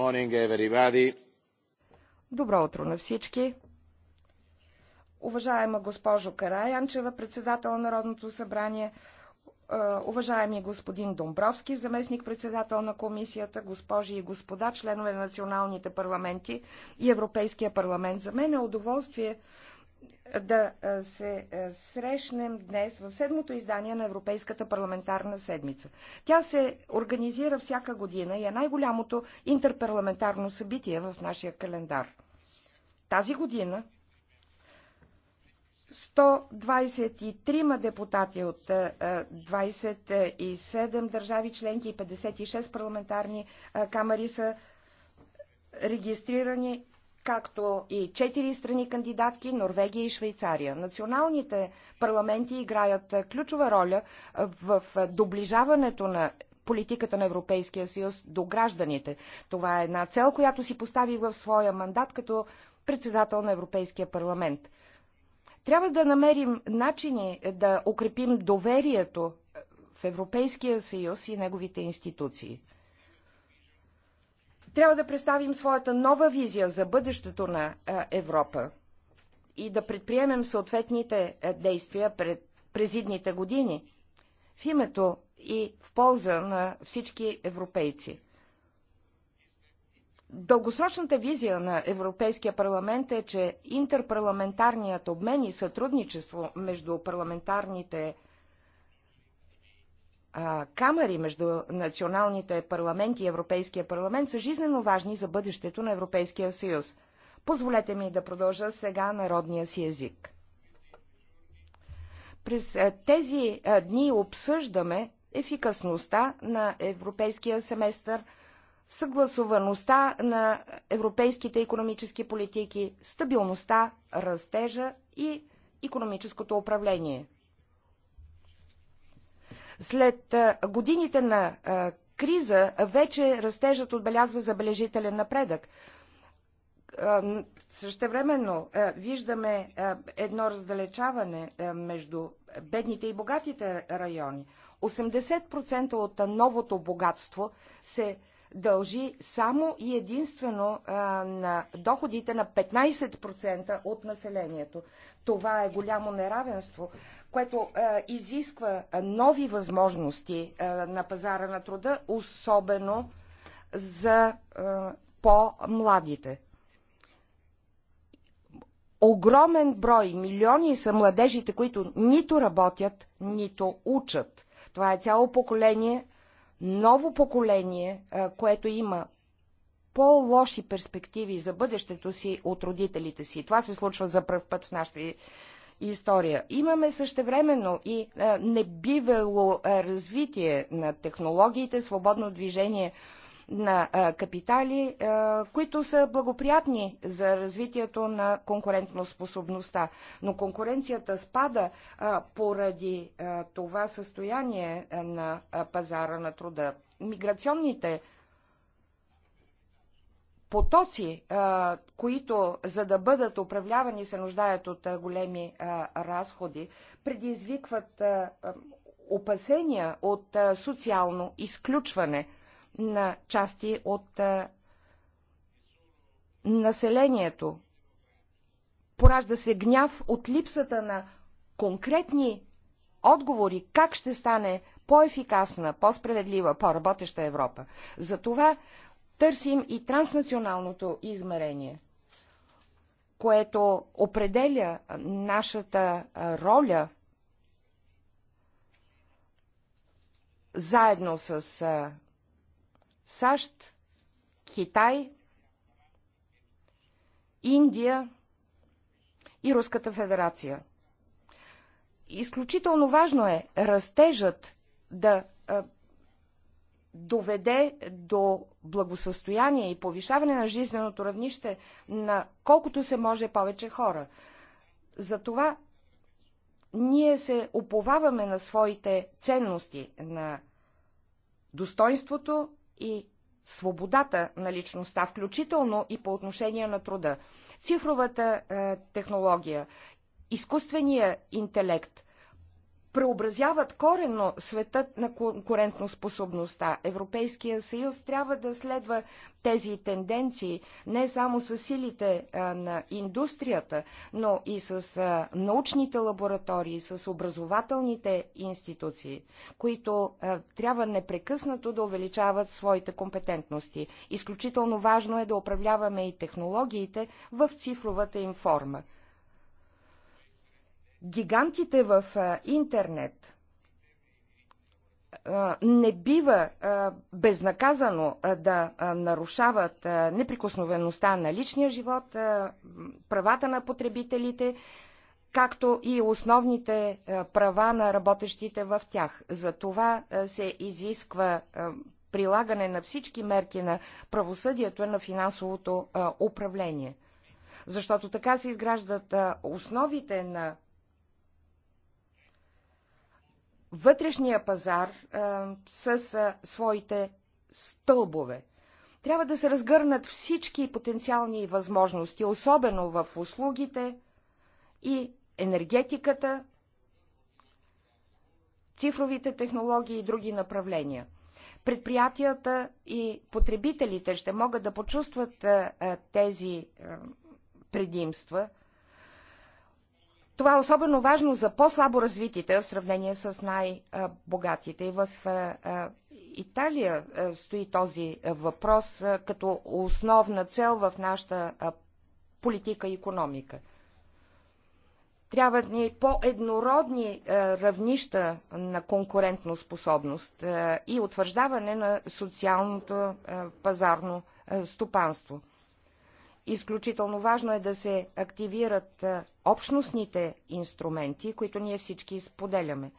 morning, everybody. Добро утро на всички. Уважаема госпожо Караянчева, председател на Народното събрание, е, уважаеми господин Домбровски, заместник председател на комисията, госпожи и господа, членове на националните парламенти и Европейския парламент. За мен е удоволствие да се срещнем днес в седмото издание на Европейската парламентарна седмица. Тя се организира всяка година и е най-голямото интерпарламентарно събитие в нашия календар. Тази година 123 депутати от 27 държави членки и 56 парламентарни камери са регистрирани както и четири страни кандидатки Норвегия и Швейцария. Националните парламенти играят ключова роля в доближаването на политиката на Европейския съюз до гражданите. Това е една цел, която си постави в своя мандат като председател на Европейския парламент. Трябва да намерим начини да укрепим доверието в Европейския съюз и неговите институции. Трябва да представим своята нова визия за бъдещето на Европа и да предприемем съответните действия пред през идните години в името и в полза на всички европейци. Дългосрочната визия на Европейския парламент е, че интерпарламентарният обмен и сътрудничество между парламентарните а, камери между националните парламенти и Европейския парламент са жизненно важни за бъдещето на Европейския съюз. Позволете ми да продължа сега народния си език. През тези дни обсъждаме ефикасността на европейския семестър, съгласуваността на европейските економически политики, стабилността, растежа и економическото управление – след годините на криза вече растежът отбелязва забележителен напредък. Същевременно виждаме едно раздалечаване между бедните и богатите райони. 80% от новото богатство се дължи само и единствено а, на доходите на 15% от населението. Това е голямо неравенство, което а, изисква нови възможности а, на пазара на труда, особено за по-младите. Огромен брой, милиони са младежите, които нито работят, нито учат. Това е цяло поколение – ново поколение, което има по-лоши перспективи за бъдещето си от родителите си. Това се случва за първ път в нашата история. Имаме същевременно и небивело развитие на технологиите, свободно движение на капитали, които са благоприятни за развитието на конкурентноспособността. Но конкуренцията спада поради това състояние на пазара на труда. Миграционните потоци, които за да бъдат управлявани се нуждаят от големи разходи, предизвикват опасения от социално изключване – на части от населението. Поражда се гняв от липсата на конкретни отговори как ще стане по-ефикасна, по-справедлива, по-работеща Европа. Затова търсим и транснационалното измерение, което определя нашата роля заедно с САЩ, Китай, Индия и Руската федерация. Изключително важно е растежът да доведе до благосъстояние и повишаване на жизненото равнище на колкото се може повече хора. Затова ние се уповаваме на своите ценности, на достоинството и свободата на личността, включително и по отношение на труда. Цифровата е, технология, изкуственият интелект – преобразяват коренно светът на конкурентноспособността. Европейския съюз трябва да следва тези тенденции не само с силите на индустрията, но и с научните лаборатории, с образователните институции, които трябва непрекъснато да увеличават своите компетентности. Изключително важно е да управляваме и технологиите в цифровата им форма гигантите в интернет не бива безнаказано да нарушават неприкосновеността на личния живот, правата на потребителите, както и основните права на работещите в тях. За това се изисква прилагане на всички мерки на правосъдието и на финансовото управление. Защото така се изграждат основите на вътрешния пазар а, с а, своите стълбове. Трябва да се разгърнат всички потенциални възможности, особено в услугите и енергетиката, цифровите технологии и други направления. Предприятията и потребителите ще могат да почувстват а, тези предимства това е особено важно за по-слабо развитите в сравнение с най-богатите. И в Италия стои този въпрос като основна цел в нашата политика и економика. Трябват ни по-еднородни равнища на конкурентноспособност и утвърждаване на социалното пазарно стопанство. Изключително важно е да се активират общностните инструменти, които ние всички споделяме.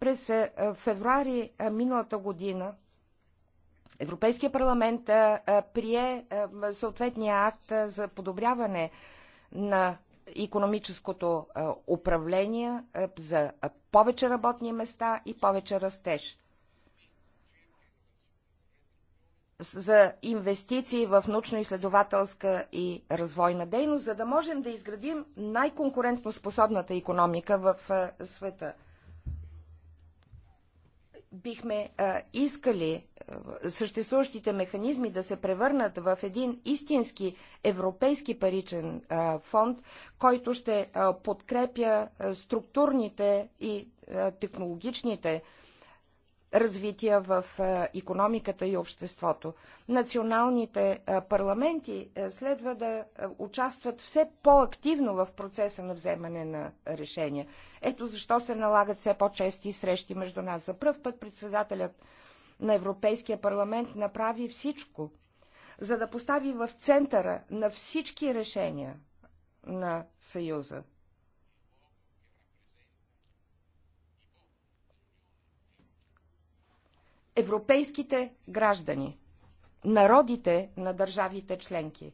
През февруари миналата година Европейския парламент прие съответния акт за подобряване на економическото управление за повече работни места и повече растеж. за инвестиции в научно-изследователска и развойна дейност, за да можем да изградим най-конкурентно способната економика в света. Бихме искали съществуващите механизми да се превърнат в един истински европейски паричен фонд, който ще подкрепя структурните и технологичните развитие в економиката и обществото. Националните е, парламенти е, следва да е, участват все по-активно в процеса на вземане на решения. Ето защо се налагат все по-чести срещи между нас. За първ път председателят на Европейския парламент направи всичко, за да постави в центъра на всички решения на Съюза – европейските граждани, народите на държавите членки.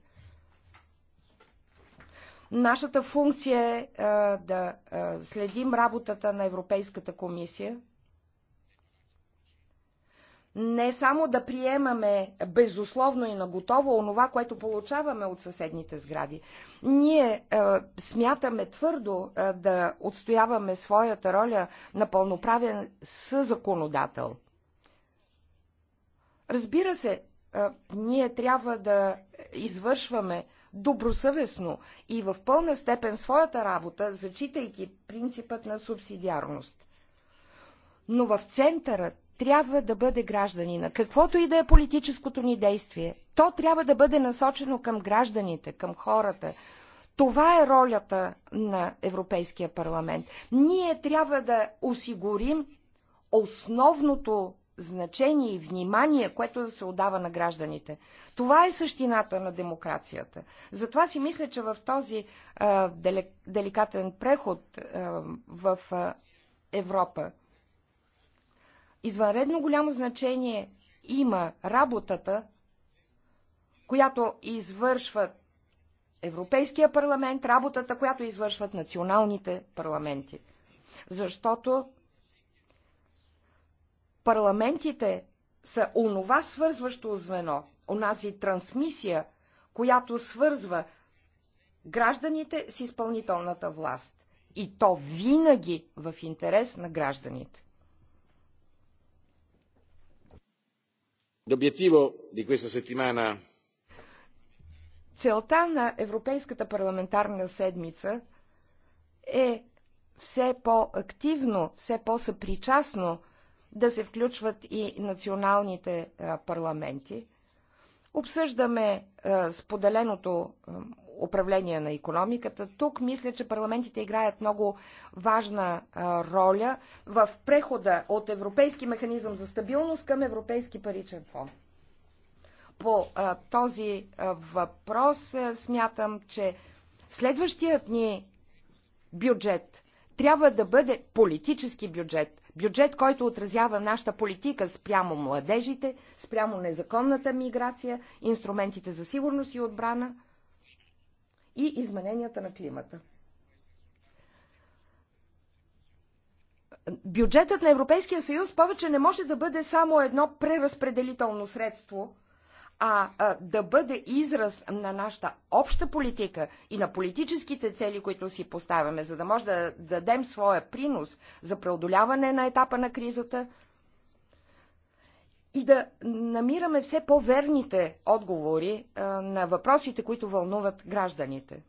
Нашата функция е, е да е, следим работата на Европейската комисия, не само да приемаме безусловно и наготово онова, което получаваме от съседните сгради. Ние е, смятаме твърдо е, да отстояваме своята роля на пълноправен съзаконодател – Разбира се, ние трябва да извършваме добросъвестно и в пълна степен своята работа, зачитайки принципът на субсидиарност. Но в центъра трябва да бъде гражданина. Каквото и да е политическото ни действие, то трябва да бъде насочено към гражданите, към хората. Това е ролята на Европейския парламент. Ние трябва да осигурим основното значение и внимание, което да се отдава на гражданите. Това е същината на демокрацията. Затова си мисля, че в този а, деликатен преход а, в а, Европа извънредно голямо значение има работата, която извършват Европейския парламент, работата, която извършват националните парламенти. Защото Парламентите са онова свързващо звено, онази трансмисия, която свързва гражданите с изпълнителната власт. И то винаги в интерес на гражданите. Целта на Европейската парламентарна седмица е все по-активно, все по-съпричастно да се включват и националните парламенти. Обсъждаме споделеното управление на економиката. Тук мисля, че парламентите играят много важна роля в прехода от Европейски механизъм за стабилност към Европейски паричен фонд. По този въпрос смятам, че следващият ни бюджет трябва да бъде политически бюджет, Бюджет, който отразява нашата политика спрямо младежите, спрямо незаконната миграция, инструментите за сигурност и отбрана и измененията на климата. Бюджетът на Европейския съюз повече не може да бъде само едно преразпределително средство – а, а да бъде израз на нашата обща политика и на политическите цели, които си поставяме, за да може да дадем своя принос за преодоляване на етапа на кризата и да намираме все по-верните отговори а, на въпросите, които вълнуват гражданите.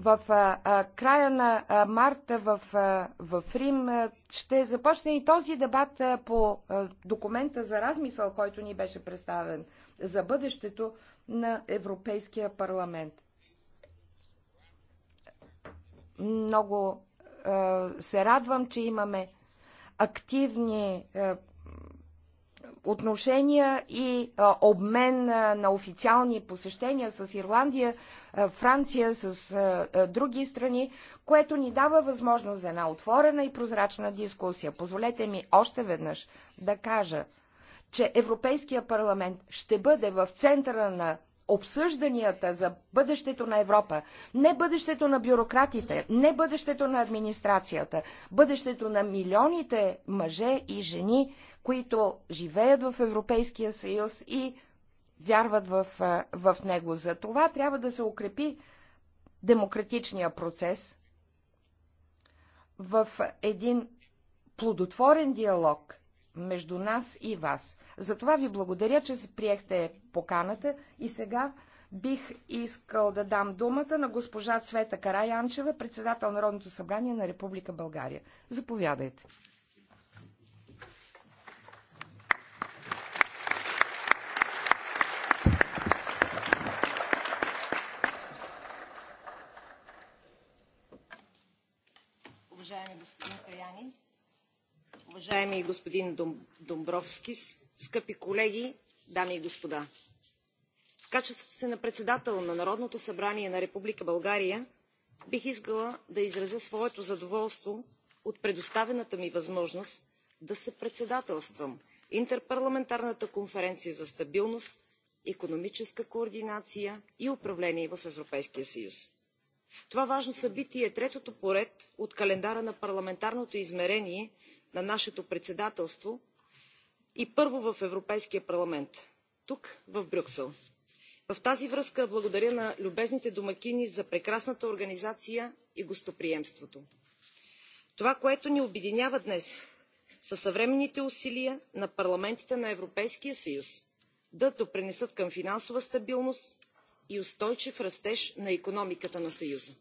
в а, края на а, марта в, а, в Рим а, ще започне и този дебат а, по а, документа за размисъл, който ни беше представен за бъдещето на Европейския парламент. Много а, се радвам, че имаме активни а, отношения и а, обмен а, на официални посещения с Ирландия Франция, с други страни, което ни дава възможност за една отворена и прозрачна дискусия. Позволете ми още веднъж да кажа, че Европейския парламент ще бъде в центъра на обсъжданията за бъдещето на Европа, не бъдещето на бюрократите, не бъдещето на администрацията, бъдещето на милионите мъже и жени, които живеят в Европейския съюз и вярват в, в него. За това трябва да се укрепи демократичния процес в един плодотворен диалог между нас и вас. Затова ви благодаря, че се приехте поканата и сега бих искал да дам думата на госпожа Цвета Караянчева, председател на Народното събрание на Република България. Заповядайте. Уважаеми господин Каяни, уважаеми господин Домбровски, скъпи колеги, дами и господа! В качеството си на председател на Народното събрание на Република България бих искала да изразя своето задоволство от предоставената ми възможност да се председателствам Интерпарламентарната конференция за стабилност, економическа координация и управление в Европейския съюз това важно събитие е третото поред от календара на парламентарното измерение на нашето председателство и първо в европейския парламент тук в брюксел. в тази връзка благодаря на любезните домакини за прекрасната организация и гостоприемството. това което ни обединява днес са съвременните усилия на парламентите на европейския съюз да допринесат към финансова стабилност и устойчив растеж на икономиката на съюза.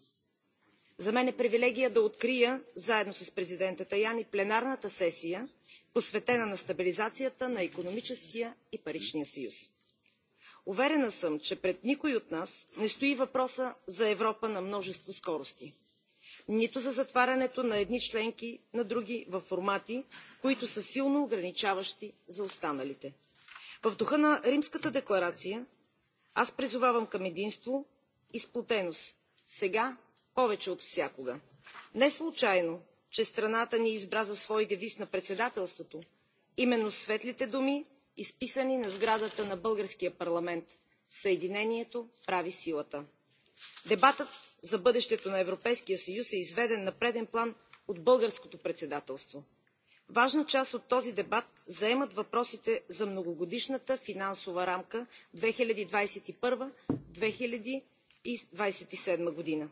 за мен е привилегия да открия заедно с президента таяни пленарната сесия посветена на стабилизацията на економическия и паричния съюз. уверена съм че пред никой от нас не стои въпроса за европа на множество скорости нито за затварянето на едни членки на други във формати които са силно ограничаващи за останалите. в духа на римската декларация аз призовавам към единство и сплотеност. Сега повече от всякога. Не случайно, че страната ни избра за свой девиз на председателството именно светлите думи, изписани на сградата на българския парламент. Съединението прави силата. Дебатът за бъдещето на Европейския съюз е изведен на преден план от българското председателство – важна част от този дебат заемат въпросите за многогодишната финансова рамка 2021 2027 година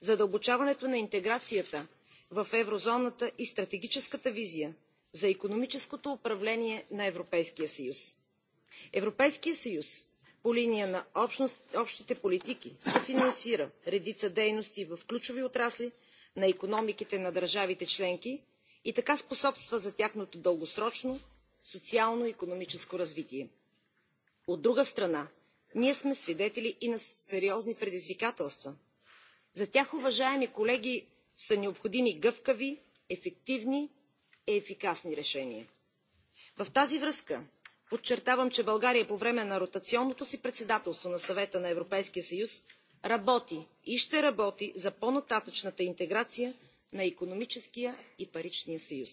задълбочаването на интеграцията в еврозоната и стратегическата визия за икономическото управление на европейския съюз. европейският съюз по линия на общите политики съфинансира редица дейности в ключови отрасли на икономиките на държавите членки и така способства за тяхното дългосрочно социално и икономическо развитие. От друга страна, ние сме свидетели и на сериозни предизвикателства. За тях, уважаеми колеги, са необходими гъвкави, ефективни и ефикасни решения. В тази връзка подчертавам, че България по време на ротационното си председателство на Съвета на Европейския съюз работи и ще работи за по-нататъчната интеграция на икономическия и паричния съюз.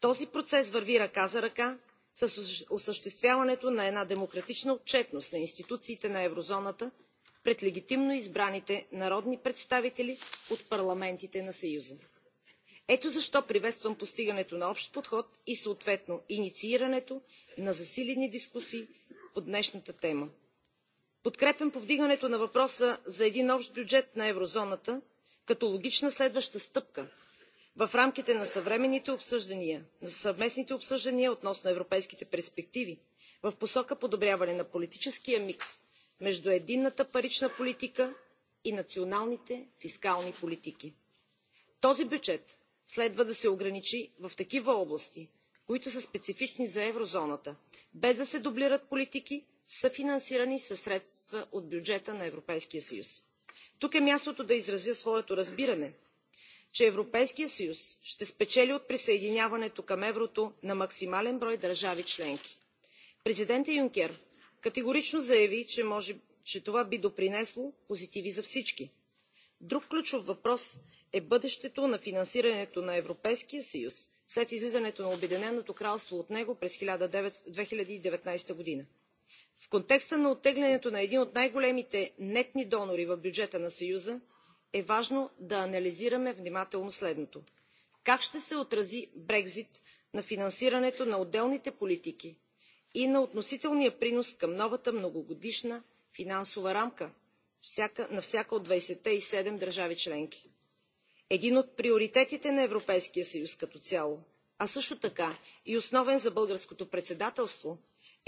Този процес върви ръка за ръка с осъществяването на една демократична отчетност на институциите на еврозоната пред легитимно избраните народни представители от парламентите на съюза. Ето защо приветствам постигането на общ подход и съответно инициирането на засилени дискусии по днешната тема. Подкрепям повдигането на въпроса за един общ бюджет на еврозоната като логична следваща стъпка в рамките на съвременните обсъждания, на съвместните обсъждания относно европейските перспективи в посока подобряване на политическия микс между единната парична политика и националните фискални политики. Този бюджет следва да се ограничи в такива области, които са специфични за еврозоната, без да се дублират политики, съфинансирани със средства от бюджета на Европейския съюз тук е мястото да изразя своето разбиране че европейският съюз ще спечели от присъединяването към еврото на максимален брой държави членки. президентът юнкер категорично заяви че това би допринесло позитиви за всички. друг ключов въпрос е бъдещето на финансирането на европейския съюз след излизането на обединеното кралство от него през 2019 година в контекста на оттеглянето на един от най големите нетни донори в бюджета на съюза е важно да анализираме внимателно следното как ще се отрази брекзит на финансирането на отделните политики и на относителния принос към новата многогодишна финансова рамка на всяка от 27-те и държави членки. Един от приоритетите на Европейския съюз като цяло, а също така и основен за българското председателство,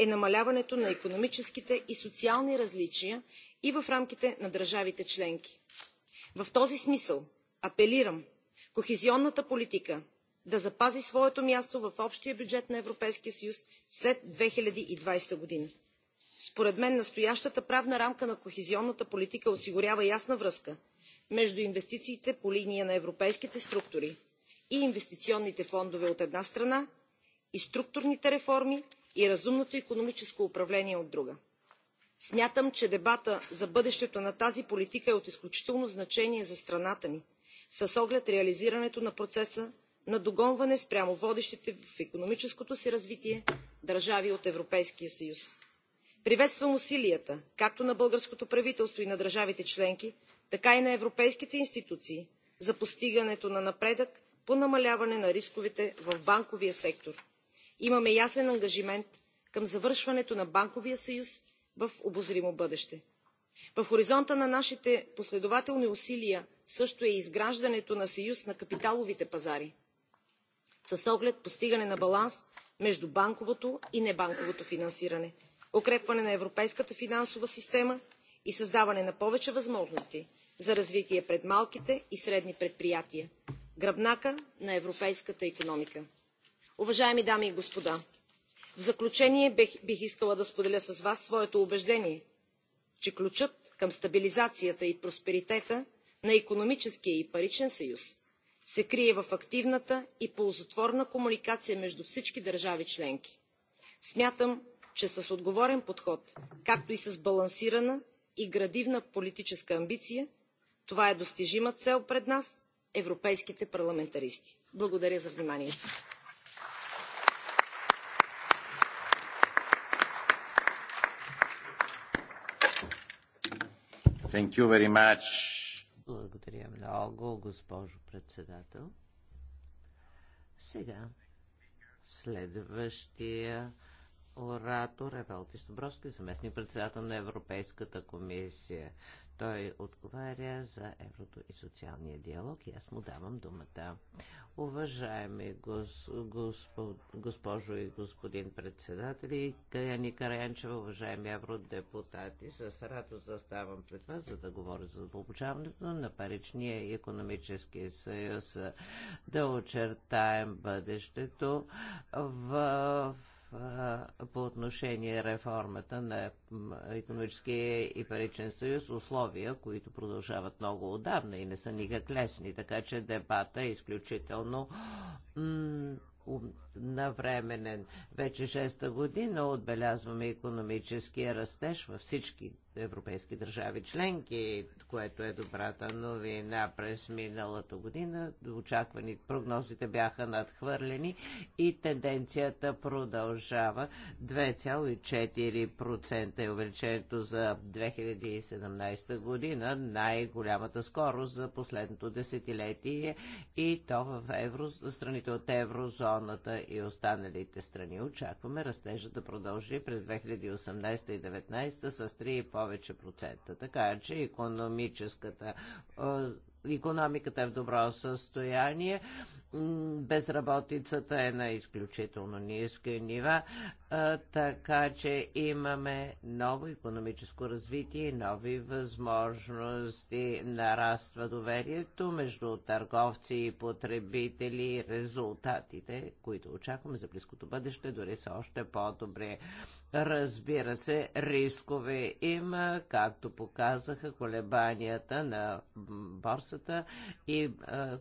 е намаляването на икономическите и социални различия и в рамките на държавите членки. В този смисъл апелирам кохезионната политика да запази своето място в общия бюджет на Европейския съюз след 2020 година. Според мен настоящата правна рамка на кохезионната политика осигурява ясна връзка между инвестициите по линия на европейските структури и инвестиционните фондове от една страна и структурните реформи и разумното икономическо управление от друга. Смятам, че дебата за бъдещето на тази политика е от изключително значение за страната ни, с оглед реализирането на процеса на догонване спрямо водещите в икономическото си развитие държави от Европейския съюз. Приветствам усилията както на българското правителство и на държавите членки, така и на европейските институции за постигането на напредък по намаляване на рисковете в банковия сектор имаме ясен ангажимент към завършването на банковия съюз в обозримо бъдеще. в хоризонта на нашите последователни усилия също е и изграждането на съюз на капиталовите пазари с оглед постигане на баланс между банковото и небанковото финансиране укрепване на европейската финансова система и създаване на повече възможности за развитие пред малките и средни предприятия гръбнака на европейската икономика. Уважаеми дами и господа, в заключение бих искала да споделя с вас своето убеждение, че ключът към стабилизацията и просперитета на економическия и паричен съюз се крие в активната и ползотворна комуникация между всички държави членки. Смятам, че с отговорен подход, както и с балансирана и градивна политическа амбиция, това е достижима цел пред нас, европейските парламентаристи. Благодаря за вниманието. Thank you very much. Благодаря много, госпожо председател. Сега следващия оратор е Валтис Доброски, заместник председател на Европейската комисия. Той отговаря за еврото и социалния диалог и аз му давам думата. Уважаеми гос, госпо, госпожо и господин председатели, Каяни Караянчева, уважаеми евродепутати, с радост заставам пред вас, за да говоря за получаването на паричния економически съюз, да очертаем бъдещето в по отношение реформата на економическия и паричен съюз, условия, които продължават много отдавна и не са никак лесни, така че дебата е изключително навременен. Вече шеста година отбелязваме економическия растеж във всички европейски държави членки, което е добрата новина през миналата година. Очаквани прогнозите бяха надхвърлени и тенденцията продължава. 2,4% е увеличението за 2017 година, най-голямата скорост за последното десетилетие и то в евро, страните от еврозоната и останалите страни. Очакваме растежа да продължи през 2018 и 2019 с 3 и повече процента. Така че економическата економиката е в добро състояние, безработицата е на изключително ниски нива, така че имаме ново економическо развитие и нови възможности. Нараства доверието между търговци и потребители. Резултатите, които очакваме за близкото бъдеще, дори са още по-добри. Разбира се, рискове има, както показаха колебанията на борсата и е,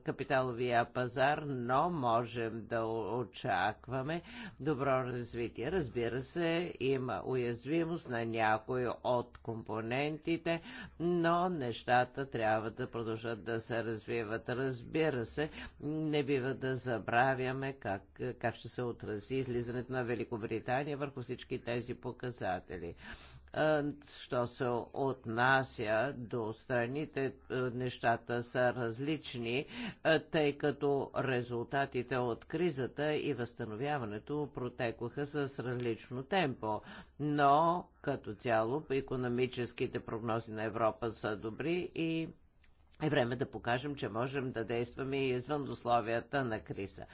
капиталовия пазар, но можем да очакваме добро развитие. Разбира се, има уязвимост на някои от компонентите, но нещата трябва да продължат да се развиват. Разбира се, не бива да забравяме как, как ще се отрази излизането на Великобритания върху всички тези тези показатели. Що се отнася до страните, нещата са различни, тъй като резултатите от кризата и възстановяването протекоха с различно темпо. Но като цяло економическите прогнози на Европа са добри и е време да покажем, че можем да действаме и извън условията на криза.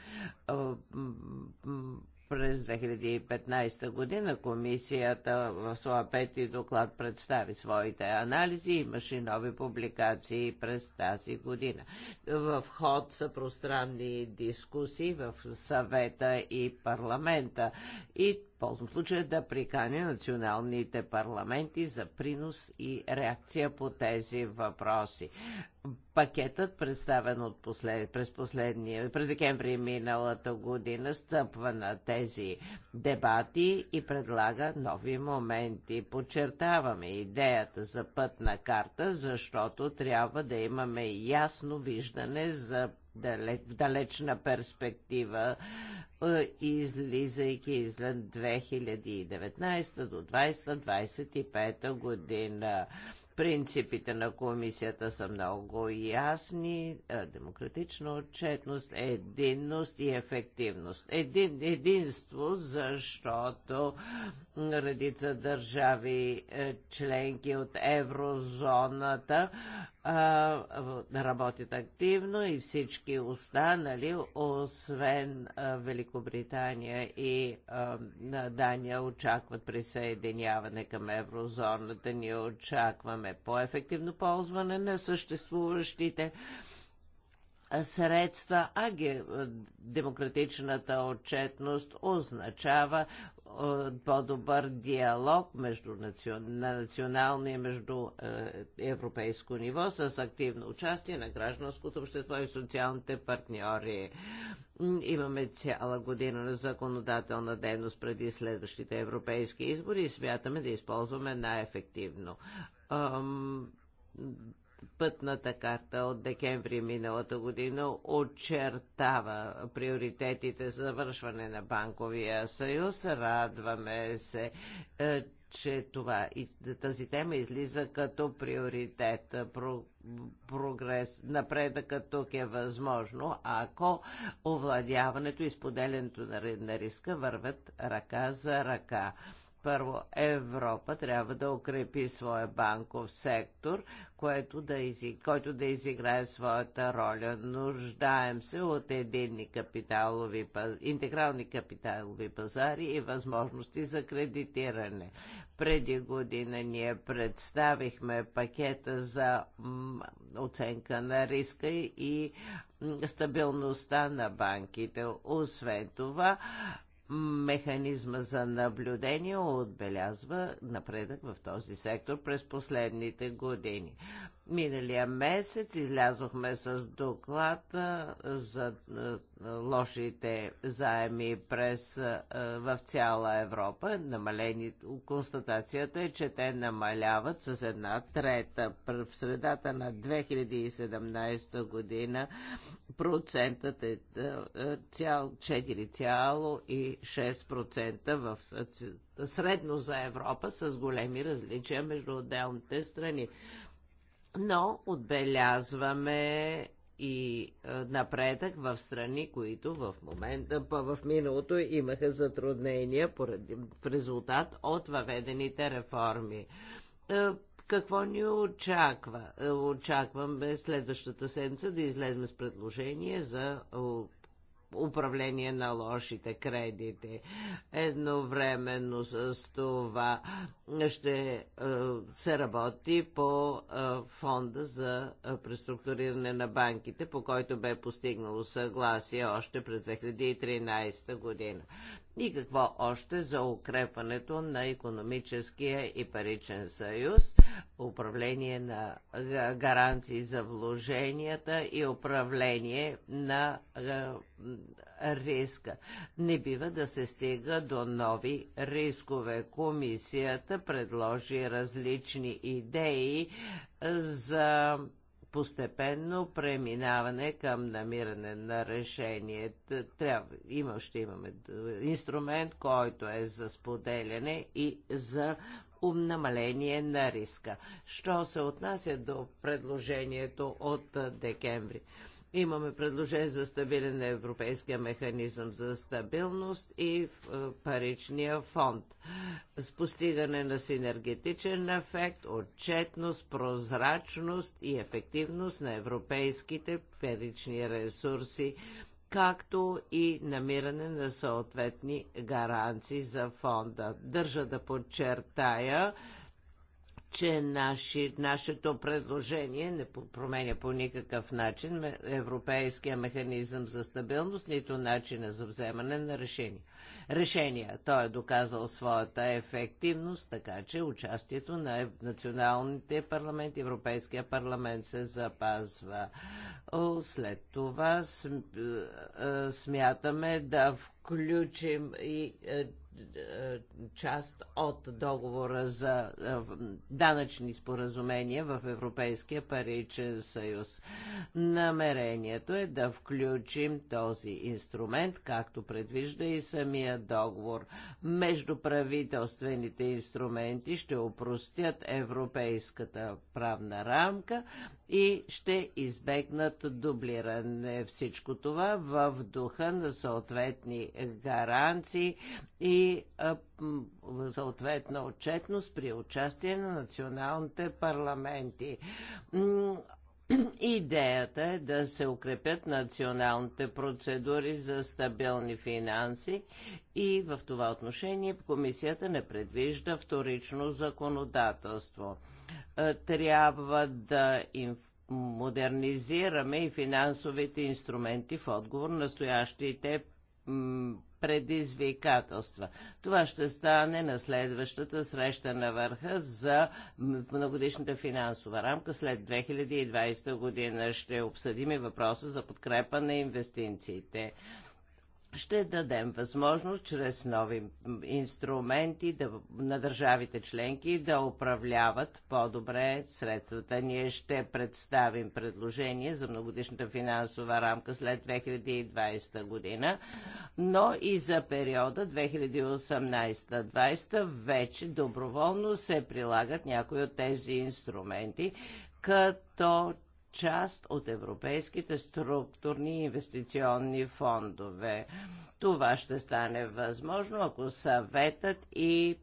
През 2015 година комисията в своя пети доклад представи своите анализи, и имаше нови публикации през тази година. В ход са пространни дискусии в съвета и парламента и Ползвам случая да приканя националните парламенти за принос и реакция по тези въпроси. Пакетът, представен от послед... през последния, през декември миналата година, стъпва на тези дебати и предлага нови моменти. Подчертаваме идеята за пътна карта, защото трябва да имаме ясно виждане за в далечна перспектива, е, излизайки излен 2019 до 2025 година. Принципите на комисията са много ясни. Е, демократична отчетност, единност и ефективност. Един, единство, защото редица държави е, членки от еврозоната работят активно и всички останали, освен Великобритания и Дания, очакват присъединяване към еврозоната. Ние очакваме по-ефективно ползване на съществуващите средства, а демократичната отчетност означава е, по-добър диалог между национ... на национално и между е, европейско ниво с активно участие на гражданското общество и социалните партньори. Имаме цяла година на законодателна дейност преди следващите европейски избори и смятаме да използваме най-ефективно пътната карта от декември миналата година очертава приоритетите за завършване на банковия съюз. Радваме се, е, че това, тази тема излиза като приоритет. Про, прогрес, напредъкът тук е възможно, ако овладяването и споделянето на риска върват ръка за ръка. Първо, Европа трябва да укрепи своя банков сектор, което да изи... който да изиграе своята роля. Нуждаем се от единни капиталови, интегрални капиталови пазари и възможности за кредитиране. Преди година ние представихме пакета за оценка на риска и стабилността на банките. Освен това, Механизма за наблюдение отбелязва напредък в този сектор през последните години. Миналия месец излязохме с доклад за лошите заеми през, в цяла Европа. Намалени, констатацията е, че те намаляват с една трета. В средата на 2017 година процентът е цял 4,6% в средно за Европа с големи различия между отделните страни но отбелязваме и е, напредък в страни, които в, момента, е, в миналото имаха затруднения поради, в резултат от въведените реформи. Е, какво ни очаква? Очакваме следващата седмица да излезем с предложение за управление на лошите кредити. Едновременно с това ще е, се работи по е, фонда за е, преструктуриране на банките, по който бе постигнало съгласие още през 2013 година и какво още за укрепването на економическия и паричен съюз, управление на гаранции за вложенията и управление на риска. Не бива да се стига до нови рискове. Комисията предложи различни идеи за постепенно преминаване към намиране на решение. Трябва, има, ще имаме инструмент, който е за споделяне и за намаление на риска. Що се отнася до предложението от декември? Имаме предложение за стабилен европейския механизъм за стабилност и паричния фонд с постигане на синергетичен ефект, отчетност, прозрачност и ефективност на европейските перични ресурси, както и намиране на съответни гаранции за фонда. Държа да подчертая, че наши, нашето предложение не променя по никакъв начин европейския механизъм за стабилност, нито начина за вземане на решения. Решения. Той е доказал своята ефективност, така че участието на националните парламенти, Европейския парламент се запазва. След това е, е, смятаме да включим и е, част от договора за е, данъчни споразумения в Европейския паричен съюз. Намерението е да включим този инструмент, както предвижда и самия договор. Между правителствените инструменти ще упростят европейската правна рамка и ще избегнат дублиране. Всичко това в духа на съответни гаранции и съответна отчетност при участие на националните парламенти. Идеята е да се укрепят националните процедури за стабилни финанси и в това отношение комисията не предвижда вторично законодателство. Е, трябва да им модернизираме и финансовите инструменти в отговор на настоящите предизвикателства. Това ще стане на следващата среща на върха за многодишната финансова рамка след 2020 година. Ще обсъдим и въпроса за подкрепа на инвестициите ще дадем възможност чрез нови инструменти да, на държавите членки да управляват по-добре средствата. Ние ще представим предложение за многодишната финансова рамка след 2020 година, но и за периода 2018-2020 вече доброволно се прилагат някои от тези инструменти, като част от европейските структурни инвестиционни фондове. Това ще стане възможно, ако съветът и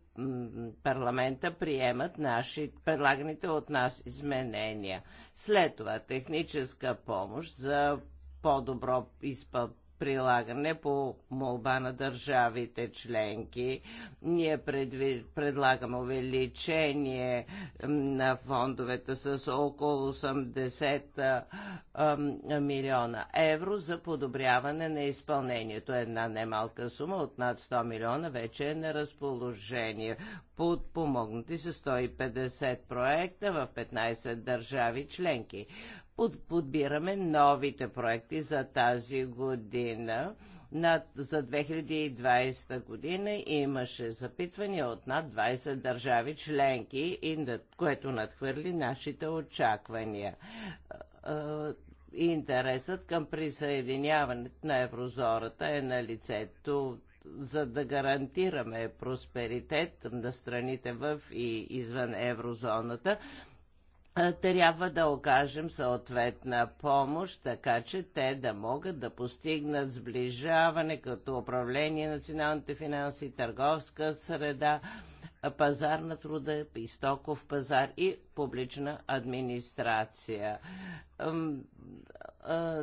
парламента приемат наши, предлаганите от нас изменения. След това техническа помощ за по-добро изпълнение прилагане по молба на държавите членки. Ние предви... предлагаме увеличение на фондовете с около 80 милиона евро за подобряване на изпълнението. Една немалка сума от над 100 милиона вече е на разположение. Подпомогнати са 150 проекта в 15 държави членки подбираме новите проекти за тази година. Над, за 2020 година имаше запитвания от над 20 държави членки, и над, което надхвърли нашите очаквания интересът към присъединяването на еврозората е на лицето, за да гарантираме просперитет на страните в и извън еврозоната трябва да окажем съответна помощ, така че те да могат да постигнат сближаване като управление на националните финанси, търговска среда, пазар на труда, истоков пазар и публична администрация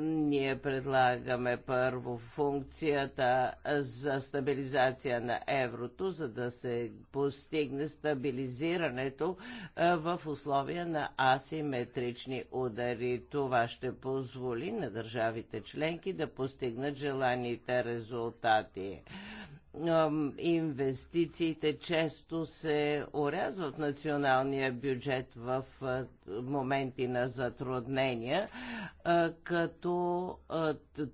ние предлагаме първо функцията за стабилизация на еврото, за да се постигне стабилизирането в условия на асиметрични удари. Това ще позволи на държавите членки да постигнат желаните резултати инвестициите често се орязват националния бюджет в моменти на затруднения, като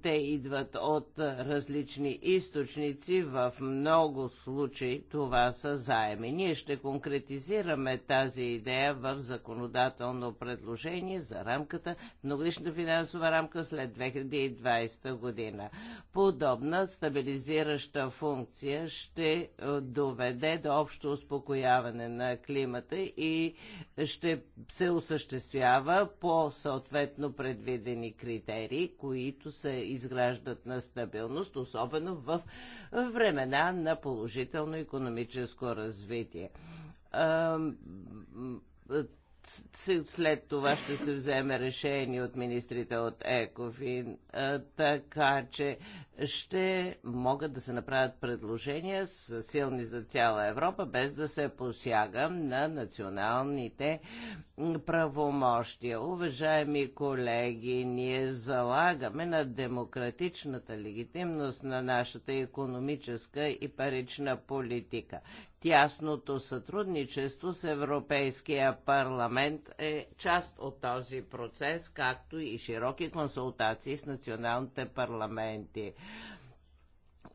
те идват от различни източници. В много случаи това са заеми. Ние ще конкретизираме тази идея в законодателно предложение за рамката, многолична финансова рамка след 2020 година. Подобна стабилизираща функция санкция ще е, доведе до общо успокояване на климата и ще се осъществява по съответно предвидени критерии, които се изграждат на стабилност, особено в времена на положително економическо развитие след това ще се вземе решение от министрите от ЕКОФИН, така че ще могат да се направят предложения с силни за цяла Европа, без да се посяга на националните правомощия. Уважаеми колеги, ние залагаме на демократичната легитимност на нашата економическа и парична политика. Тясното сътрудничество с Европейския парламент е част от този процес, както и широки консултации с националните парламенти.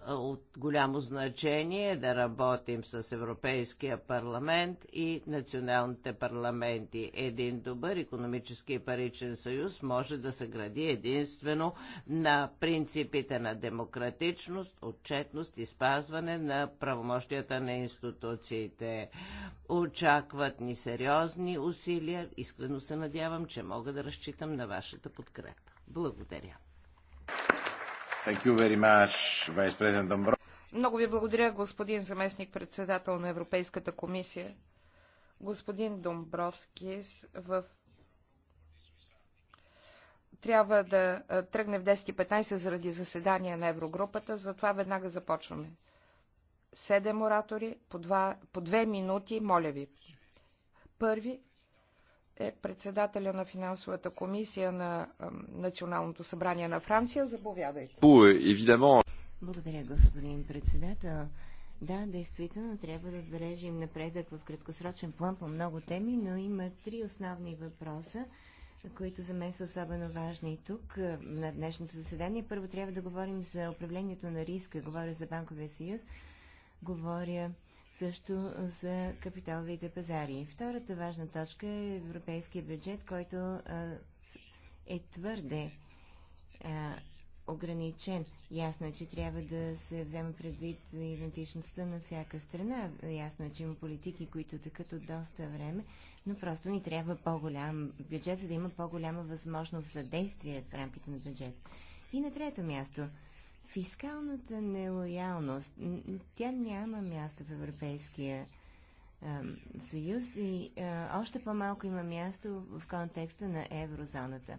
От голямо значение е да работим с Европейския парламент и националните парламенти. Един добър економически и паричен съюз може да се гради единствено на принципите на демократичност, отчетност и спазване на правомощията на институциите. Очакват ни сериозни усилия. Искрено се надявам, че мога да разчитам на вашата подкрепа. Благодаря. Много ви благодаря, господин заместник председател на Европейската комисия. Господин Домбровски в... трябва да тръгне в 10.15 заради заседание на Еврогрупата, затова веднага започваме. Седем оратори, по, два, по две минути, моля ви. Първи е председателя на финансовата комисия на Националното събрание на Франция. Заповядайте. Благодаря, господин председател. Да, действително трябва да отбележим напредък в краткосрочен план по много теми, но има три основни въпроса, които за мен са особено важни и тук на днешното заседание. Първо трябва да говорим за управлението на риска. Говоря за Банковия съюз, говоря също за капиталовите пазари. Втората важна точка е европейския бюджет, който е твърде ограничен. Ясно е, че трябва да се взема предвид идентичността на всяка страна. Ясно е, че има политики, които тъкат от доста време, но просто ни трябва по-голям бюджет, за да има по-голяма възможност за действие в рамките на бюджет. И на трето място, Фискалната нелоялност, тя няма място в Европейския съюз и още по-малко има място в контекста на еврозоната.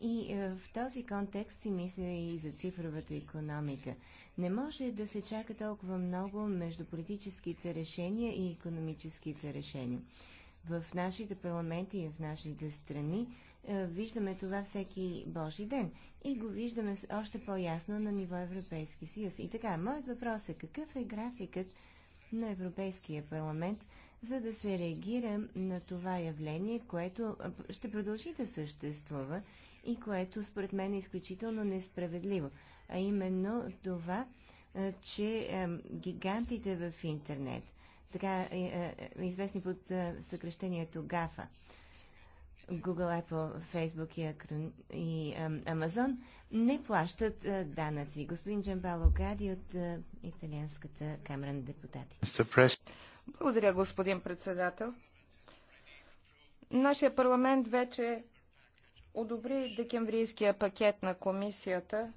И в този контекст си мисля и за цифровата економика. Не може да се чака толкова много между политическите решения и економическите решения. В нашите парламенти и в нашите страни е, виждаме това всеки Божи ден и го виждаме още по-ясно на ниво Европейски съюз. И така, моят въпрос е какъв е графикът на Европейския парламент, за да се реагира на това явление, което е, ще продължи да съществува и което според мен е изключително несправедливо. А именно това, е, че гигантите в интернет, така е, известни под съкрещението ГАФА, Google, Apple, Facebook и, Акрон, и Амазон не плащат а, данъци. Господин Джамбало Гади от а, Италианската камера на депутатите. Благодаря, господин председател. Нашия парламент вече одобри декемврийския пакет на комисията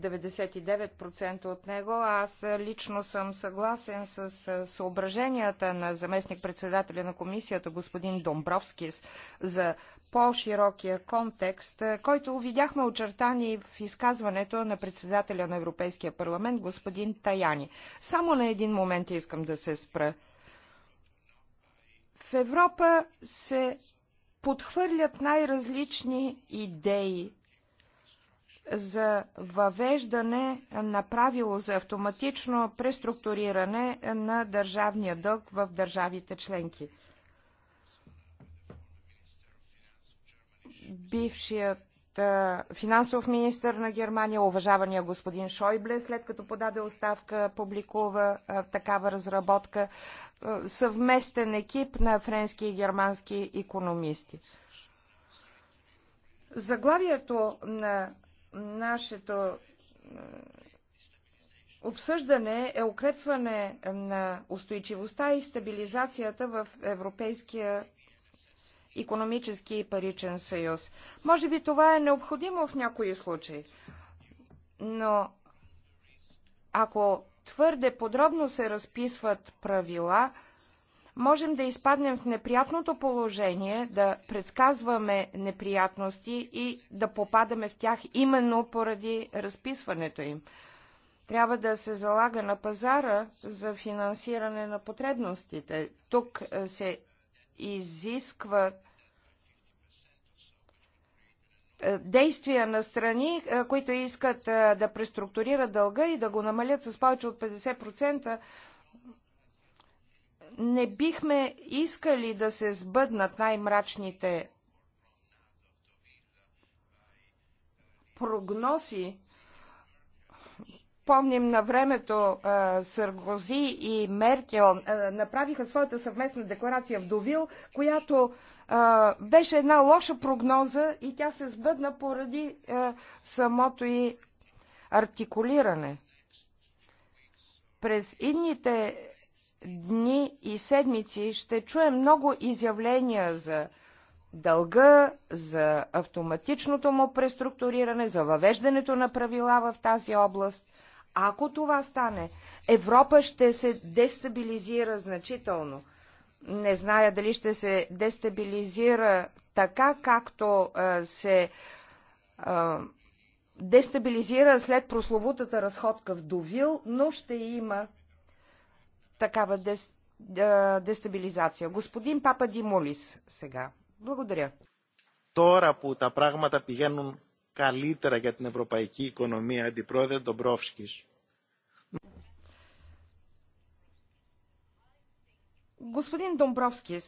99% от него. Аз лично съм съгласен с съображенията на заместник-председателя на комисията господин Домбровски за по-широкия контекст, който видяхме очертани в изказването на председателя на Европейския парламент господин Таяни. Само на един момент искам да се спра. В Европа се подхвърлят най-различни идеи за въвеждане на правило за автоматично преструктуриране на държавния дълг в държавите членки. Бившият финансов министр на Германия, уважавания господин Шойбле, след като подаде оставка, публикува а, такава разработка. А, съвместен екип на френски и германски економисти. Заглавието на нашето обсъждане е укрепване на устойчивостта и стабилизацията в Европейския економически и паричен съюз. Може би това е необходимо в някои случаи, но ако твърде подробно се разписват правила, можем да изпаднем в неприятното положение, да предсказваме неприятности и да попадаме в тях именно поради разписването им. Трябва да се залага на пазара за финансиране на потребностите. Тук е, се изисква е, действия на страни, е, които искат да преструктурират дълга и да го намалят с повече от 50% не бихме искали да се сбъднат най-мрачните прогнози. Помним на времето Саргози и Меркел а, направиха своята съвместна декларация в Довил, която а, беше една лоша прогноза и тя се сбъдна поради а, самото и артикулиране. През идните дни и седмици ще чуем много изявления за дълга, за автоматичното му преструктуриране, за въвеждането на правила в тази област. Ако това стане, Европа ще се дестабилизира значително. Не зная дали ще се дестабилизира така, както а, се а, дестабилизира след прословутата разходка в Довил, но ще има такава дес, дестабилизация. Господин Папа Димолис сега. Благодаря. Τώρα που τα πράγματα πηγαίνουν καλύτερα για την ευρωπαϊκή οικονομία, αντιπρόεδρε Ντομπρόφσκης. Господин Домбровскис,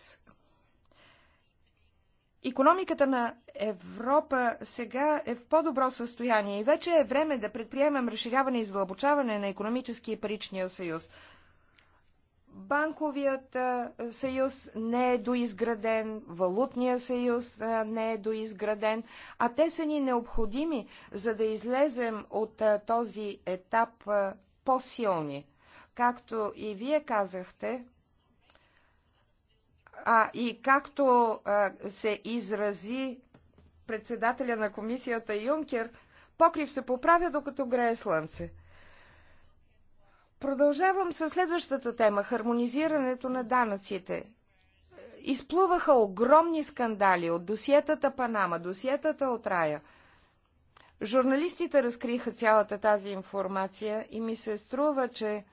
Економиката на Европа сега е в по-добро състояние и вече е време да предприемем разширяване и задълбочаване на економическия и паричния съюз. Банковият съюз не е доизграден, валутният съюз не е доизграден, а те са ни необходими, за да излезем от този етап по-силни. Както и вие казахте, а и както се изрази председателя на комисията Юнкер, покрив се поправя, докато грее слънце. Продължавам със следващата тема хармонизирането на данъците. Изплуваха огромни скандали от досиетата Панама, досиетата от Рая. Журналистите разкриха цялата тази информация и ми се струва, че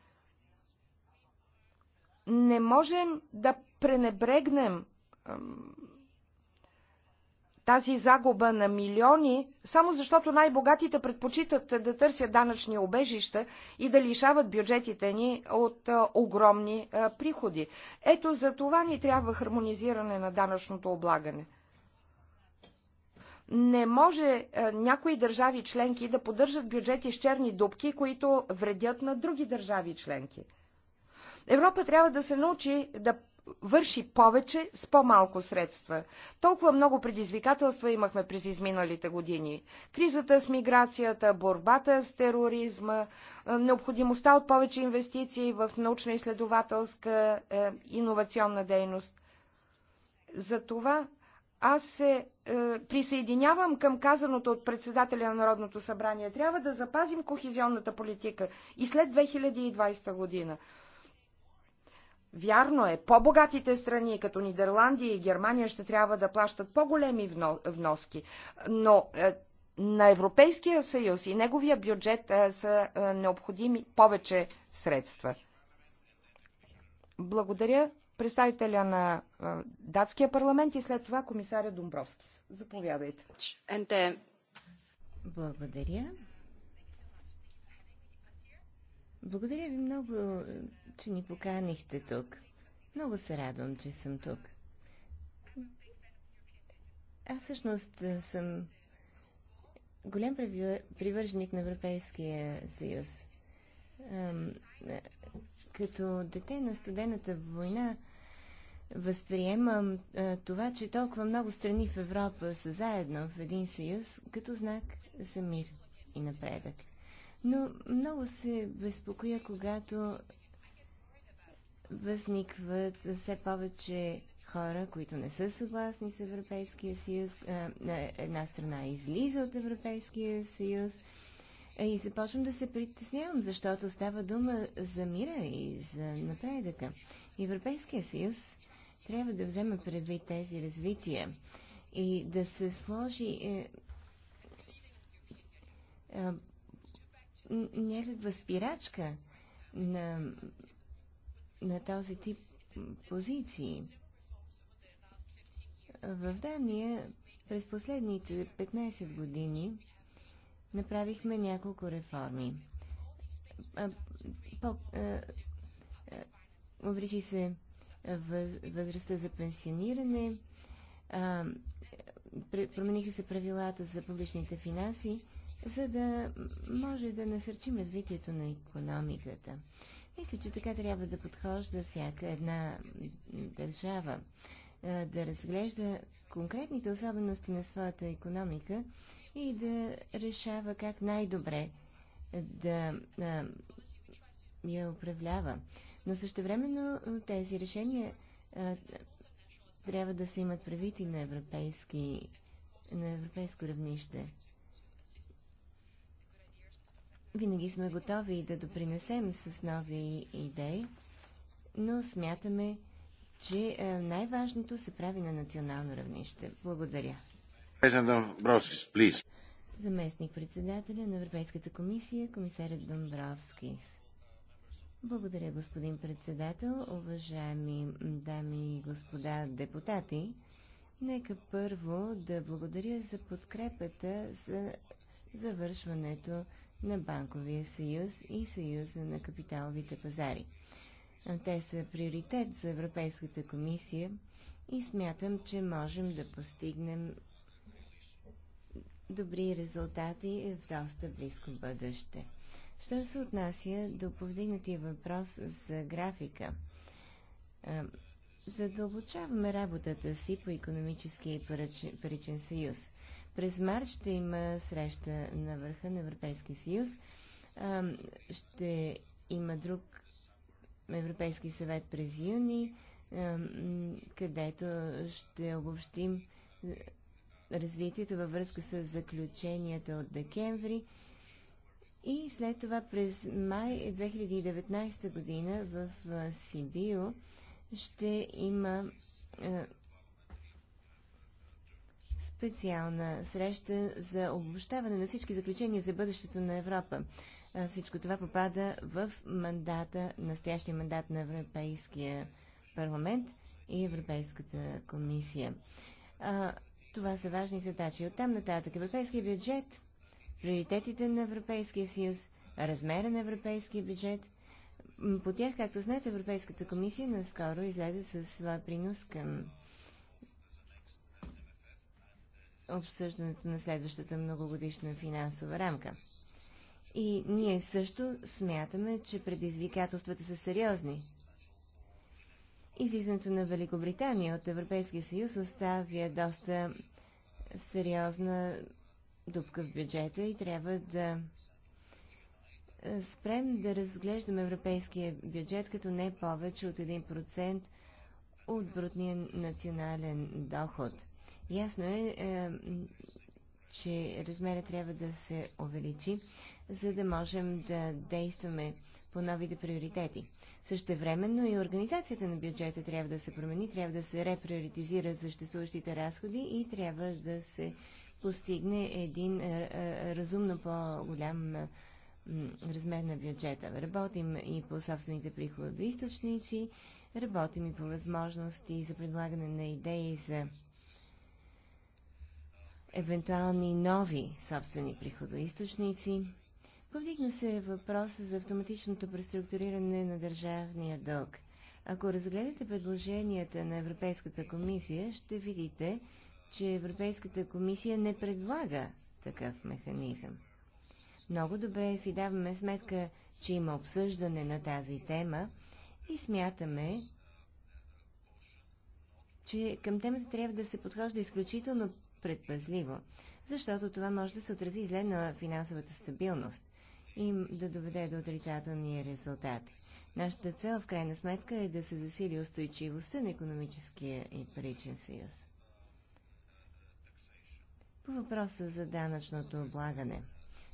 не можем да пренебрегнем тази загуба на милиони, само защото най-богатите предпочитат да търсят данъчни обежища и да лишават бюджетите ни от огромни приходи. Ето за това ни трябва хармонизиране на данъчното облагане. Не може някои държави членки да поддържат бюджети с черни дубки, които вредят на други държави членки. Европа трябва да се научи да върши повече с по-малко средства. Толкова много предизвикателства имахме през изминалите години. Кризата с миграцията, борбата с тероризма, е, необходимостта от повече инвестиции в научно-изследователска е, иновационна дейност. Затова аз се е, присъединявам към казаното от председателя на Народното събрание. Трябва да запазим кохезионната политика и след 2020 година. Вярно е, по-богатите страни, като Нидерландия и Германия, ще трябва да плащат по-големи вноски, но е, на Европейския съюз и неговия бюджет е, са е, необходими повече средства. Благодаря представителя на датския парламент и след това комисаря Домбровски. Заповядайте. Благодаря. Благодаря ви много, че ни поканихте тук. Много се радвам, че съм тук. Аз всъщност съм голям привърженик на Европейския съюз. Като дете на студената война възприемам това, че толкова много страни в Европа са заедно в един съюз, като знак за мир и напредък. Но много се безпокоя, когато възникват все повече хора, които не са съгласни с Европейския съюз. Една страна излиза от Европейския съюз. И започвам да се притеснявам, защото става дума за мира и за напредъка. Европейския съюз трябва да вземе предвид тези развития и да се сложи е, някаква е спирачка на, на този тип позиции. В Дания през последните 15 години направихме няколко реформи. По, се възрастта за пенсиониране, промениха се правилата за публичните финанси за да може да насърчим развитието на економиката. Мисля, че така трябва да подхожда всяка една държава, да разглежда конкретните особености на своята економика и да решава как най-добре да я управлява. Но същевременно тези решения трябва да се имат правити на, европейски, на европейско равнище. Винаги сме готови да допринесем с нови идеи, но смятаме, че е, най-важното се прави на национално равнище. Благодаря. Заместник председателя на Европейската комисия, комисарят Домбровски. Благодаря, господин председател, уважаеми дами и господа депутати. Нека първо да благодаря за подкрепата за завършването на Банковия съюз и Съюза на капиталовите пазари. Те са приоритет за Европейската комисия и смятам, че можем да постигнем добри резултати в доста близко бъдеще. Що се отнася до повдигнатия въпрос за графика? Задълбочаваме работата си по економическия и паричен съюз. През март ще има среща на върха на Европейския съюз. Ще има друг Европейски съвет през юни, където ще обобщим е, развитието във връзка с заключенията от декември. И след това през май 2019 година в Сибио ще има е, специална среща за обобщаване на всички заключения за бъдещето на Европа. Всичко това попада в мандата, настоящия мандат на Европейския парламент и Европейската комисия. това са важни задачи. Оттам нататък европейския бюджет, приоритетите на Европейския съюз, размера на европейския бюджет. По тях, както знаете, Европейската комисия наскоро излезе със своя принос към обсъждането на следващата многогодишна финансова рамка. И ние също смятаме, че предизвикателствата са сериозни. Излизането на Великобритания от Европейския съюз оставя доста сериозна дупка в бюджета и трябва да спрем да разглеждаме европейския бюджет като не повече от 1% от брутния национален доход. Ясно е, е че размера трябва да се увеличи, за да можем да действаме по новите приоритети. времено и организацията на бюджета трябва да се промени, трябва да се реприоритизират съществуващите разходи и трябва да се постигне един е, е, разумно по-голям е, размер на бюджета. Работим и по собствените приходоисточници, работим и по възможности за предлагане на идеи за евентуални нови собствени приходоисточници. Повдигна се въпроса за автоматичното преструктуриране на държавния дълг. Ако разгледате предложенията на Европейската комисия, ще видите, че Европейската комисия не предлага такъв механизъм. Много добре си даваме сметка, че има обсъждане на тази тема и смятаме, че към темата трябва да се подхожда изключително предпазливо, защото това може да се отрази зле на финансовата стабилност и да доведе до отрицателни резултати. Нашата цел, в крайна сметка, е да се засили устойчивостта на економическия и паричен съюз. По въпроса за данъчното облагане.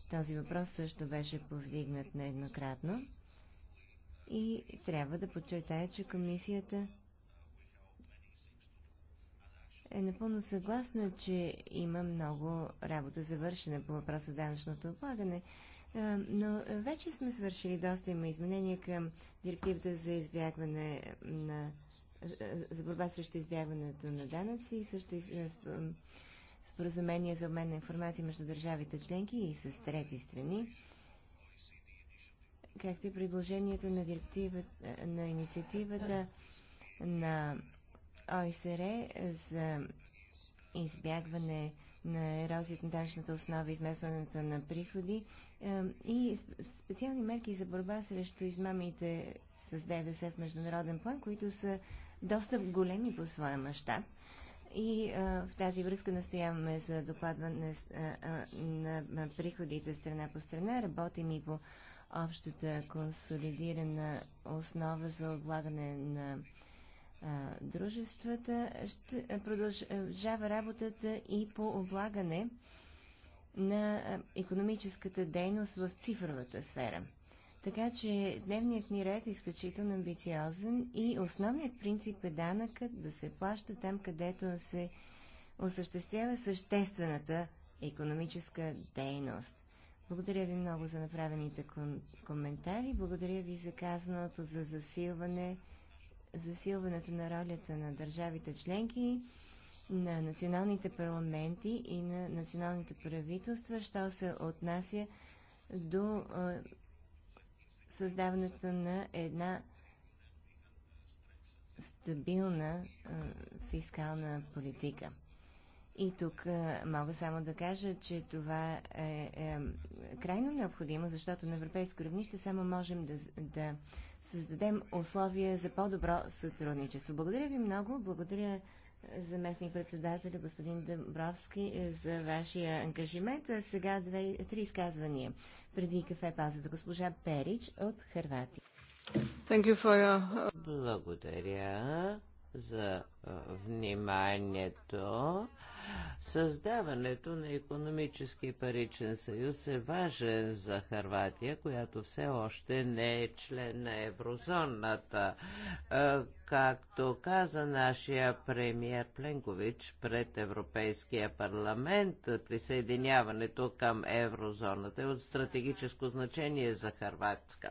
Този въпрос също беше повдигнат нееднократно и трябва да подчертая, че комисията е напълно съгласна, че има много работа завършена по въпроса за данъчното облагане, но вече сме свършили доста има изменения към директивата за избягване на за борба срещу избягването на данъци и също и споразумение за обмен на информация между държавите членки и с трети страни, както и предложението на, директивата, на инициативата на ОСР за избягване на ерозия на данъчната основа и измесването на приходи е, и специални мерки за борба срещу измамите с ДДС в международен план, които са доста големи по своя мащаб. И а, е, в тази връзка настояваме за докладване е, на, на приходите страна по страна. Работим и по общата консолидирана основа за облагане на дружествата, ще продължава работата и по облагане на економическата дейност в цифровата сфера. Така че дневният ни ред е изключително амбициозен и основният принцип е данъкът да се плаща там, където се осъществява съществената економическа дейност. Благодаря ви много за направените коментари. Благодаря ви за казаното за засилване засилването на ролята на държавите членки, на националните парламенти и на националните правителства, що се отнася до създаването на една стабилна фискална политика. И тук мога само да кажа, че това е, е крайно необходимо, защото на европейско равнище само можем да, да създадем условия за по-добро сътрудничество. Благодаря ви много. Благодаря е, заместник председателя господин Дъбровски е, за вашия ангажимент. А сега две, три изказвания преди кафе пазата. Госпожа Перич от Харватия. Благодаря за вниманието. Създаването на економически паричен съюз е важен за Харватия, която все още не е член на еврозоната. Както каза нашия премьер Пленкович пред Европейския парламент, присъединяването към еврозоната е от стратегическо значение за Харватска.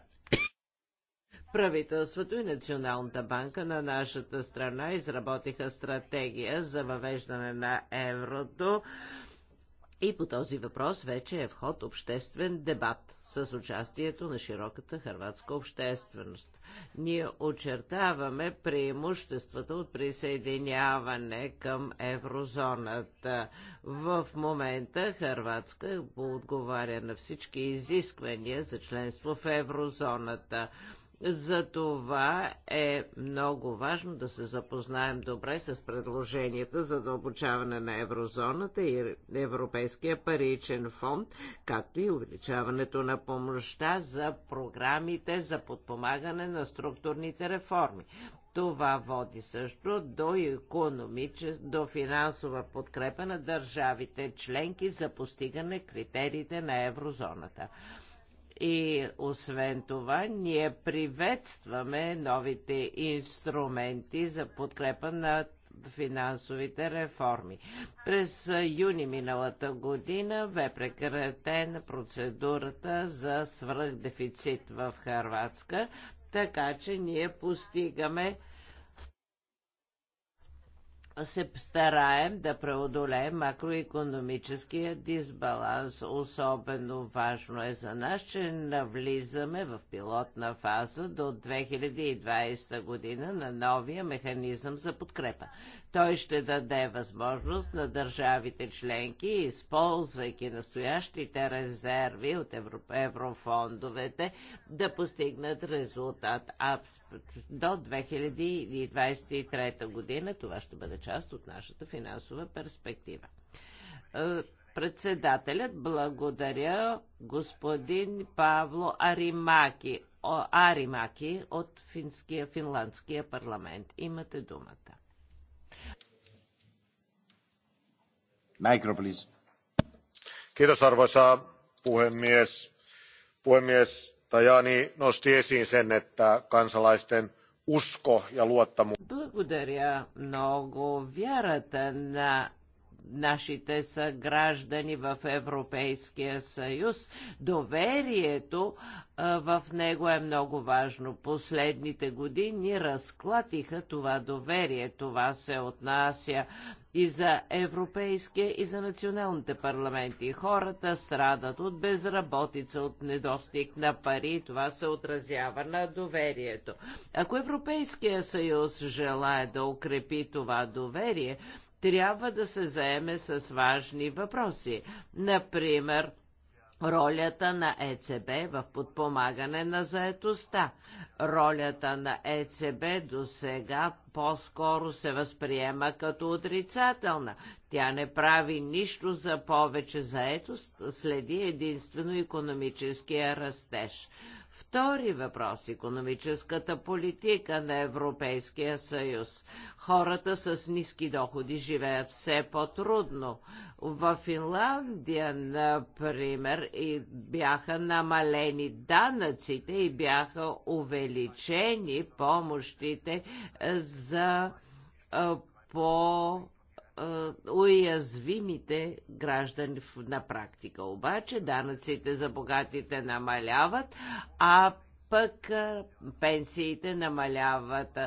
Правителството и Националната банка на нашата страна изработиха стратегия за въвеждане на еврото. И по този въпрос вече е вход обществен дебат с участието на широката хрватска общественост. Ние очертаваме преимуществата от присъединяване към еврозоната. В момента Хрватска отговаря на всички изисквания за членство в еврозоната. За това е много важно да се запознаем добре с предложенията за дълбочаване на еврозоната и Европейския паричен фонд, както и увеличаването на помощта за програмите за подпомагане на структурните реформи. Това води също до економичес, до финансова подкрепа на държавите членки за постигане критериите на еврозоната. И освен това, ние приветстваме новите инструменти за подкрепа на финансовите реформи. През юни миналата година бе прекратена процедурата за свръхдефицит в Харватска, така че ние постигаме се стараем да преодолеем макроекономическия дисбаланс. Особено важно е за нас, че навлизаме в пилотна фаза до 2020 година на новия механизъм за подкрепа. Той ще даде възможност на държавите членки, използвайки настоящите резерви от еврофондовете, да постигнат резултат до 2023 година. Това ще бъде част от нашата финансова перспектива. Е, председателят благодаря господин Павло Аримаки, Аримаки от финския, финландския парламент. Имате думата. arvoisa puhemies puhemies tajani nosti esiin sen että kansalaisten usko ja luottamus нашите съграждани в Европейския съюз. Доверието в него е много важно. Последните години разклатиха това доверие. Това се отнася и за европейския, и за националните парламенти. Хората страдат от безработица, от недостиг на пари. Това се отразява на доверието. Ако Европейския съюз желая да укрепи това доверие, трябва да се заеме с важни въпроси. Например, ролята на ЕЦБ в подпомагане на заетостта. Ролята на ЕЦБ до сега по-скоро се възприема като отрицателна. Тя не прави нищо за повече заетост, следи единствено економическия растеж. Втори въпрос – економическата политика на Европейския съюз. Хората с ниски доходи живеят все по-трудно. В Финландия, например, и бяха намалени данъците и бяха увеличени помощите за по е, уязвимите граждани на практика. Обаче данъците за богатите намаляват, а пък е, пенсиите намаляват.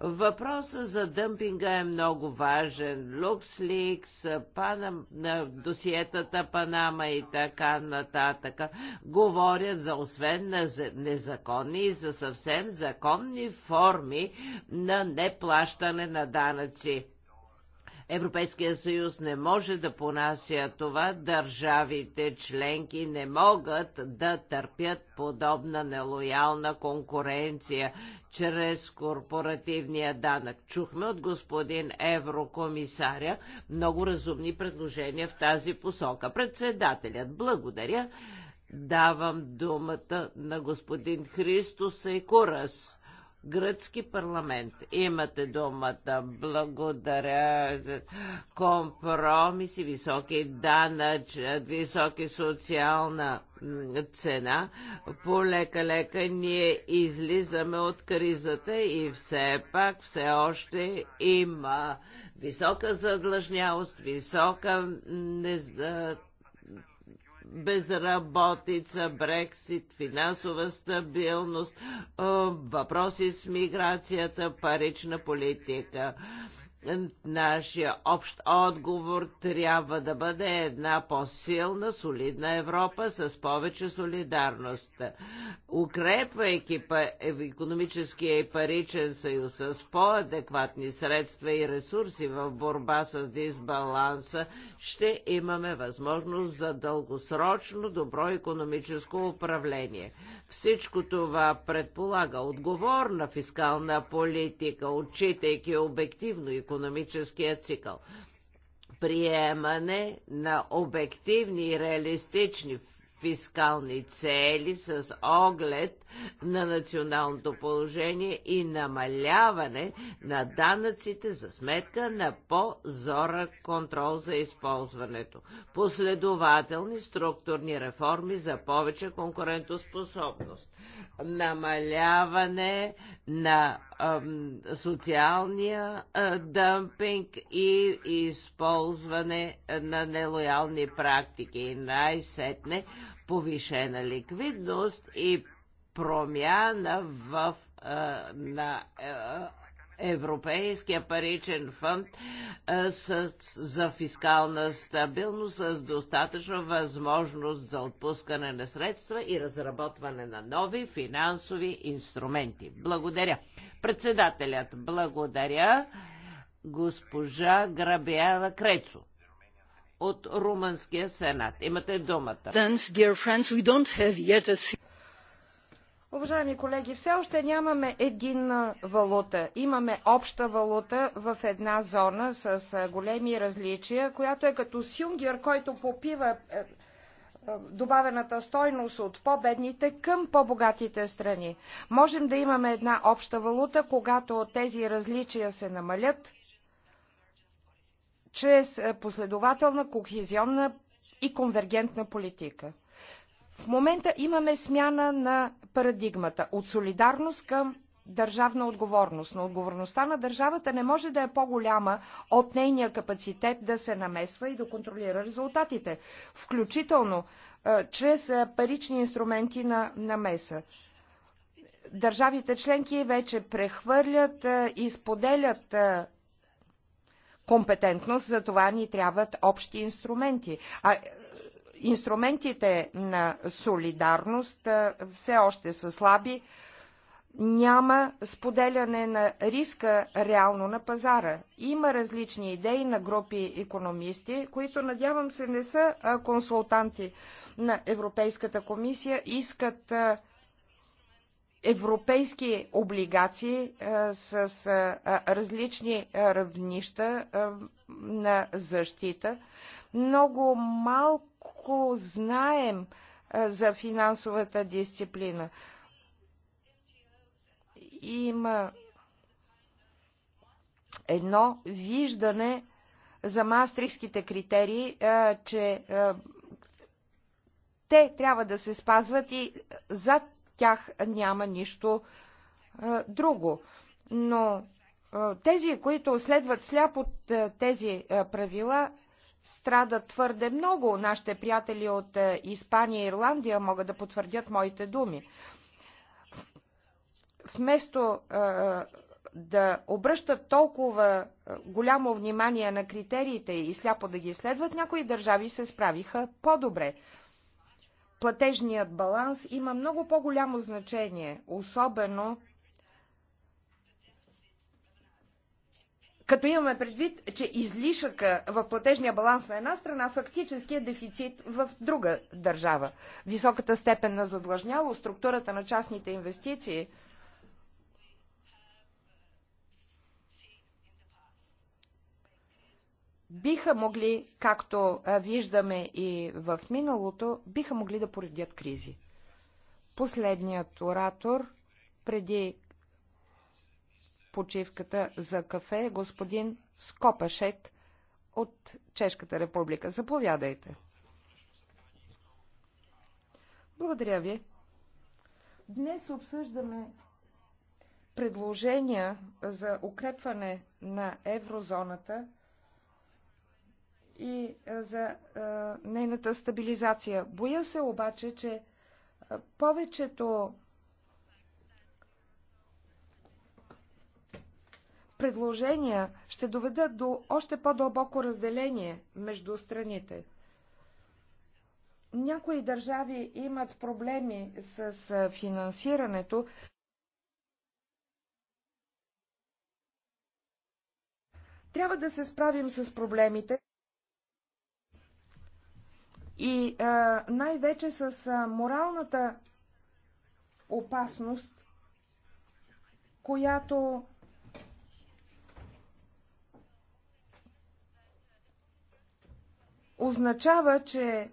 Въпросът за дъмпинга е много важен. ликс Панам, е, досиетата Панама и така нататък говорят за освен на незаконни и за съвсем законни форми на неплащане на данъци. Европейския съюз не може да понася това, държавите членки не могат да търпят подобна нелоялна конкуренция чрез корпоративния данък. Чухме от господин еврокомисаря много разумни предложения в тази посока. Председателят, благодаря. Давам думата на господин Христос Сайкурас гръцки парламент. Имате думата. Благодаря за компромиси, високи данъч, високи социална цена. Полека-лека ние излизаме от кризата и все пак все още има висока задлъжнявост, висока не, безработица, Брексит, финансова стабилност, въпроси с миграцията, парична политика. Нашия общ отговор трябва да бъде една по-силна, солидна Европа с повече солидарност. Укрепвайки е, економическия и паричен съюз с по-адекватни средства и ресурси в борба с дисбаланса, ще имаме възможност за дългосрочно добро економическо управление. Всичко това предполага отговорна фискална политика, отчитайки обективно и економическия цикъл. Приемане на обективни и реалистични фискални цели с оглед на националното положение и намаляване на данъците за сметка на по зора контрол за използването. Последователни структурни реформи за повече конкурентоспособност. Намаляване на социалния дъмпинг и използване на нелоялни практики. Най-сетне повишена ликвидност и промяна в на Европейския паричен фонд за фискална стабилност с достатъчно възможност за отпускане на средства и разработване на нови финансови инструменти. Благодаря. Председателят, благодаря госпожа Грабиела Крецо от Румънския сенат. Имате думата. Уважаеми колеги, все още нямаме единна валута. Имаме обща валута в една зона с големи различия, която е като сюнгер, който попива е, е, добавената стойност от по-бедните към по-богатите страни. Можем да имаме една обща валута, когато тези различия се намалят чрез е, последователна, кохезионна и конвергентна политика. В момента имаме смяна на парадигмата от солидарност към държавна отговорност. Но отговорността на държавата не може да е по-голяма от нейния капацитет да се намесва и да контролира резултатите, включително е, чрез е, парични инструменти на намеса. Държавите членки вече прехвърлят е, и споделят компетентност, за това ни трябват общи инструменти. А инструментите на солидарност все още са слаби. Няма споделяне на риска реално на пазара. Има различни идеи на групи економисти, които надявам се не са консултанти на Европейската комисия, искат европейски облигации с различни равнища на защита. Много малко колко знаем за финансовата дисциплина. Има едно виждане за мастрихските критерии, че те трябва да се спазват и за тях няма нищо друго. Но тези, които следват сляпо тези правила, страда твърде много. Нашите приятели от е, Испания и Ирландия могат да потвърдят моите думи. Вместо е, е, да обръщат толкова голямо внимание на критериите и сляпо да ги следват, някои държави се справиха по-добре. Платежният баланс има много по-голямо значение, особено като имаме предвид, че излишъка в платежния баланс на една страна фактически е дефицит в друга държава. Високата степен на задлъжняло, структурата на частните инвестиции биха могли, както виждаме и в миналото, биха могли да поредят кризи. Последният оратор преди почивката за кафе господин Скопашек от Чешката република. Заповядайте. Благодаря ви. Днес обсъждаме предложения за укрепване на еврозоната и за нейната стабилизация. Боя се обаче, че повечето предложения ще доведат до още по-дълбоко разделение между страните. Някои държави имат проблеми с финансирането. Трябва да се справим с проблемите и най-вече с а, моралната опасност, която означава, че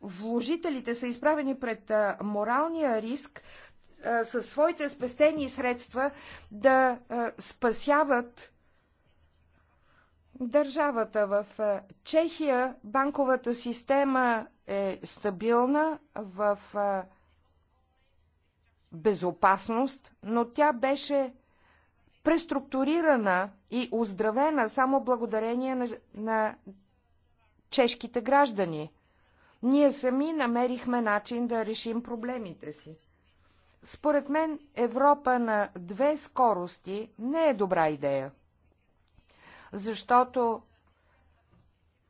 вложителите са изправени пред моралния риск със своите спестени средства да спасяват държавата. В Чехия банковата система е стабилна в безопасност, но тя беше преструктурирана и оздравена само благодарение на, на чешките граждани. Ние сами намерихме начин да решим проблемите си. Според мен Европа на две скорости не е добра идея, защото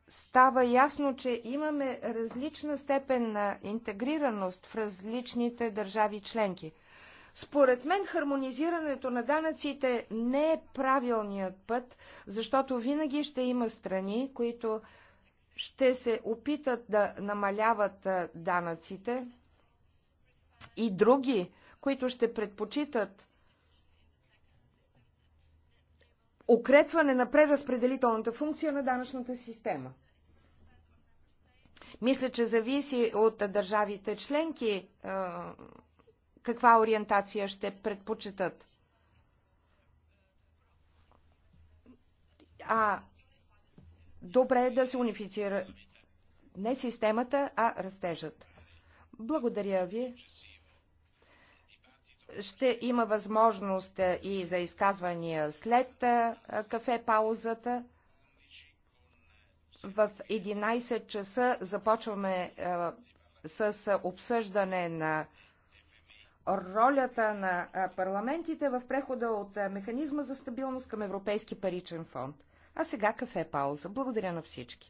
става ясно, че имаме различна степен на интегрираност в различните държави членки – според мен хармонизирането на данъците не е правилният път, защото винаги ще има страни, които ще се опитат да намаляват данъците и други, които ще предпочитат укрепване на преразпределителната функция на данъчната система. Мисля, че зависи от държавите членки каква ориентация ще предпочитат. А добре е да се унифицира не системата, а растежът. Благодаря ви. Ще има възможност и за изказвания след кафе паузата. В 11 часа започваме с обсъждане на ролята на парламентите в прехода от механизма за стабилност към Европейски паричен фонд. А сега кафе пауза. Благодаря на всички.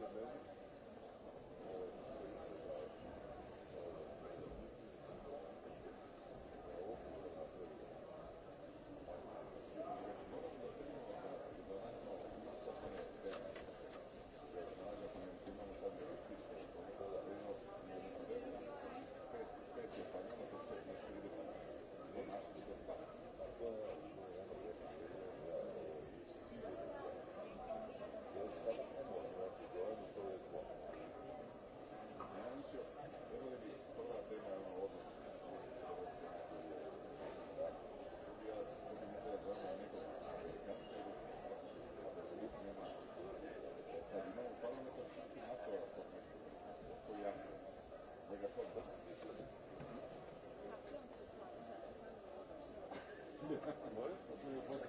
Thank you. Thank you.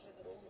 може да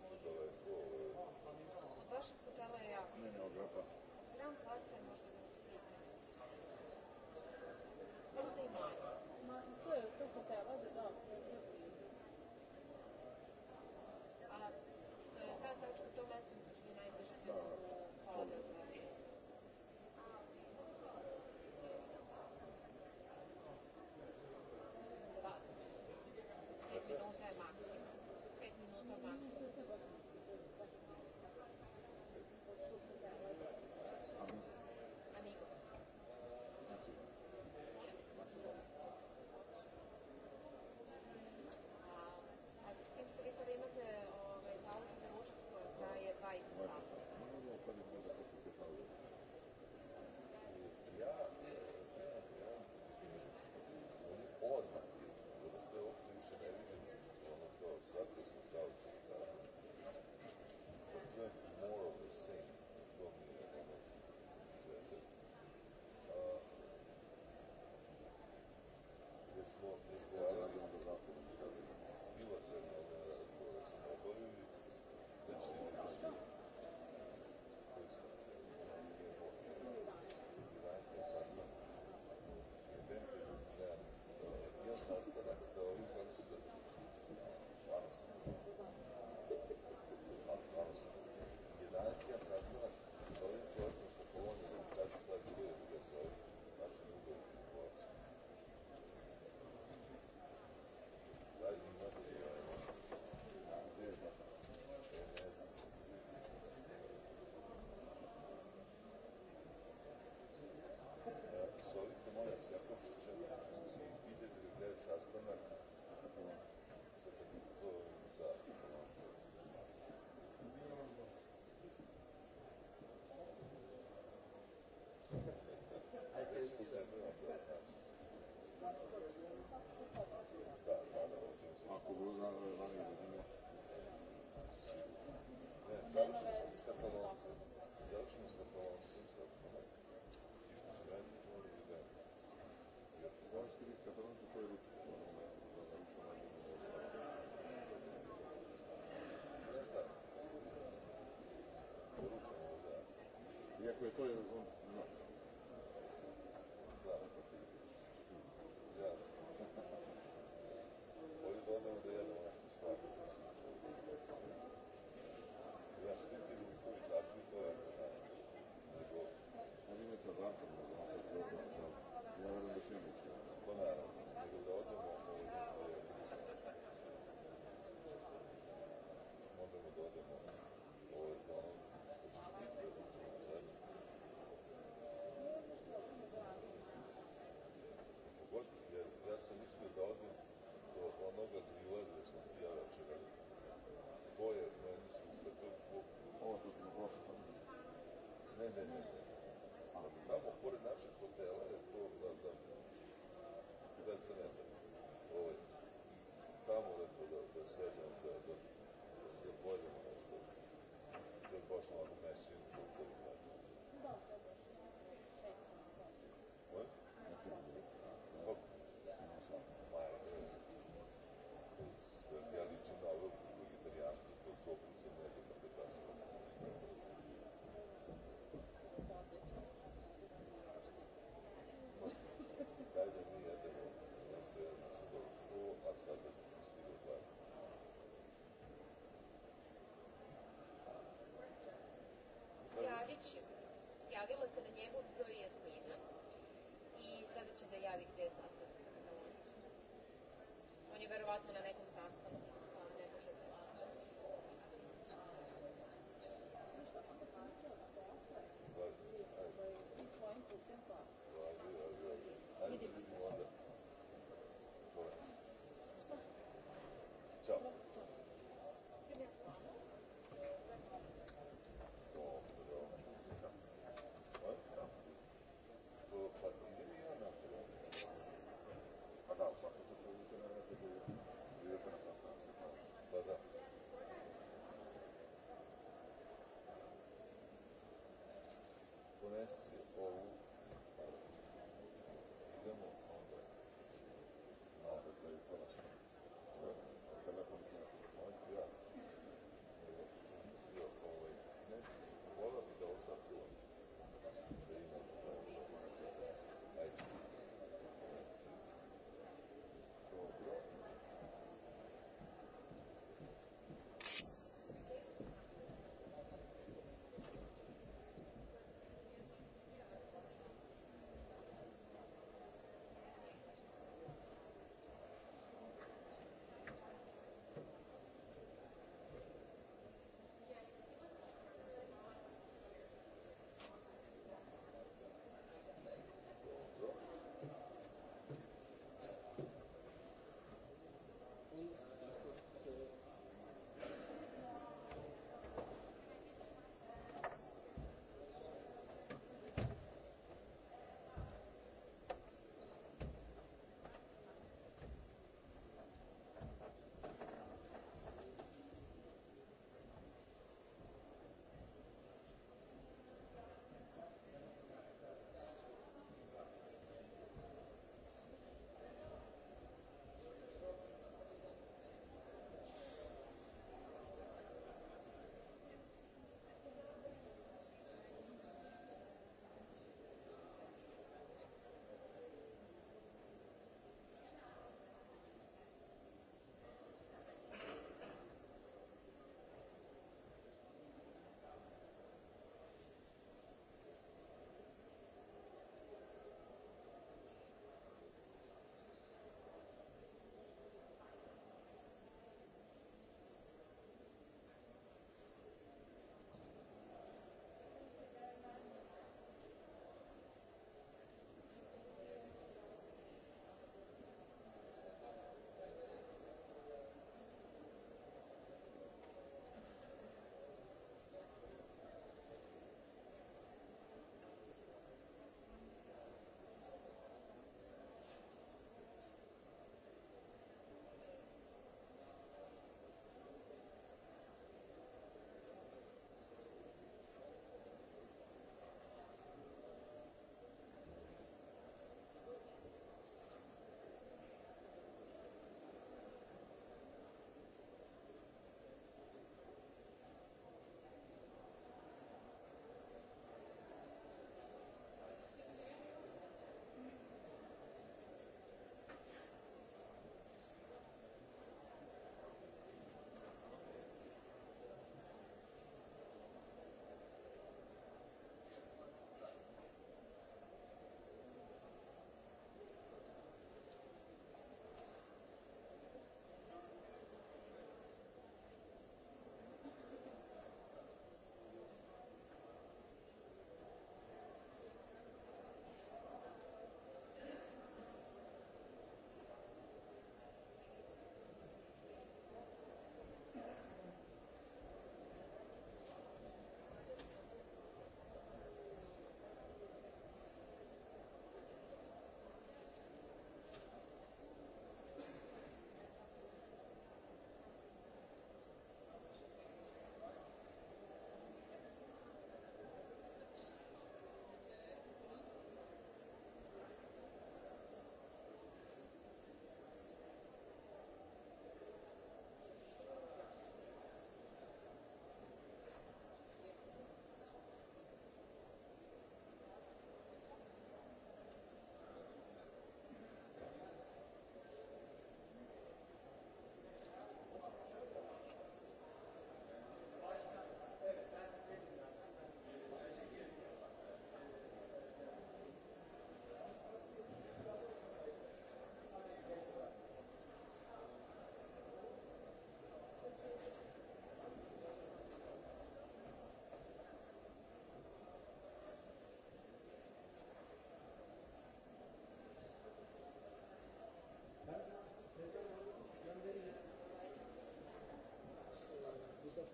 Iako je to razumno. правата на някого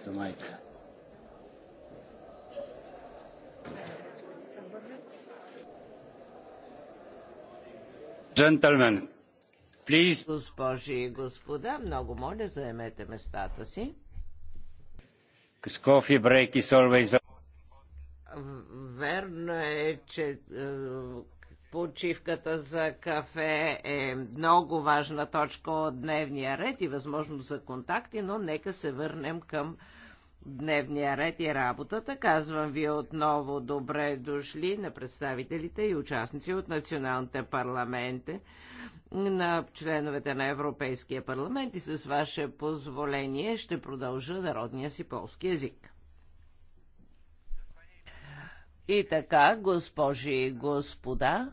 Христа майка. Джентълмен, плиз... Госпожи и господа, много моля, заемете местата си. Верно е, че е, почивката за кафе е много важна точка от дневния ред и възможност за контакти, но нека се върнем към дневния ред и работата. Казвам ви отново добре дошли на представителите и участници от националните парламенти на членовете на Европейския парламент и с ваше позволение ще продължа народния си полски язик. И така, госпожи и господа,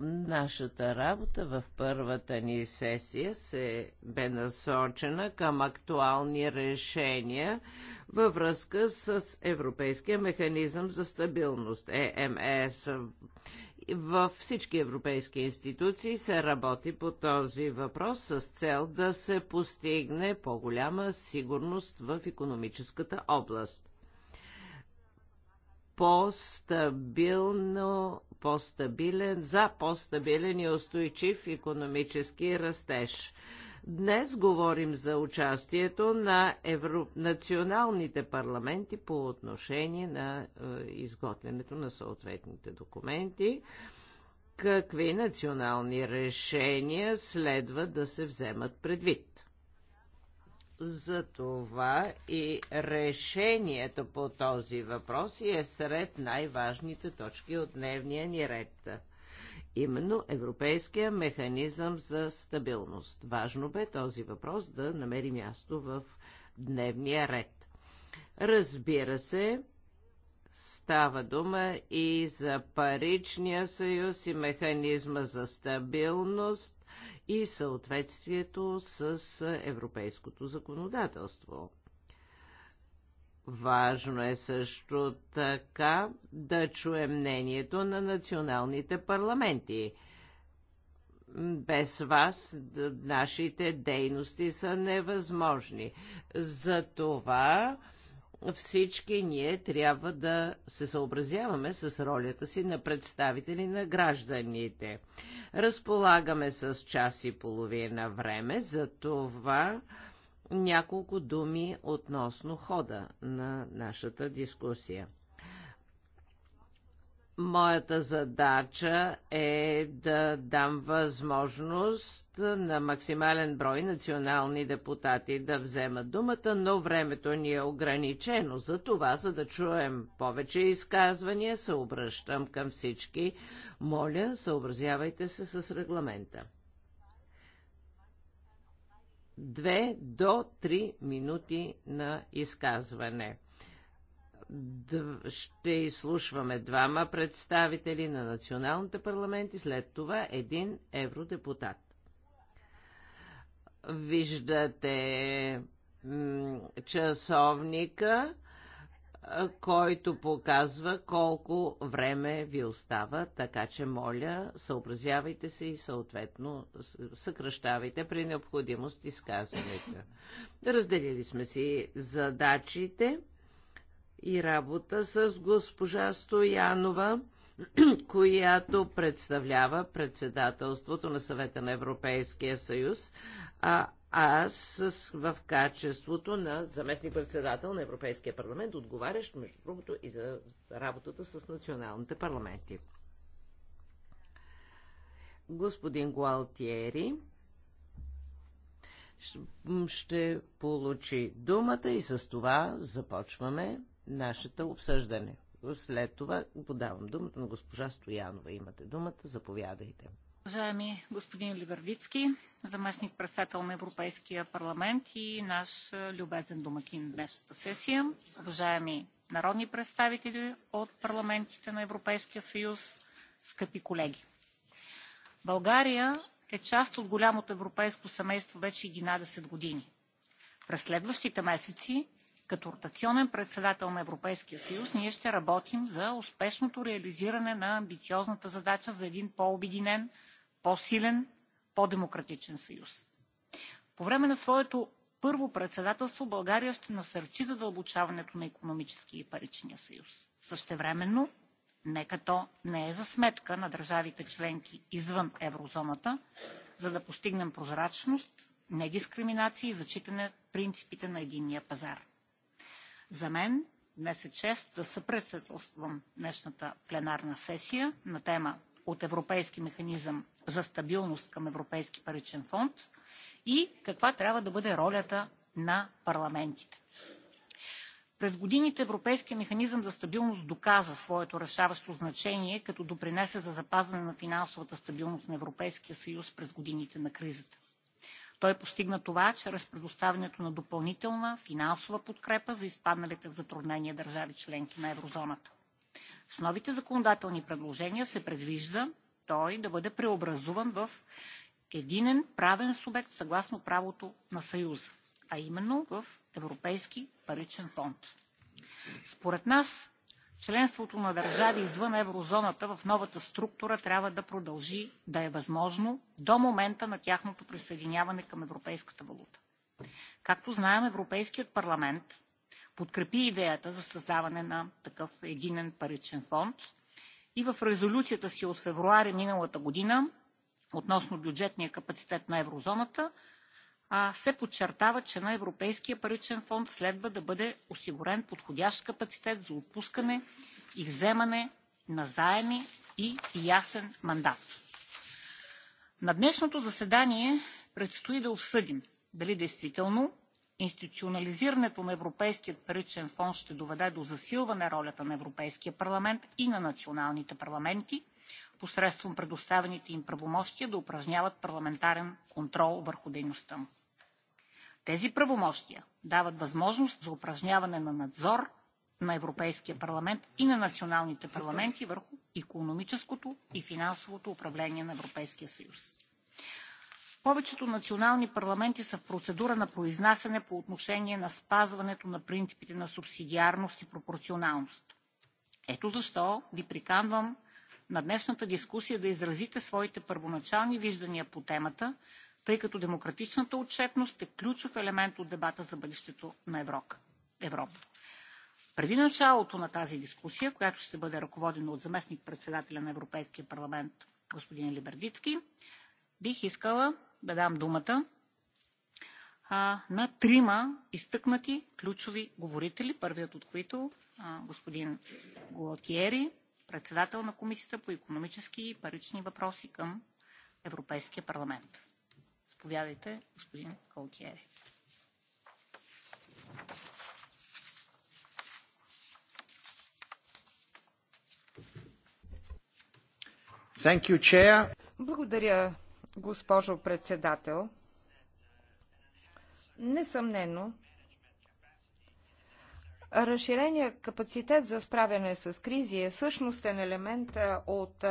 Нашата работа в първата ни сесия се бе насочена към актуални решения във връзка с Европейския механизъм за стабилност ЕМС. Във всички европейски институции се работи по този въпрос с цел да се постигне по-голяма сигурност в економическата област по-стабилно по-стабилен, за по-стабилен и устойчив економически растеж. Днес говорим за участието на евро... националните парламенти по отношение на е, изготвянето на съответните документи. Какви национални решения следва да се вземат предвид? За това и решението по този въпрос е сред най-важните точки от дневния ни ред. Именно Европейския механизъм за стабилност. Важно бе този въпрос да намери място в дневния ред. Разбира се, Става дума и за паричния съюз и механизма за стабилност, и съответствието с европейското законодателство. Важно е също така да чуем мнението на националните парламенти. Без вас нашите дейности са невъзможни. Затова това всички ние трябва да се съобразяваме с ролята си на представители на гражданите. Разполагаме с час и половина време, за това няколко думи относно хода на нашата дискусия. Моята задача е да дам възможност на максимален брой национални депутати да вземат думата, но времето ни е ограничено. За това, за да чуем повече изказвания, се обръщам към всички. Моля, съобразявайте се с регламента. Две до три минути на изказване ще изслушваме двама представители на националните парламенти, след това един евродепутат. Виждате часовника, който показва колко време ви остава, така че моля, съобразявайте се и съответно съкръщавайте при необходимост изказването. Разделили сме си задачите и работа с госпожа Стоянова, която представлява председателството на съвета на Европейския съюз, а аз в качеството на заместник-председател на Европейския парламент, отговарящ, между другото, и за работата с националните парламенти. Господин Гуалтиери ще получи думата и с това започваме нашето обсъждане. След това подавам думата на госпожа Стоянова. Имате думата, заповядайте. Уважаеми господин Либервицки, заместник председател на Европейския парламент и наш е, любезен домакин в днешната сесия, уважаеми народни представители от парламентите на Европейския съюз, скъпи колеги. България е част от голямото европейско семейство вече 11 години. През следващите месеци като ротационен председател на Европейския съюз ние ще работим за успешното реализиране на амбициозната задача за един по-обединен, по-силен, по-демократичен съюз. По време на своето първо председателство България ще насърчи задълбочаването на економическия и паричния съюз. Същевременно, не като не е за сметка на държавите членки извън еврозоната, за да постигнем прозрачност, недискриминация и зачитане принципите на единния пазар. За мен днес е чест да съпредседателствам днешната пленарна сесия на тема от Европейски механизъм за стабилност към Европейски паричен фонд и каква трябва да бъде ролята на парламентите. През годините Европейския механизъм за стабилност доказа своето решаващо значение, като допринесе за запазване на финансовата стабилност на Европейския съюз през годините на кризата. Той постигна това чрез предоставянето на допълнителна финансова подкрепа за изпадналите в затруднение държави – членки на еврозоната. С новите законодателни предложения се предвижда той да бъде преобразуван в единен правен субект съгласно правото на Съюза, а именно в Европейски паричен фонд. Според нас Членството на държави извън еврозоната в новата структура трябва да продължи да е възможно до момента на тяхното присъединяване към европейската валута. Както знаем, Европейският парламент подкрепи идеята за създаване на такъв единен паричен фонд и в резолюцията си от февруари миналата година относно бюджетния капацитет на еврозоната се подчертава, че на Европейския паричен фонд следва да бъде осигурен подходящ капацитет за отпускане и вземане на заеми и ясен мандат. На днешното заседание предстои да обсъдим дали действително институционализирането на Европейския паричен фонд ще доведе до засилване ролята на Европейския парламент и на националните парламенти посредством предоставените им правомощия да упражняват парламентарен контрол върху дейността му. Тези правомощия дават възможност за упражняване на надзор на Европейския парламент и на националните парламенти върху икономическото и финансовото управление на Европейския съюз. Повечето национални парламенти са в процедура на произнасяне по отношение на спазването на принципите на субсидиарност и пропорционалност. Ето защо ви приканвам на днешната дискусия да изразите своите първоначални виждания по темата, тъй като демократичната отчетност е ключов елемент от дебата за бъдещето на Европа. Преди началото на тази дискусия, която ще бъде ръководена от заместник-председателя на Европейския парламент господин Либердицки, бих искала да дам думата на трима изтъкнати ключови говорители, първият от които господин Голотиери, председател на Комисията по економически и парични въпроси към Европейския парламент. Заповядайте, господин Колтиери. You, Благодаря, госпожо председател. Несъмнено, разширения капацитет за справяне с кризи е същностен елемент от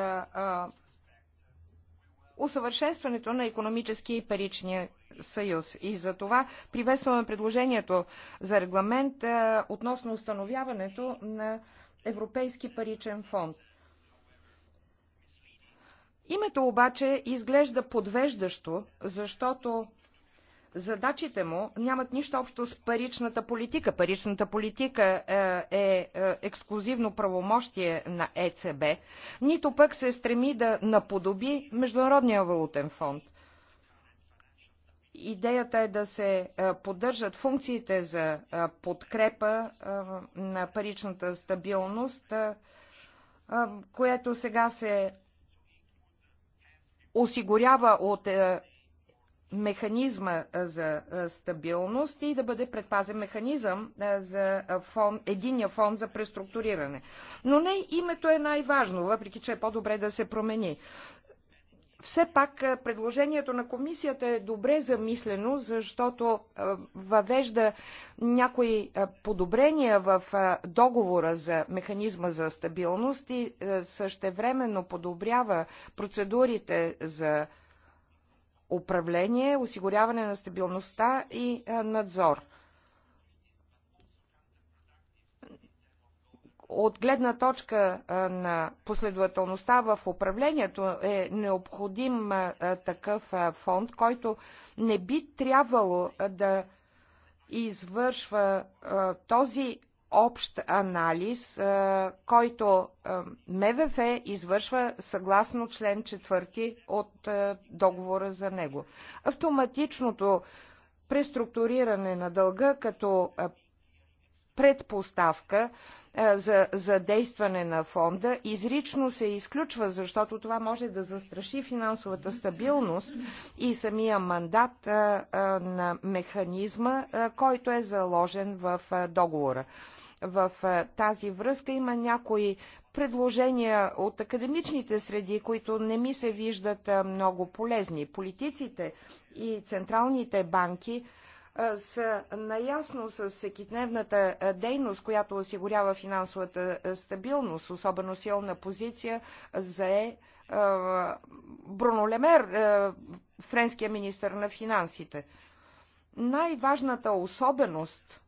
усъвършенстването на економически и паричния съюз. И за това приветстваме предложението за регламент а, относно установяването на Европейски паричен фонд. Името обаче изглежда подвеждащо, защото задачите му нямат нищо общо с паричната политика. Паричната политика е, е, е ексклюзивно правомощие на ЕЦБ, нито пък се стреми да наподоби Международния валутен фонд. Идеята е да се е, поддържат функциите за подкрепа на паричната стабилност, което сега се осигурява от механизма за стабилност и да бъде предпазен механизъм за фон, единия фонд за преструктуриране. Но не името е най-важно, въпреки че е по-добре да се промени. Все пак предложението на комисията е добре замислено, защото въвежда някои подобрения в договора за механизма за стабилност и същевременно подобрява процедурите за управление, осигуряване на стабилността и надзор. От гледна точка на последователността в управлението е необходим такъв фонд, който не би трябвало да извършва този общ анализ, който МВФ извършва съгласно член 4 от договора за него. Автоматичното преструктуриране на дълга като предпоставка за, за действане на фонда изрично се изключва, защото това може да застраши финансовата стабилност и самия мандат на механизма, който е заложен в договора. В тази връзка има някои предложения от академичните среди, които не ми се виждат много полезни. Политиците и централните банки са наясно с всекидневната дейност, която осигурява финансовата стабилност, особено силна позиция за е, Бруно Лемер, френския министр на финансите. Най-важната особеност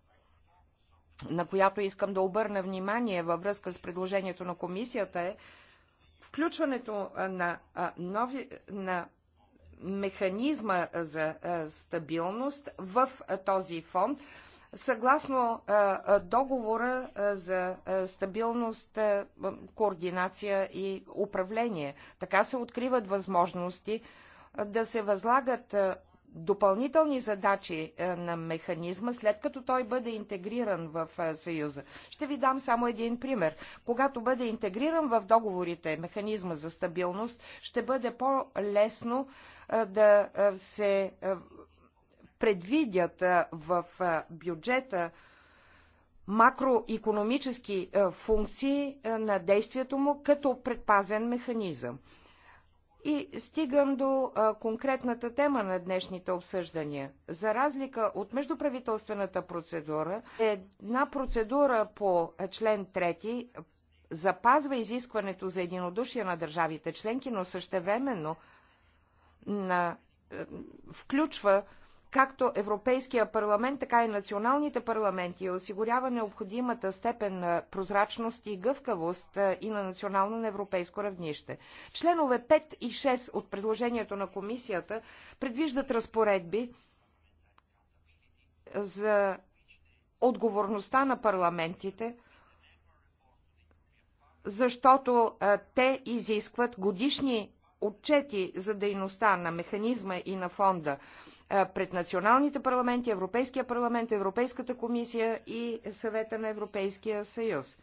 на която искам да обърна внимание във връзка с предложението на комисията е включването на, нови, на механизма за стабилност в този фонд, съгласно договора за стабилност, координация и управление. Така се откриват възможности да се възлагат допълнителни задачи е, на механизма, след като той бъде интегриран в е, Съюза. Ще ви дам само един пример. Когато бъде интегриран в договорите механизма за стабилност, ще бъде по-лесно е, да се предвидят в бюджета макроекономически функции на действието му като предпазен механизъм. И стигам до а, конкретната тема на днешните обсъждания. За разлика от междуправителствената процедура, една процедура по член 3 запазва изискването за единодушие на държавите членки, но същевременно на, включва както Европейския парламент, така и националните парламенти осигурява необходимата степен на прозрачност и гъвкавост и на национално на европейско равнище. Членове 5 и 6 от предложението на комисията предвиждат разпоредби за отговорността на парламентите, защото те изискват годишни отчети за дейността на механизма и на фонда пред националните парламенти, Европейския парламент, Европейската комисия и съвета на Европейския съюз.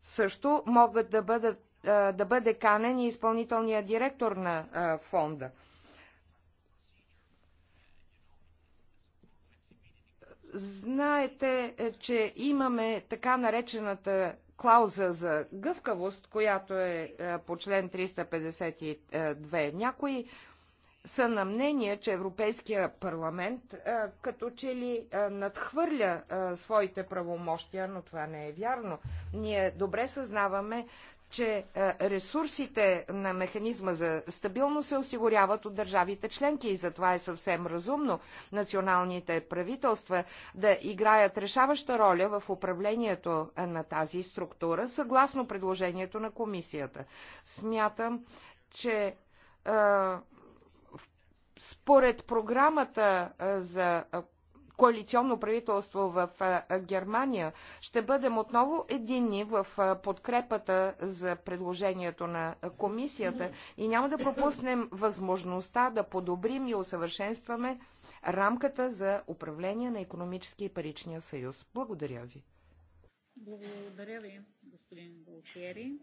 Също могат да, бъдат, да бъде канен и изпълнителният директор на фонда. Знаете, е, че имаме така наречената клауза за гъвкавост, която е, е по член 352. Е, Някои са на мнение, че Европейския парламент а, като че ли а, надхвърля а, своите правомощия, но това не е вярно. Ние добре съзнаваме, че ресурсите на механизма за стабилност се осигуряват от държавите членки и затова е съвсем разумно националните правителства да играят решаваща роля в управлението на тази структура, съгласно предложението на комисията. Смятам, че според програмата за коалиционно правителство в Германия, ще бъдем отново единни в подкрепата за предложението на комисията и няма да пропуснем възможността да подобрим и усъвършенстваме рамката за управление на економически и паричния съюз. Благодаря ви. Благодаря ви, господин Голкери.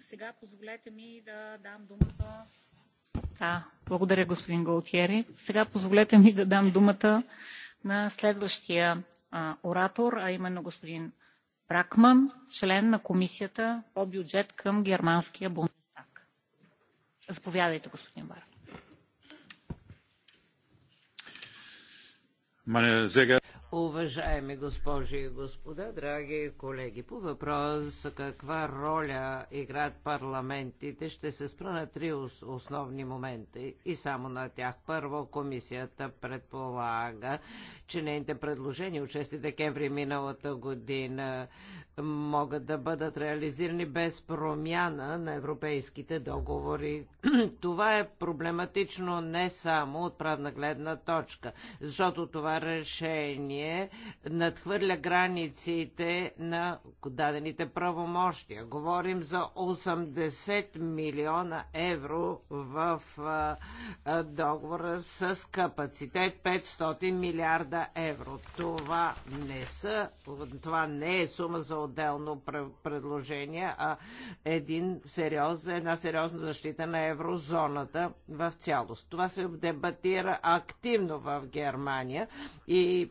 сега позволете ми да дам думата да, благодаря, господин Голтиери. Сега позволете ми да дам думата на следващия а, оратор, а именно господин Бракман, член на комисията по бюджет към германския Бундестаг. Заповядайте, господин Барк. Уважаеми госпожи и господа, драги колеги, по въпрос каква роля играят парламентите, ще се спра на три основни моменти и само на тях. Първо, комисията предполага, че нейните предложения от 6 декември миналата година могат да бъдат реализирани без промяна на европейските договори. Това е проблематично не само от правна гледна точка, защото това решение надхвърля границите на дадените правомощия. Говорим за 80 милиона евро в договора с капацитет 500 милиарда евро. Това не, са, това не е сума за отделно предложение, а един сериоз, една сериозна защита на еврозоната в цялост. Това се дебатира активно в Германия и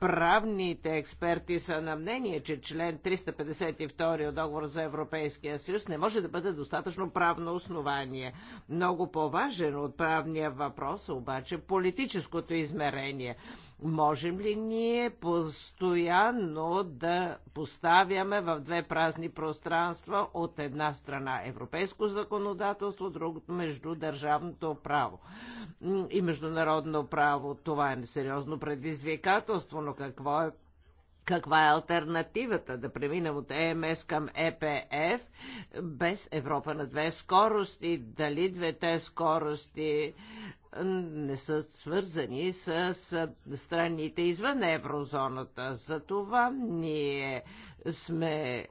правните експерти са на мнение, че член 352 от договор за Европейския съюз не може да бъде достатъчно правно основание. Много по-важен от правния въпрос обаче е политическото измерение. Можем ли ние постоянно да поставяме в две празни пространства от една страна европейско законодателство, другото между държавното право и международно право? Това е несериозно предизвикателство, но какво е каква е альтернативата да преминем от ЕМС към ЕПФ без Европа на две скорости? Дали двете скорости не са свързани с страните извън еврозоната. Затова ние сме е,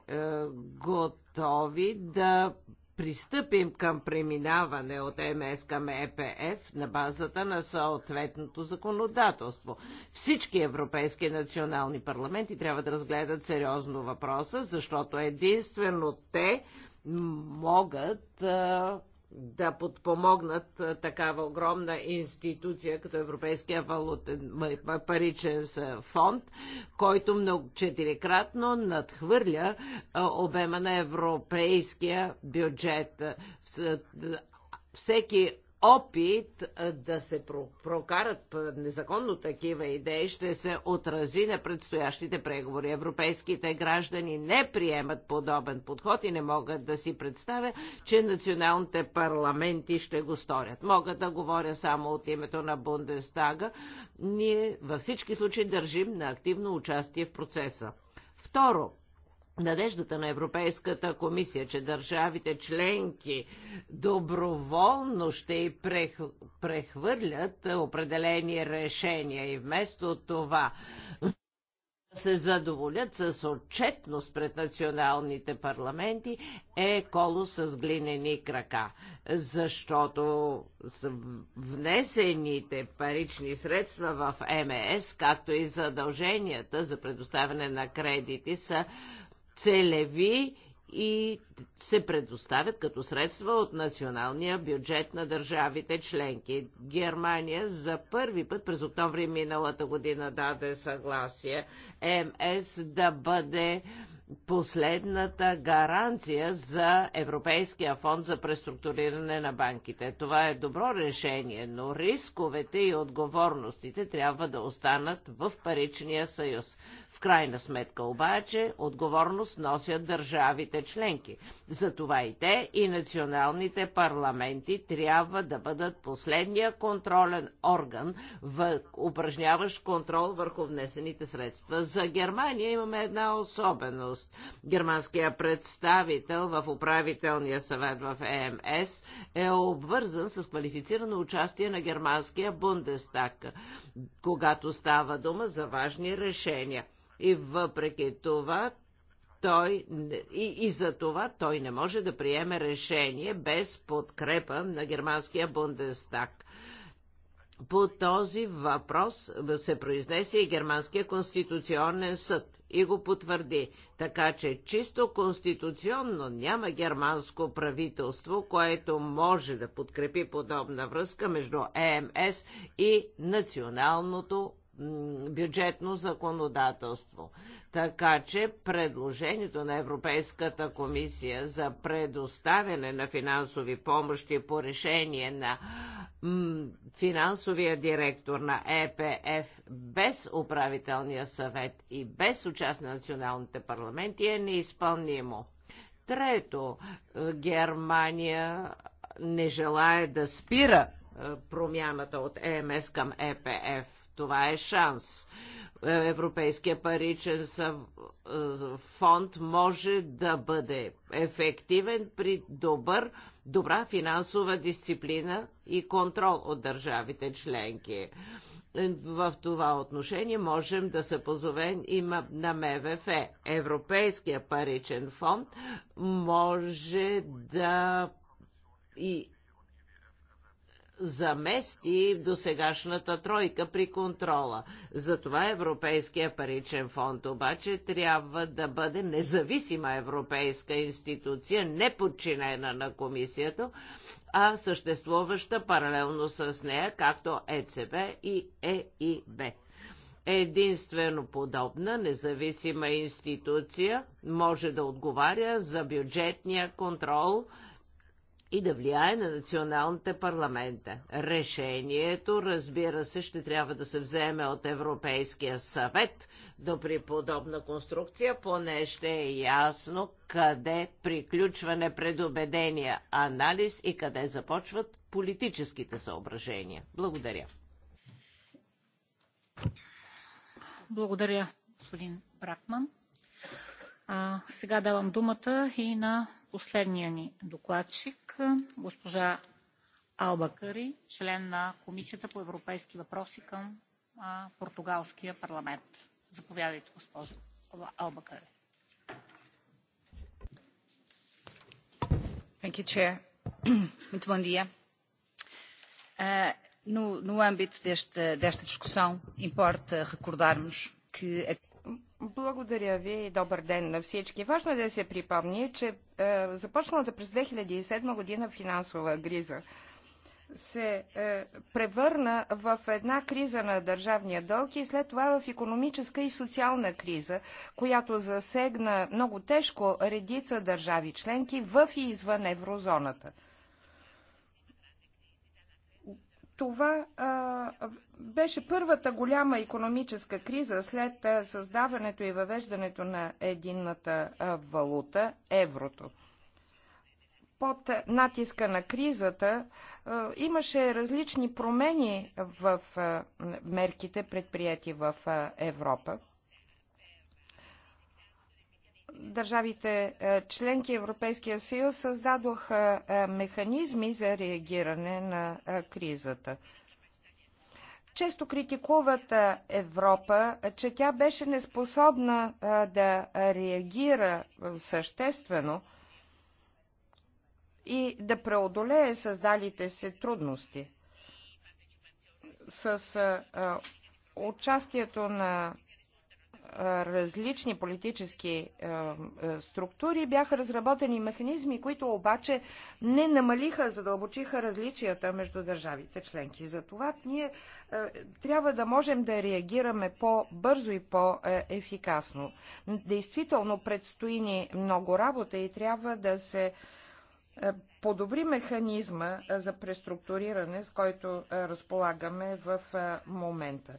готови да пристъпим към преминаване от МС към ЕПФ на базата на съответното законодателство. Всички европейски национални парламенти трябва да разгледат сериозно въпроса, защото единствено те могат а, да подпомогнат такава огромна институция като Европейския валутен паричен фонд, който много четирикратно надхвърля обема на европейския бюджет. Всеки опит да се прокарат незаконно такива идеи ще се отрази на предстоящите преговори. Европейските граждани не приемат подобен подход и не могат да си представя, че националните парламенти ще го сторят. Мога да говоря само от името на Бундестага. Ние във всички случаи държим на активно участие в процеса. Второ, Надеждата на Европейската комисия, че държавите членки доброволно ще и прехвърлят определени решения и вместо това се задоволят с отчетност пред националните парламенти е коло с глинени крака, защото внесените парични средства в МС, е както и задълженията за предоставяне на кредити са целеви и се предоставят като средства от националния бюджет на държавите членки. Германия за първи път през октомври миналата година даде съгласие МС да бъде последната гаранция за Европейския фонд за преструктуриране на банките. Това е добро решение, но рисковете и отговорностите трябва да останат в паричния съюз. В крайна сметка обаче отговорност носят държавите членки. Затова и те и националните парламенти трябва да бъдат последния контролен орган, в... упражняващ контрол върху внесените средства. За Германия имаме една особеност дейност. Германският представител в управителния съвет в ЕМС е обвързан с квалифицирано участие на германския Бундестаг, когато става дума за важни решения. И въпреки това, той и, и за това той не може да приеме решение без подкрепа на германския Бундестаг. По този въпрос се произнесе и Германския конституционен съд и го потвърди. Така че чисто конституционно няма германско правителство, което може да подкрепи подобна връзка между ЕМС и националното бюджетно законодателство. Така че предложението на Европейската комисия за предоставяне на финансови помощи по решение на финансовия директор на ЕПФ без управителния съвет и без участие на националните парламенти е неизпълнимо. Трето, е, Германия не желая да спира е, промяната от ЕМС към ЕПФ това е шанс. Е, Европейския паричен е, фонд може да бъде ефективен при добър, добра финансова дисциплина и контрол от държавите членки. В това отношение можем да се позовем и на МВФ. Европейския паричен фонд може да и замести досегашната тройка при контрола. Затова Европейския паричен фонд обаче трябва да бъде независима европейска институция, не подчинена на комисията, а съществуваща паралелно с нея, както ЕЦБ и ЕИБ. Единствено подобна независима институция може да отговаря за бюджетния контрол – и да влияе на националните парламента. Решението, разбира се, ще трябва да се вземе от Европейския съвет, до при подобна конструкция поне ще е ясно къде приключва непредобедения анализ и къде започват политическите съображения. Благодаря. Благодаря, господин Бракман. А, сега давам думата и на Последният ни докладчик, госпожа Алба Кари, член на Комисията по европейски въпроси към португалския парламент. Заповядайте, госпожо Алба Кари. Thank you, Chair. Muito bom dia. Uh, no, no âmbito deste, desta discussão, importa recordarmos que a благодаря ви и добър ден на всички. Важно е да се припомни, че е, започналата през 2007 година финансова криза се е, превърна в една криза на държавния дълг и след това в економическа и социална криза, която засегна много тежко редица държави членки в и извън еврозоната. Това а, беше първата голяма економическа криза след а, създаването и въвеждането на единната а, валута еврото. Под натиска на кризата а, имаше различни промени в а, мерките, предприяти в а, Европа държавите е, членки Европейския съюз създадоха е, механизми за реагиране на е, кризата. Често критикуват Европа, че тя беше неспособна да реагира съществено и да преодолее създалите се трудности. С участието на различни политически е, е, структури бяха разработени механизми, които обаче не намалиха, задълбочиха различията между държавите членки. Затова ние е, трябва да можем да реагираме по-бързо и по-ефикасно. Действително предстои ни много работа и трябва да се подобри механизма за преструктуриране, с който разполагаме в момента.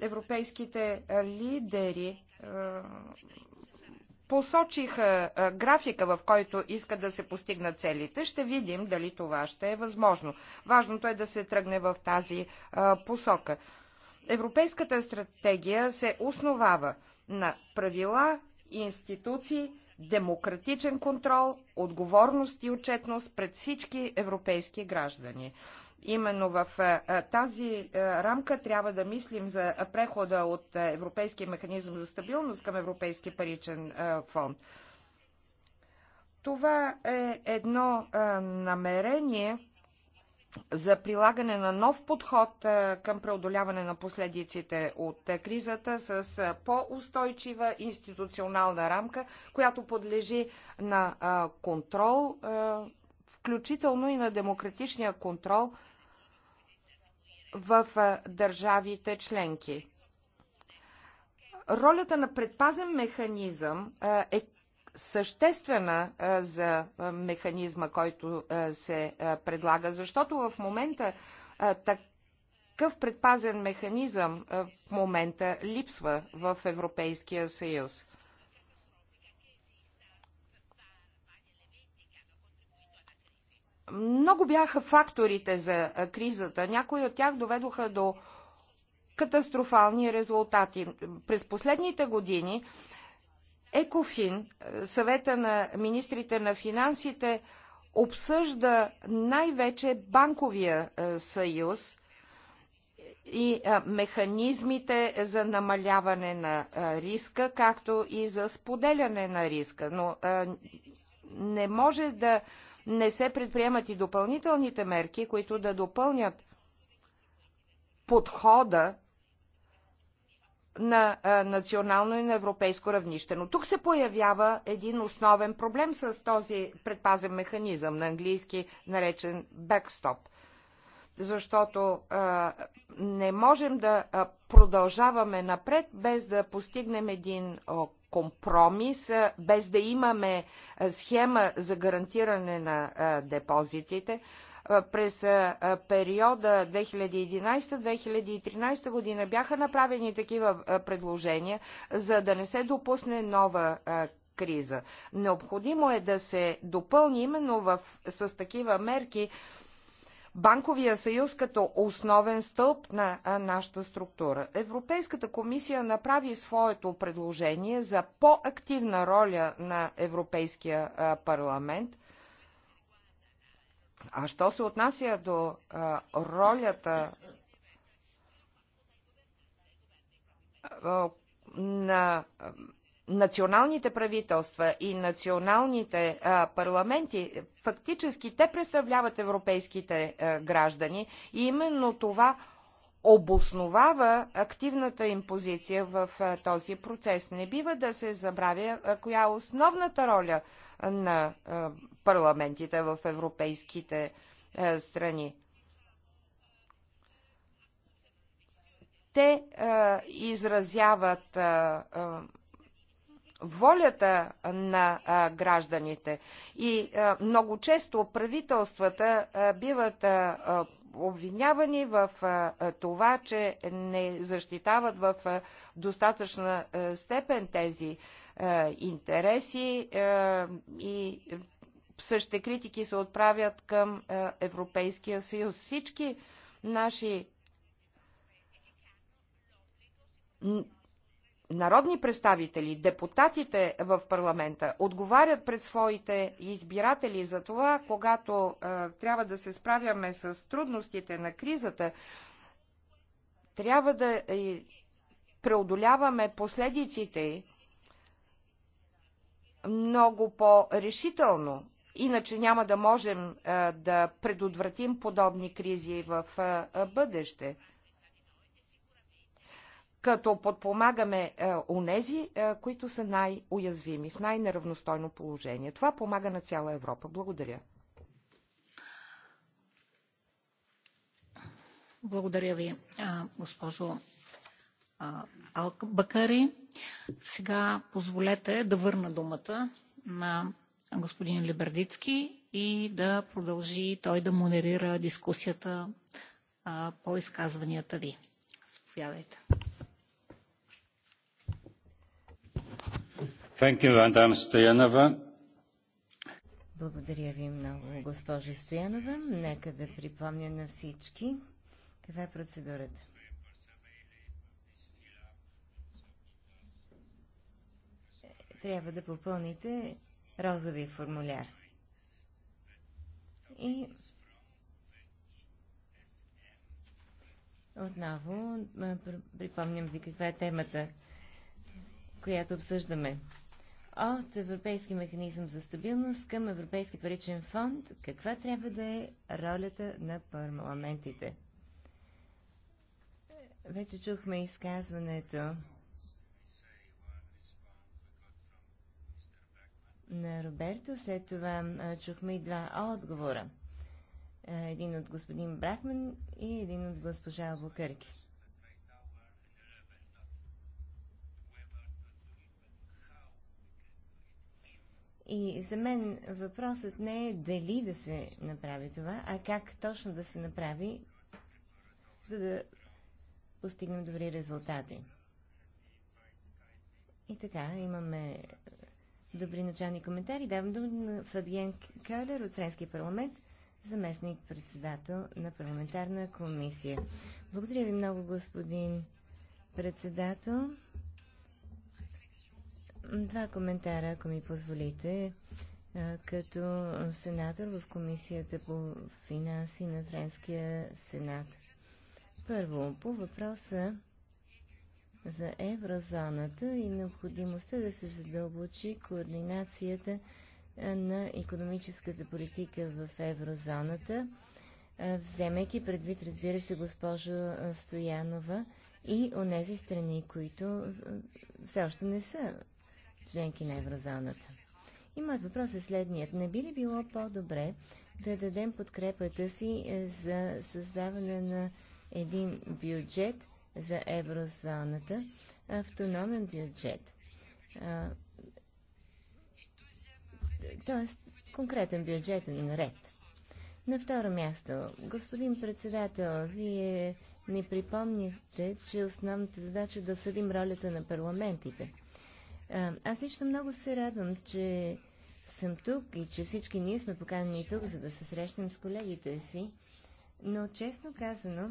Европейските лидери посочиха графика, в който искат да се постигна целите. Ще видим дали това ще е възможно. Важното е да се тръгне в тази посока. Европейската стратегия се основава на правила, институции, демократичен контрол, отговорност и отчетност пред всички европейски граждани. Именно в е, е, тази е, рамка трябва да мислим за прехода от Европейския механизъм за стабилност към Европейски паричен фонд. Това е едно намерение за прилагане на нов подход към преодоляване на последиците от кризата с по-устойчива институционална рамка, която подлежи на контрол, включително и на демократичния контрол в държавите членки. Ролята на предпазен механизъм е съществена за механизма, който се предлага, защото в момента такъв предпазен механизъм в момента липсва в Европейския съюз. Много бяха факторите за кризата. Някои от тях доведоха до катастрофални резултати. През последните години Екофин, съвета на министрите на финансите, обсъжда най-вече банковия съюз и механизмите за намаляване на риска, както и за споделяне на риска. Но не може да не се предприемат и допълнителните мерки, които да допълнят подхода на национално и на европейско равнище. Но тук се появява един основен проблем с този предпазен механизъм, на английски наречен бекстоп. Защото а, не можем да продължаваме напред без да постигнем един компромис, без да имаме схема за гарантиране на депозитите. През периода 2011-2013 година бяха направени такива предложения, за да не се допусне нова криза. Необходимо е да се допълни именно в, с такива мерки банковия съюз като основен стълб на нашата структура. Европейската комисия направи своето предложение за по-активна роля на Европейския парламент. А що се отнася до ролята на националните правителства и националните а, парламенти, фактически те представляват европейските а, граждани и именно това обосновава активната им позиция в а, този процес. Не бива да се забравя а, коя е основната роля на а, парламентите в европейските а, страни. Те а, изразяват а, а волята на гражданите. И много често правителствата биват обвинявани в това, че не защитават в достатъчна степен тези интереси и същите критики се отправят към Европейския съюз. Всички наши народни представители, депутатите в парламента отговарят пред своите избиратели за това, когато а, трябва да се справяме с трудностите на кризата, трябва да е, преодоляваме последиците много по-решително. Иначе няма да можем а, да предотвратим подобни кризи в а, бъдеще като подпомагаме е, онези, е, е, които са най-уязвими, в най-неравностойно положение. Това помага на цяла Европа. Благодаря. Благодаря ви, госпожо Албакари. Сега позволете да върна думата на господин Либердицки и да продължи той да модерира дискусията по изказванията ви. Заповядайте. You, Благодаря ви много, госпожо Стоянова. Нека да припомня на всички каква е процедурата. Трябва да попълните розовия формуляр. И отново припомням ви каква е темата, която обсъждаме от Европейски механизъм за стабилност към Европейски паричен фонд, каква трябва да е ролята на парламентите? Вече чухме изказването на Роберто, след това чухме и два отговора. Един от господин Брахман и един от госпожа Албукърки. И за мен въпросът не е дали да се направи това, а как точно да се направи, за да постигнем добри резултати. И така, имаме добри начални коментари. Давам дума на Фабиен Кълер от Френския парламент, заместник председател на парламентарна комисия. Благодаря ви много, господин председател. Два коментара, ако ми позволите. Като сенатор в Комисията по финанси на Френския сенат. Първо, по въпроса за еврозоната и необходимостта да се задълбочи координацията на економическата политика в еврозоната, вземайки предвид, разбира се, госпожо Стоянова и онези страни, които все още не са членки на еврозоната. И моят въпрос е следният. Не би ли било по-добре да дадем подкрепата си е, за създаване на един бюджет за еврозоната, автономен бюджет? тоест, конкретен бюджетен ред. На второ място, господин председател, вие ни припомнихте, че основната задача е да обсъдим ролята на парламентите – е, аз лично много се радвам, че съм тук и че всички ние сме поканени тук, за да се срещнем с колегите си. Но честно казано,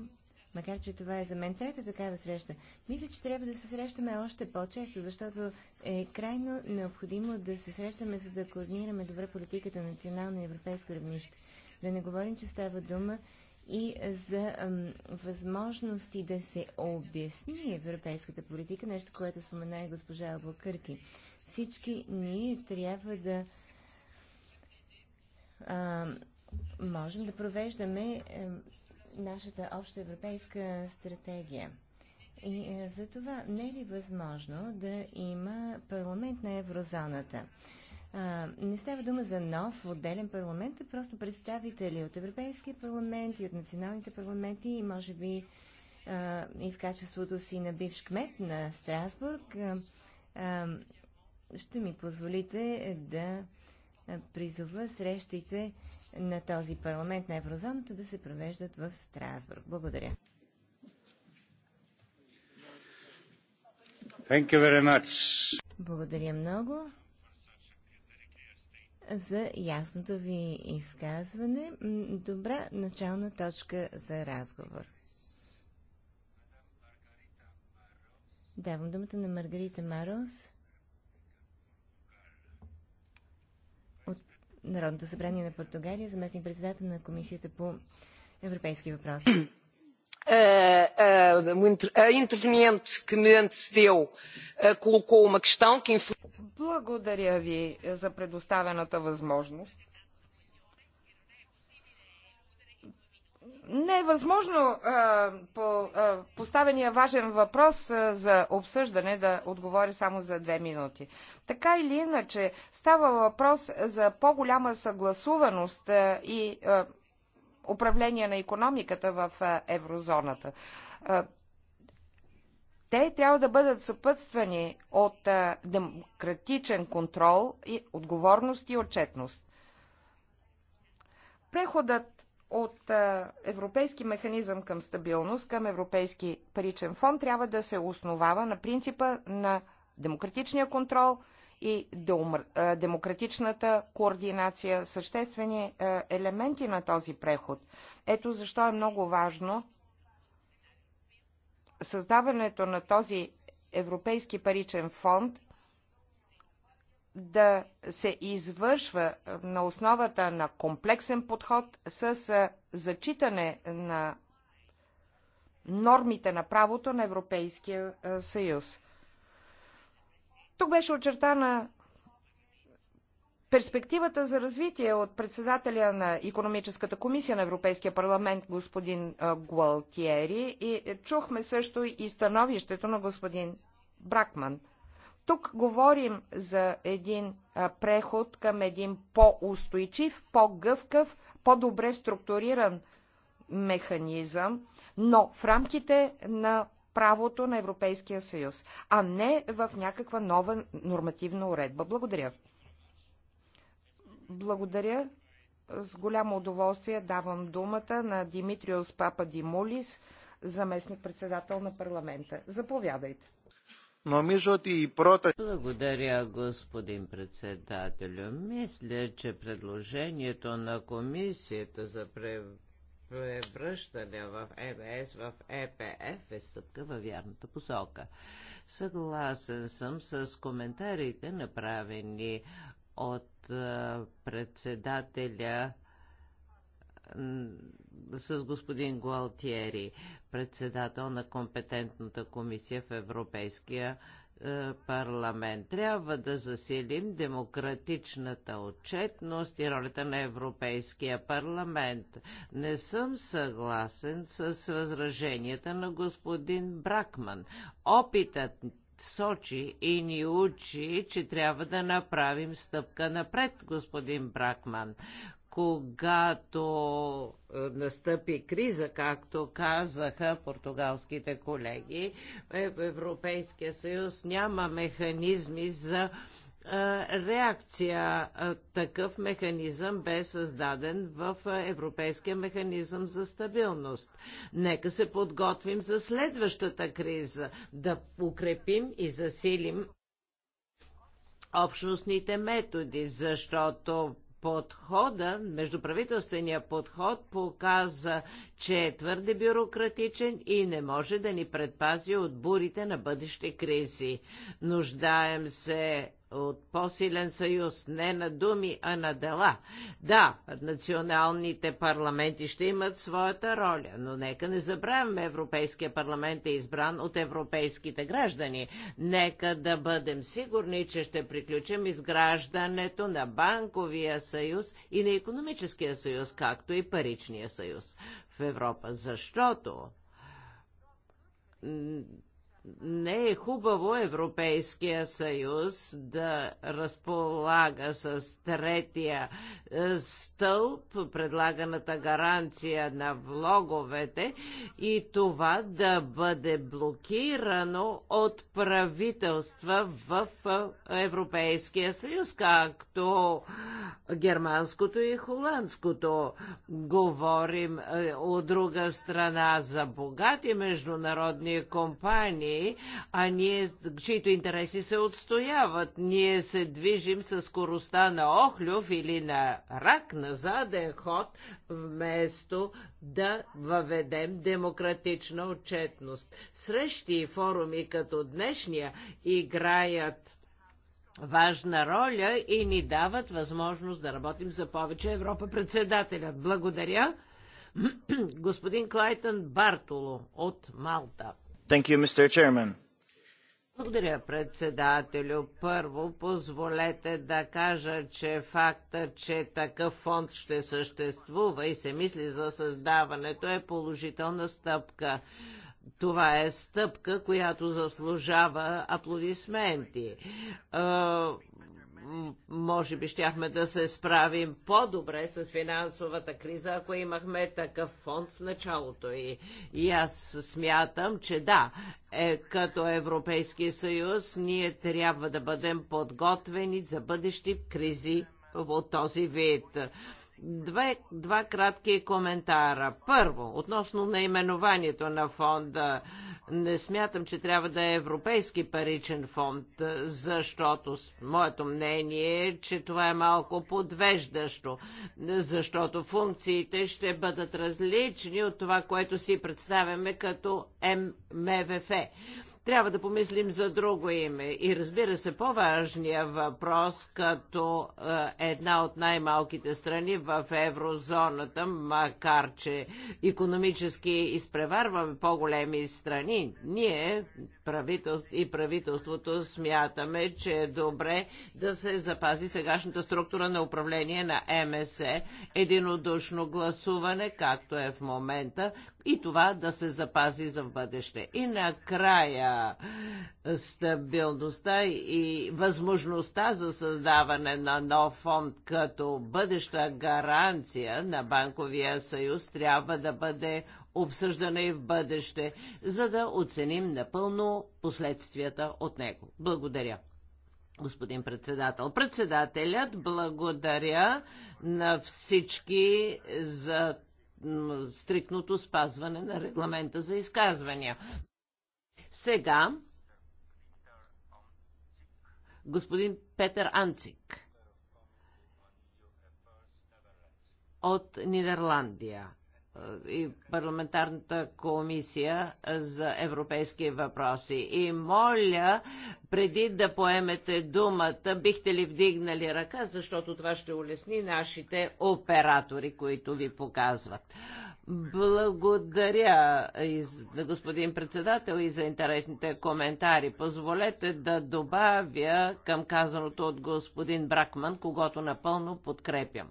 макар че това е за мен трета такава среща, мисля, че трябва да се срещаме още по-често, защото е крайно необходимо да се срещаме, за да координираме добре политиката на национално и европейско равнище. Да не говорим, че става дума и за ам, възможности да се обясни европейската политика, нещо, което спомена и госпожа Албукърки. Всички ние трябва да ам, можем да провеждаме ам, нашата обща европейска стратегия. И е, за това не е ли възможно да има парламент на еврозоната? А, не става дума за нов отделен парламент, а просто представители от Европейския парламент и от националните парламенти и може би а, и в качеството си на бивш кмет на Страсбург а, ще ми позволите да призова срещите на този парламент на еврозоната да се провеждат в Страсбург. Благодаря. Благодаря много за ясното ви изказване. Добра начална точка за разговор. Давам думата на Маргарита Марос от Народното събрание на Португалия, заместник председател на Комисията по европейски въпроси. Um, a interveniente que me antecedeu colocou uma questão que... Благодаря ви за предоставената възможност. Не е възможно а, по а, поставения важен въпрос а, за обсъждане да отговори само за две минути. Така или иначе, става въпрос за по-голяма съгласуваност а, и а, управление на економиката в еврозоната. Те трябва да бъдат съпътствани от демократичен контрол и отговорност и отчетност. Преходът от Европейски механизъм към стабилност, към Европейски паричен фонд трябва да се основава на принципа на демократичния контрол – и демократичната координация съществени елементи на този преход. Ето защо е много важно създаването на този Европейски паричен фонд да се извършва на основата на комплексен подход с зачитане на нормите на правото на Европейския съюз. Тук беше очертана перспективата за развитие от председателя на економическата комисия на Европейския парламент господин Гуалтиери и е, чухме също и становището на господин Бракман. Тук говорим за един преход към един по-устойчив, по-гъвкав, по-добре структуриран механизъм, но в рамките на правото на Европейския съюз, а не в някаква нова нормативна уредба. Благодаря. Благодаря. С голямо удоволствие давам думата на Димитриос Папа Димулис, заместник-председател на парламента. Заповядайте. Благодаря, господин председателю. Мисля, че предложението на комисията за превръщане в МС в ЕПФ е стъпка във вярната посока. Съгласен съм с коментарите, направени от председателя с господин Гуалтиери, председател на компетентната комисия в Европейския е, парламент. Трябва да засилим демократичната отчетност и ролята на Европейския парламент. Не съм съгласен с възраженията на господин Бракман. Опитът сочи и ни учи, че трябва да направим стъпка напред, господин Бракман когато е, настъпи криза, както казаха португалските колеги, е, Европейския съюз няма механизми за е, реакция. Такъв механизъм бе създаден в Европейския механизъм за стабилност. Нека се подготвим за следващата криза, да укрепим и засилим общностните методи, защото подхода, междуправителствения подход показа, че е твърде бюрократичен и не може да ни предпази от бурите на бъдещи кризи. Нуждаем се от по-силен съюз, не на думи, а на дела. Да, националните парламенти ще имат своята роля, но нека не забравяме, Европейския парламент е избран от европейските граждани. Нека да бъдем сигурни, че ще приключим изграждането на банковия съюз и на економическия съюз, както и паричния съюз в Европа. Защото не е хубаво Европейския съюз да разполага с третия е, стълб, предлаганата гаранция на влоговете и това да бъде блокирано от правителства в е, Европейския съюз, както германското и холандското. Говорим е, от друга страна за богати международни компании, а ние, чието интереси се отстояват. Ние се движим с скоростта на Охлюв или на рак на заден ход, вместо да въведем демократична отчетност. Срещи и форуми като днешния играят важна роля и ни дават възможност да работим за повече Европа. Председателят, благодаря. Господин Клайтън Бартоло от Малта. Благодаря, председателю. Първо, позволете да кажа, че факта, че такъв фонд ще съществува и се мисли за създаването е положителна стъпка. Това е стъпка, която заслужава аплодисменти е, може би щяхме да се справим по-добре с финансовата криза, ако имахме такъв фонд в началото. И, и аз смятам, че да, е, като Европейски съюз ние трябва да бъдем подготвени за бъдещи кризи от този вид. Две, два кратки коментара. Първо, относно наименованието на фонда. Не смятам, че трябва да е Европейски паричен фонд, защото моето мнение е, че това е малко подвеждащо, защото функциите ще бъдат различни от това, което си представяме като МВФ. Трябва да помислим за друго име. И разбира се, по-важния въпрос, като е, една от най-малките страни в еврозоната, макар че економически изпреварваме по-големи страни, ние правителство и правителството смятаме, че е добре да се запази сегашната структура на управление на МСЕ, единодушно гласуване, както е в момента, и това да се запази за в бъдеще. И накрая стабилността и възможността за създаване на нов фонд като бъдеща гаранция на Банковия съюз трябва да бъде обсъждане и в бъдеще, за да оценим напълно последствията от него. Благодаря. Господин председател, председателят благодаря на всички за стрикното спазване на регламента за изказвания. Сега господин Петър Анцик от Нидерландия и парламентарната комисия за европейски въпроси. И моля, преди да поемете думата, бихте ли вдигнали ръка, защото това ще улесни нашите оператори, които ви показват. Благодаря господин председател и за интересните коментари. Позволете да добавя към казаното от господин Бракман, когато напълно подкрепям.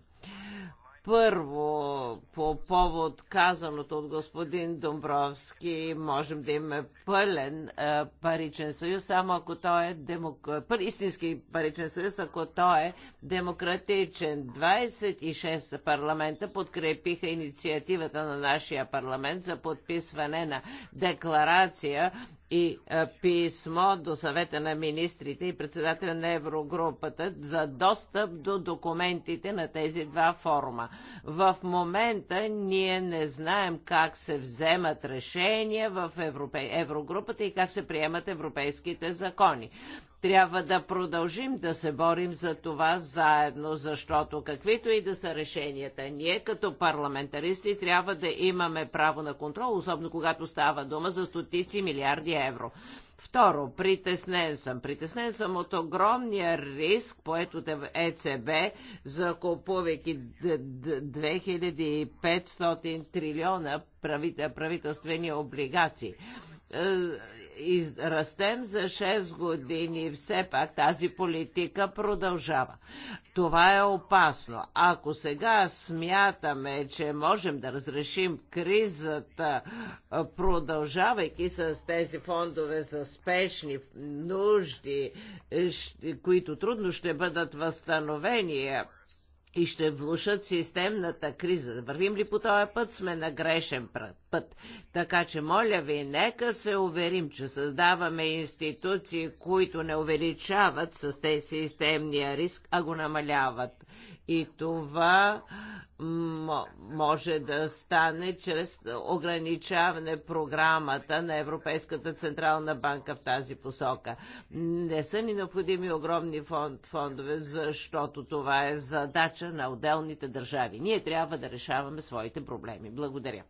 Първо, по повод казаното от господин Домбровски, можем да имаме пълен е, паричен съюз, само ако то е демокр... истински паричен съюз, ако той е демократичен. 26 парламента подкрепиха инициативата на нашия парламент за подписване на декларация и писмо до съвета на министрите и председателя на Еврогрупата за достъп до документите на тези два форума. В момента ние не знаем как се вземат решения в Европе... Еврогрупата и как се приемат европейските закони. Трябва да продължим да се борим за това заедно, защото каквито и да са решенията, ние като парламентаристи трябва да имаме право на контрол, особено когато става дума за стотици милиарди евро. Второ, притеснен съм. Притеснен съм от огромния риск, поето от ЕЦБ, закупувайки 2500 трилиона правителствени облигации е, растем за 6 години. Все пак тази политика продължава. Това е опасно. Ако сега смятаме, че можем да разрешим кризата, продължавайки с тези фондове за спешни нужди, които трудно ще бъдат възстановени, и ще влушат системната криза. Вървим ли по този път, сме на грешен път. Така че, моля ви, нека се уверим, че създаваме институции, които не увеличават с тези системния риск, а го намаляват. И това може да стане чрез ограничаване програмата на Европейската Централна банка в тази посока. Не са ни необходими огромни фонд, фондове, защото това е задача на отделните държави. Ние трябва да решаваме своите проблеми. Благодаря.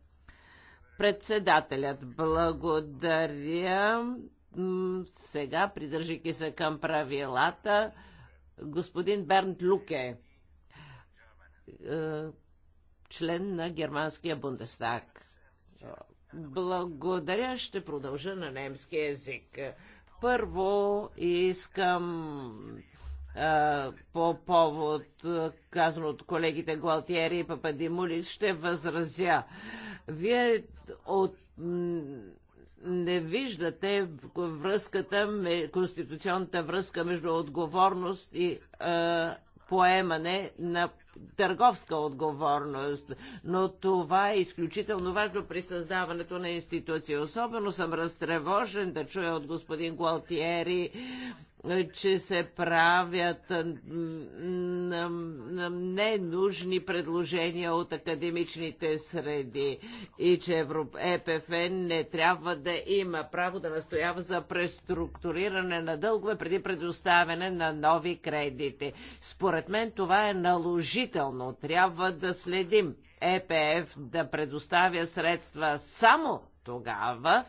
Председателят, благодаря. Сега, придържайки се към правилата, господин Бернт Луке е, член на германския Бундестаг. Благодаря, ще продължа на немски език. Първо искам по повод казано от колегите Гуалтиери и Пападимулис, ще възразя. Вие от не виждате връзката, конституционната връзка между отговорност и поемане на търговска отговорност, но това е изключително важно при създаването на институция. Особено съм разтревожен да чуя от господин Гуалтиери че се правят ненужни предложения от академичните среди и че ЕПФН не трябва да има право да настоява за преструктуриране на дългове преди предоставяне на нови кредити. Според мен това е наложително. Трябва да следим ЕПФ да предоставя средства само тогава,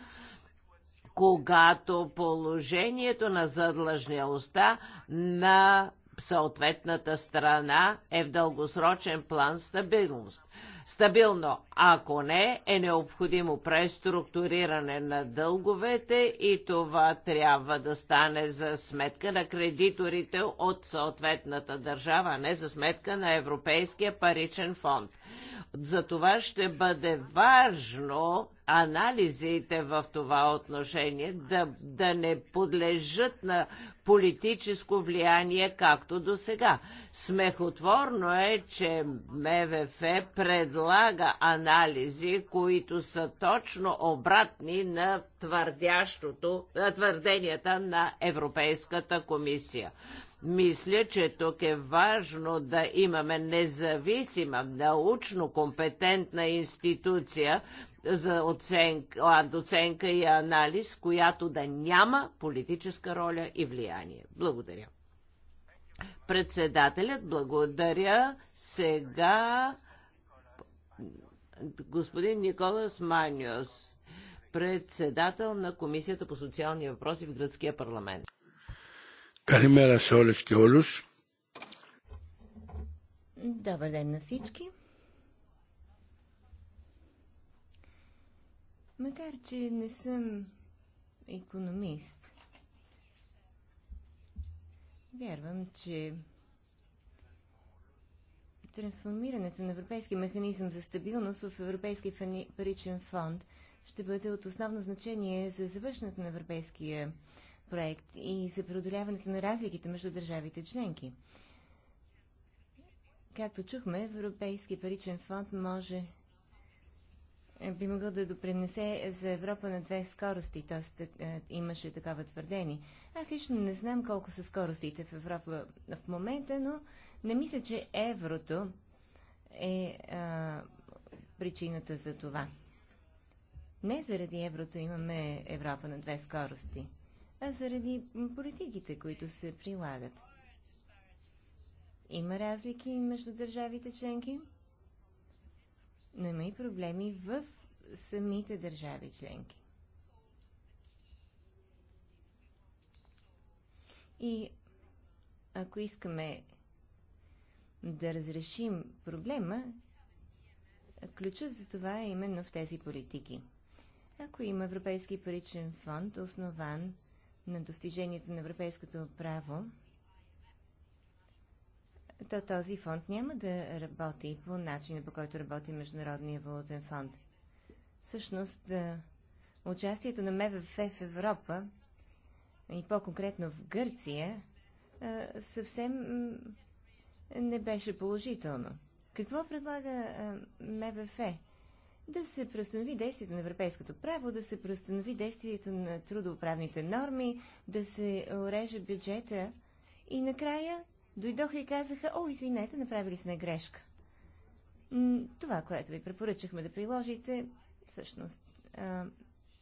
когато положението на задлъжнялостта на съответната страна е в дългосрочен план стабилност стабилно. Ако не, е необходимо преструктуриране на дълговете и това трябва да стане за сметка на кредиторите от съответната държава, а не за сметка на Европейския паричен фонд. За това ще бъде важно анализите в това отношение да, да не подлежат на политическо влияние, както до сега. Смехотворно е, че МВФ пред предлага анализи, които са точно обратни на твърдящото, твърденията на Европейската комисия. Мисля, че тук е важно да имаме независима, научно компетентна институция за оценка, оценка и анализ, която да няма политическа роля и влияние. Благодаря. Председателят, благодаря. Сега господин Николас Маниос, председател на Комисията по социални въпроси в гръцкия парламент. Калимера σε Олюш. Добър ден на всички. Макар, че не съм економист, вярвам, че трансформирането на Европейския механизъм за стабилност в Европейски паричен фонд ще бъде от основно значение за завършването на европейския проект и за преодоляването на разликите между държавите членки. Както чухме, Европейски паричен фонд може би могъл да допринесе за Европа на две скорости, т.е. Е, имаше такава твърдение. Аз лично не знам колко са скоростите в Европа в момента, но не мисля, че еврото е а, причината за това. Не заради еврото имаме Европа на две скорости, а заради политиките, които се прилагат. Има разлики между държавите членки? но има и проблеми в самите държави членки. И ако искаме да разрешим проблема, ключът за това е именно в тези политики. Ако има Европейски паричен фонд, основан на достижението на европейското право, то този фонд няма да работи по начина, по който работи Международния валутен фонд. Всъщност, участието на МВФ в Европа и по-конкретно в Гърция съвсем не беше положително. Какво предлага МВФ? Да се преустанови действието на европейското право, да се преустанови действието на трудоправните норми, да се уреже бюджета и накрая дойдоха и казаха, о, извинете, направили сме грешка. Това, което ви препоръчахме да приложите, всъщност а,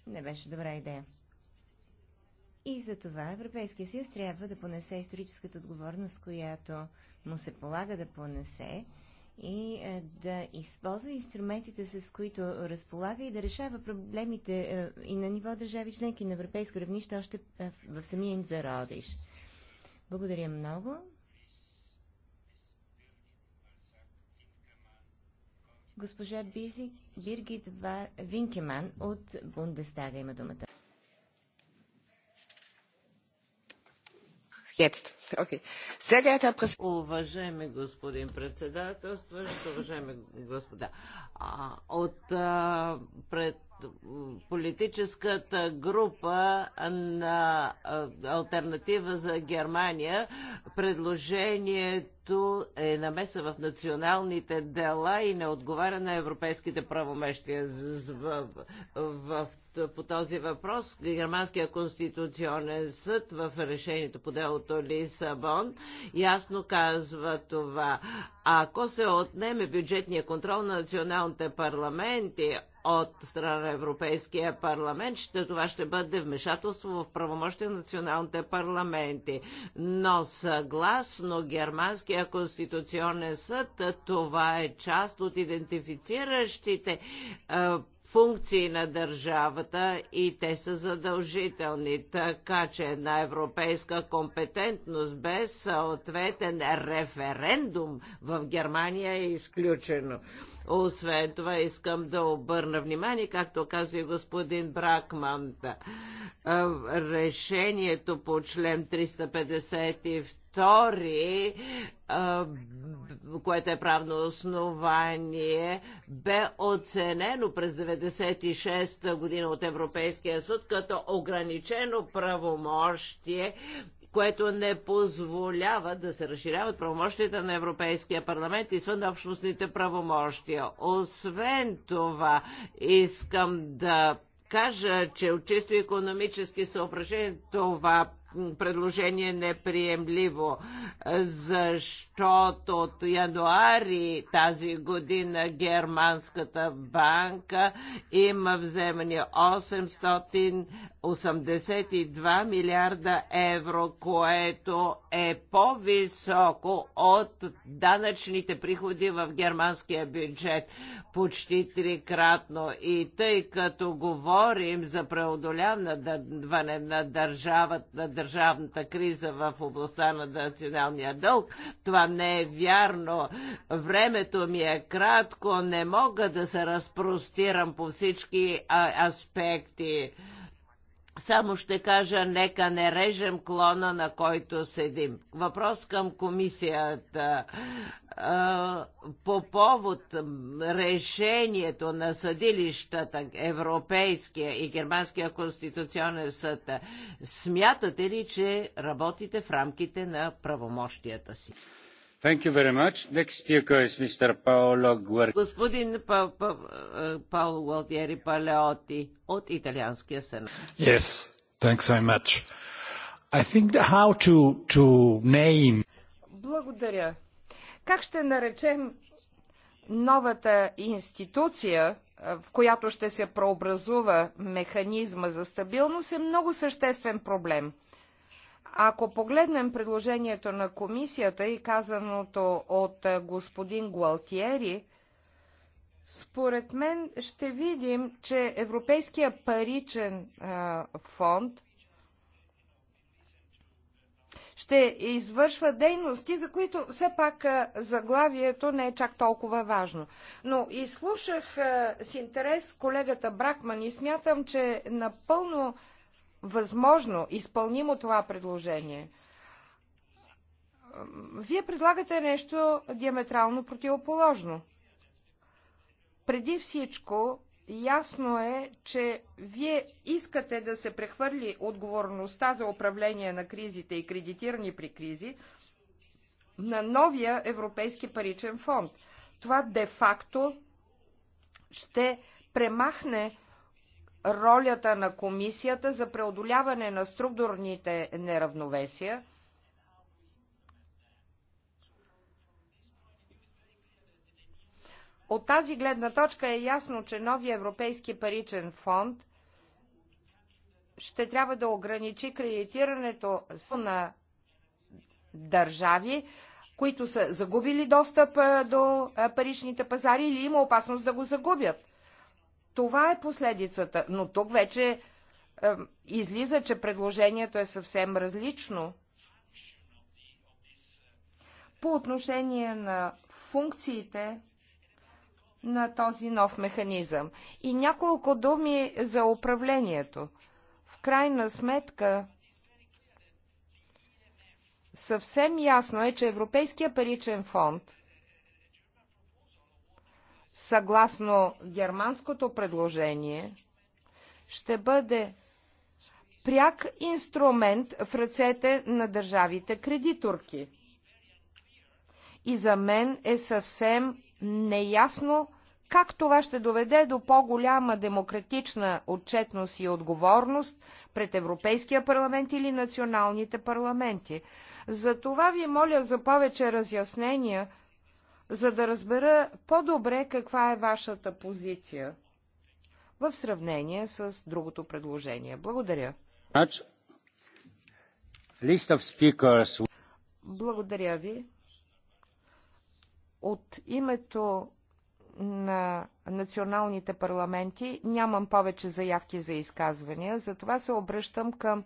не беше добра идея. И за това Европейския съюз трябва да понесе историческата отговорност, която му се полага да понесе и а, да използва инструментите, с които разполага и да решава проблемите а, и на ниво държави членки на европейско равнище още в, в самия им зародиш. Благодаря много. Госпожа Бизи, Биргит Вар, Винкеман от Бундестага има думата. Okay. През... Уважаеми господин председателстващ, уважаеми господа, а, от а, пред политическата група на Альтернатива за Германия предложението е намеса в националните дела и не отговаря на европейските правомещия в, в, в, по този въпрос. Германския конституционен съд в решението по делото Лисабон ясно казва това. Ако се отнеме бюджетния контрол на националните парламенти от страна на Европейския парламент, ще, това ще бъде вмешателство в правомощите на националните парламенти. Но съгласно Германския конституционен съд, това е част от идентифициращите функции на държавата и те са задължителни. Така че една европейска компетентност без съответен референдум в Германия е изключено. Освен това искам да обърна внимание, както каза и господин Бракман, решението по член 352 втори, което е правно основание, бе оценено през 1996 година от Европейския съд като ограничено правомощие което не позволява да се разширяват правомощията на Европейския парламент и свън общностните правомощия. Освен това, искам да кажа, че от чисто економически съображение това предложение е неприемливо, защото от януари тази година Германската банка има вземани 882 милиарда евро, което е по-високо от данъчните приходи в германския бюджет, почти трикратно. И тъй като говорим за преодоляване на държавата, на държавната криза в областта на националния дълг. Това не е вярно. Времето ми е кратко, не мога да се разпростирам по всички аспекти. Само ще кажа, нека не режем клона, на който седим. Въпрос към комисията. По повод решението на съдилищата, Европейския и Германския конституционен съд, смятате ли, че работите в рамките на правомощията си? Господин е, Гуалтиери Палеоти от Италианския сенат. Yes, thanks very much. I think how to, to name... Благодаря. Как ще наречем новата институция, е, в която ще се преобразува механизма за стабилност, е много съществен проблем – ако погледнем предложението на комисията и казаното от господин Гуалтиери, според мен ще видим, че Европейския паричен фонд ще извършва дейности, за които все пак заглавието не е чак толкова важно. Но изслушах с интерес колегата Бракман и смятам, че напълно възможно, изпълнимо това предложение. Вие предлагате нещо диаметрално противоположно. Преди всичко, ясно е, че вие искате да се прехвърли отговорността за управление на кризите и кредитирани при кризи на новия Европейски паричен фонд. Това де-факто ще премахне ролята на комисията за преодоляване на структурните неравновесия – От тази гледна точка е ясно, че новия Европейски паричен фонд ще трябва да ограничи кредитирането на държави, които са загубили достъп до паричните пазари или има опасност да го загубят. Това е последицата. Но тук вече е, излиза, че предложението е съвсем различно. По отношение на функциите на този нов механизъм. И няколко думи за управлението. В крайна сметка, съвсем ясно е, че Европейския паричен фонд – съгласно германското предложение, ще бъде пряк инструмент в ръцете на държавите кредиторки. И за мен е съвсем неясно как това ще доведе до по-голяма демократична отчетност и отговорност пред Европейския парламент или националните парламенти. За това ви моля за повече разяснения – за да разбера по-добре каква е вашата позиция в сравнение с другото предложение. Благодаря. Благодаря ви. От името на националните парламенти нямам повече заявки за изказвания, затова се обръщам към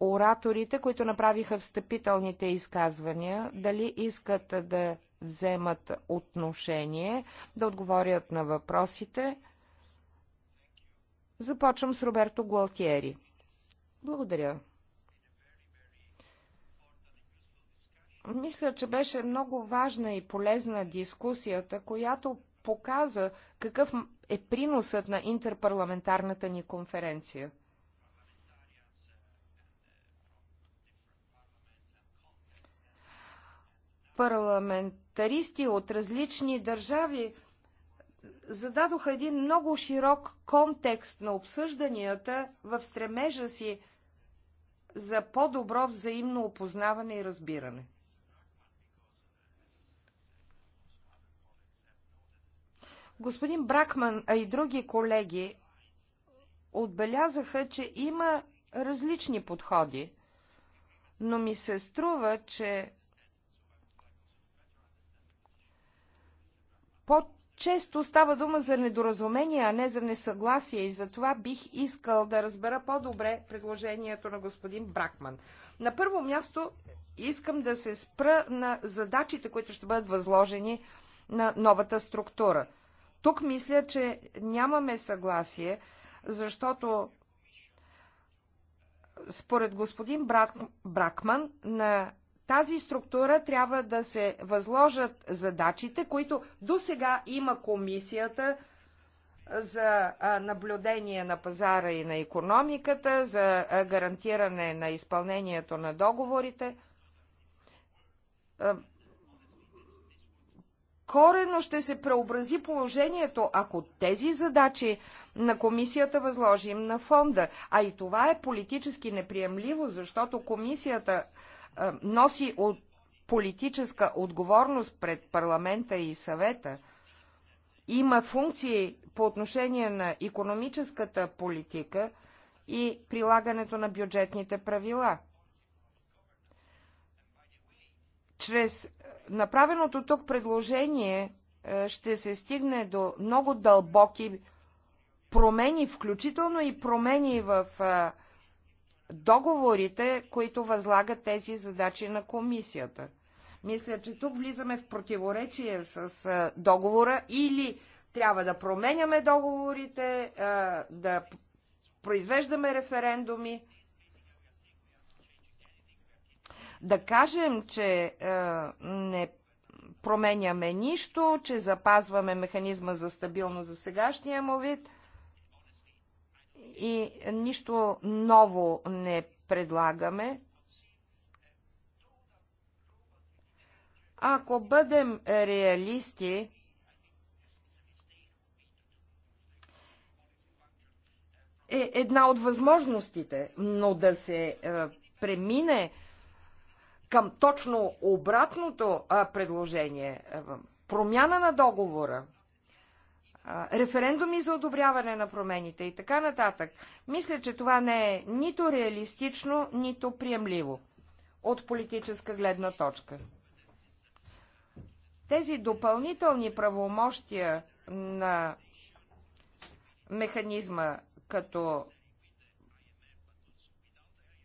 ораторите, които направиха встъпителните изказвания, дали искат да вземат отношение, да отговорят на въпросите. Започвам с Роберто Гуалтиери. Благодаря. Мисля, че беше много важна и полезна дискусията, която показа какъв е приносът на интерпарламентарната ни конференция. парламентаристи от различни държави зададоха един много широк контекст на обсъжданията в стремежа си за по-добро взаимно опознаване и разбиране. Господин Бракман, а и други колеги отбелязаха, че има различни подходи, но ми се струва, че По-често става дума за недоразумение, а не за несъгласие и затова бих искал да разбера по-добре предложението на господин Бракман. На първо място искам да се спра на задачите, които ще бъдат възложени на новата структура. Тук мисля, че нямаме съгласие, защото според господин Брак, Бракман на тази структура трябва да се възложат задачите, които до сега има комисията за наблюдение на пазара и на економиката, за гарантиране на изпълнението на договорите. Корено ще се преобрази положението, ако тези задачи на комисията възложим на фонда. А и това е политически неприемливо, защото комисията носи от политическа отговорност пред парламента и съвета, има функции по отношение на економическата политика и прилагането на бюджетните правила. Чрез направеното тук предложение е, ще се стигне до много дълбоки промени, включително и промени в е, договорите, които възлагат тези задачи на комисията. Мисля, че тук влизаме в противоречие с договора или трябва да променяме договорите, да произвеждаме референдуми, да кажем, че не променяме нищо, че запазваме механизма за стабилност в сегашния му вид – и нищо ново не предлагаме. Ако бъдем реалисти, е една от възможностите, но да се е, премине към точно обратното предложение, е, промяна на договора, референдуми за одобряване на промените и така нататък. Мисля, че това не е нито реалистично, нито приемливо от политическа гледна точка. Тези допълнителни правомощия на механизма като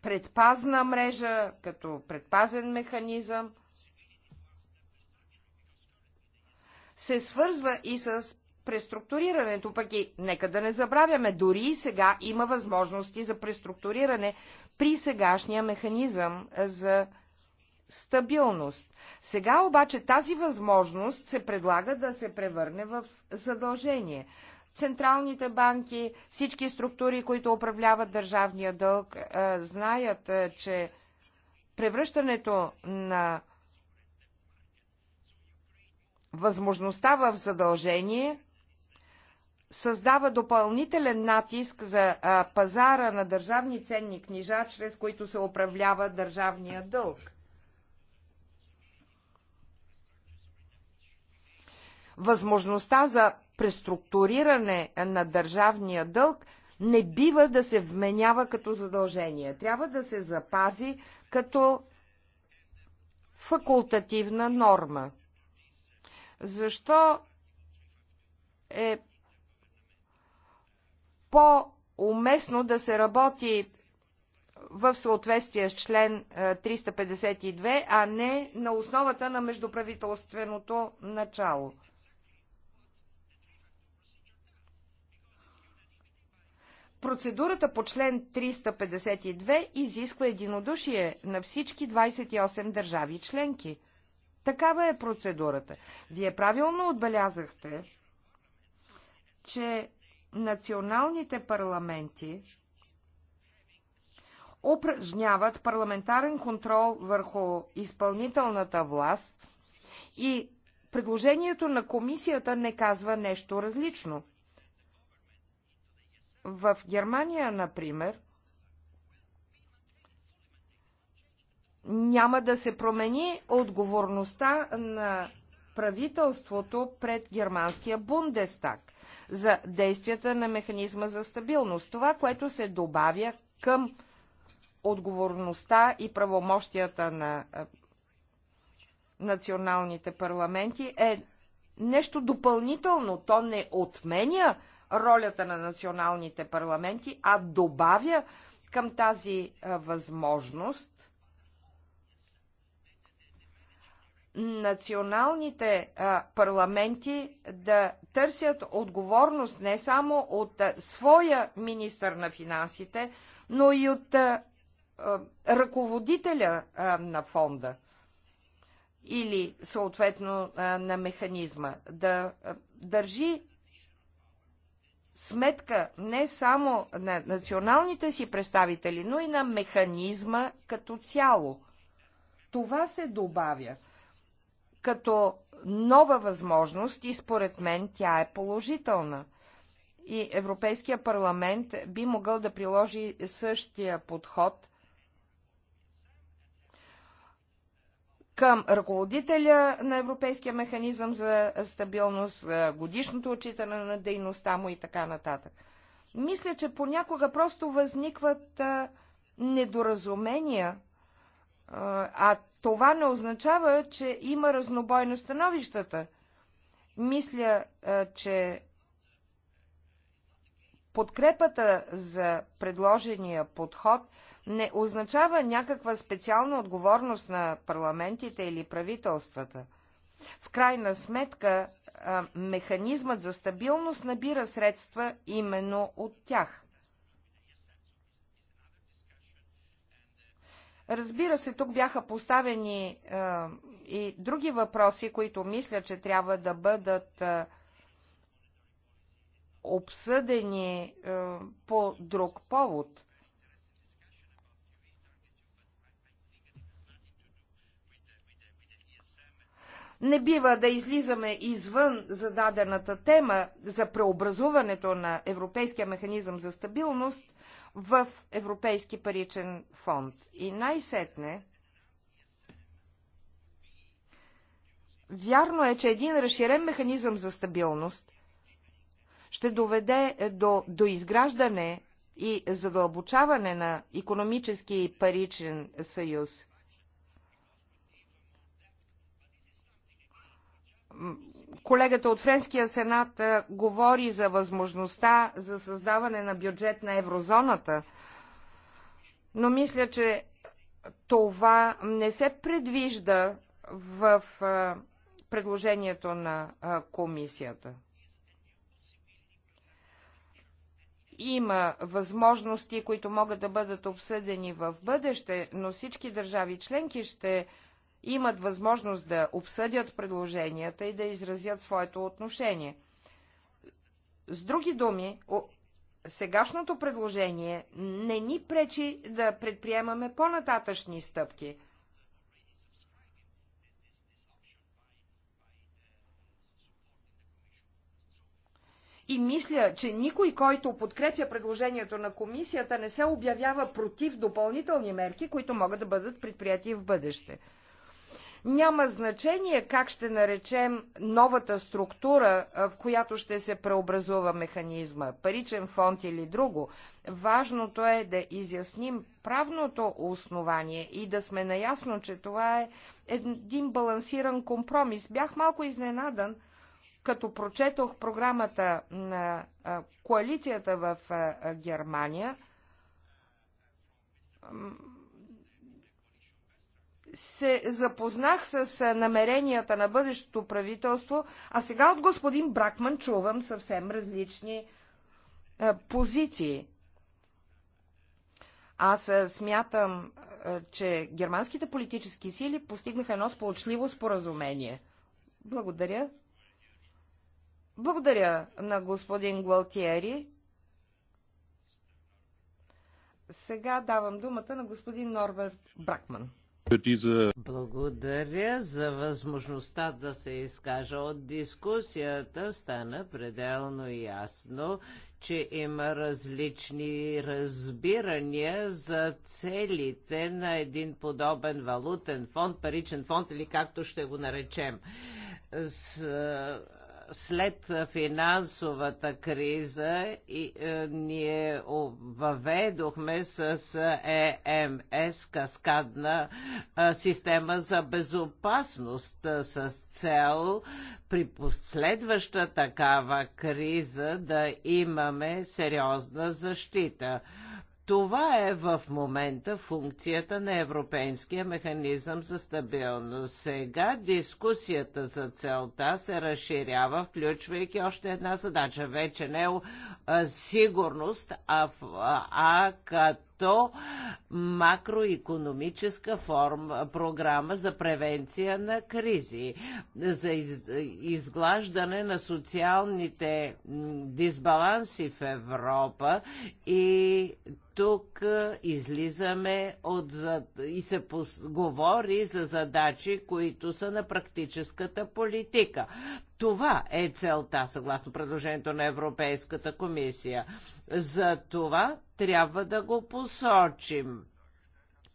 предпазна мрежа, като предпазен механизъм, се свързва и с преструктурирането, пък и нека да не забравяме, дори и сега има възможности за преструктуриране при сегашния механизъм за стабилност. Сега обаче тази възможност се предлага да се превърне в задължение. Централните банки, всички структури, които управляват държавния дълг, е, знаят, е, че превръщането на възможността в задължение създава допълнителен натиск за а, пазара на държавни ценни книжа, чрез които се управлява държавния дълг. Възможността за преструктуриране на държавния дълг не бива да се вменява като задължение. Трябва да се запази като факултативна норма. Защо е по-уместно да се работи в съответствие с член 352, е, а не на основата на междуправителственото начало. Процедурата по член 352 изисква единодушие на всички 28 държави членки. Такава е процедурата. Вие правилно отбелязахте, че националните парламенти упражняват парламентарен контрол върху изпълнителната власт и предложението на комисията не казва нещо различно. В Германия, например, няма да се промени отговорността на правителството пред германския Бундестаг за действията на механизма за стабилност. Това, което се добавя към отговорността и правомощията на националните парламенти е нещо допълнително. То не отменя ролята на националните парламенти, а добавя към тази възможност националните парламенти да търсят отговорност не само от своя министър на финансите, но и от ръководителя на фонда или съответно на механизма да държи сметка не само на националните си представители, но и на механизма като цяло. Това се добавя – като нова възможност и според мен тя е положителна. И Европейския парламент би могъл да приложи същия подход към ръководителя на Европейския механизъм за стабилност, годишното отчитане на дейността му и така нататък. Мисля, че понякога просто възникват недоразумения, а това не означава, че има разнобой на становищата. Мисля, че подкрепата за предложения подход не означава някаква специална отговорност на парламентите или правителствата. В крайна сметка, механизмът за стабилност набира средства именно от тях. Разбира се, тук бяха поставени а, и други въпроси, които мисля, че трябва да бъдат а, обсъдени а, по друг повод. Не бива да излизаме извън зададената тема за преобразуването на Европейския механизъм за стабилност – в Европейски паричен фонд. И най-сетне, вярно е, че един разширен механизъм за стабилност ще доведе е, до, до изграждане и задълбочаване на економически и паричен съюз – колегата от Френския сенат говори за възможността за създаване на бюджет на еврозоната, но мисля, че това не се предвижда в предложението на комисията. Има възможности, които могат да бъдат обсъдени в бъдеще, но всички държави членки ще имат възможност да обсъдят предложенията и да изразят своето отношение. С други думи, сегашното предложение не ни пречи да предприемаме по-нататъчни стъпки. И мисля, че никой, който подкрепя предложението на комисията, не се обявява против допълнителни мерки, които могат да бъдат предприяти в бъдеще. Няма значение как ще наречем новата структура, в която ще се преобразува механизма, паричен фонд или друго. Важното е да изясним правното основание и да сме наясно, че това е един балансиран компромис. Бях малко изненадан, като прочетох програмата на коалицията в Германия се запознах с намеренията на бъдещото правителство, а сега от господин Бракман чувам съвсем различни позиции. Аз смятам, че германските политически сили постигнаха едно сполучливо споразумение. Благодаря. Благодаря на господин Гвалтиери. Сега давам думата на господин Норберт Бракман. Благодаря за възможността да се изкажа от дискусията. Стана пределно ясно, че има различни разбирания за целите на един подобен валутен фонд, паричен фонд или както ще го наречем. С след финансовата криза и, е, ние въведохме с е, ЕМС каскадна е, система за безопасност е, с цел при последваща такава криза да имаме сериозна защита. Е, това е в момента функцията на Европейския механизъм за стабилност. Сега дискусията за целта се разширява, включвайки още една задача. Вече не е сигурност, а, а като като макроекономическа форма, програма за превенция на кризи, за из, изглаждане на социалните дисбаланси в Европа и тук излизаме от и се пос... говори за задачи, които са на практическата политика. Това е целта, съгласно предложението на Европейската комисия. За това трябва да го посочим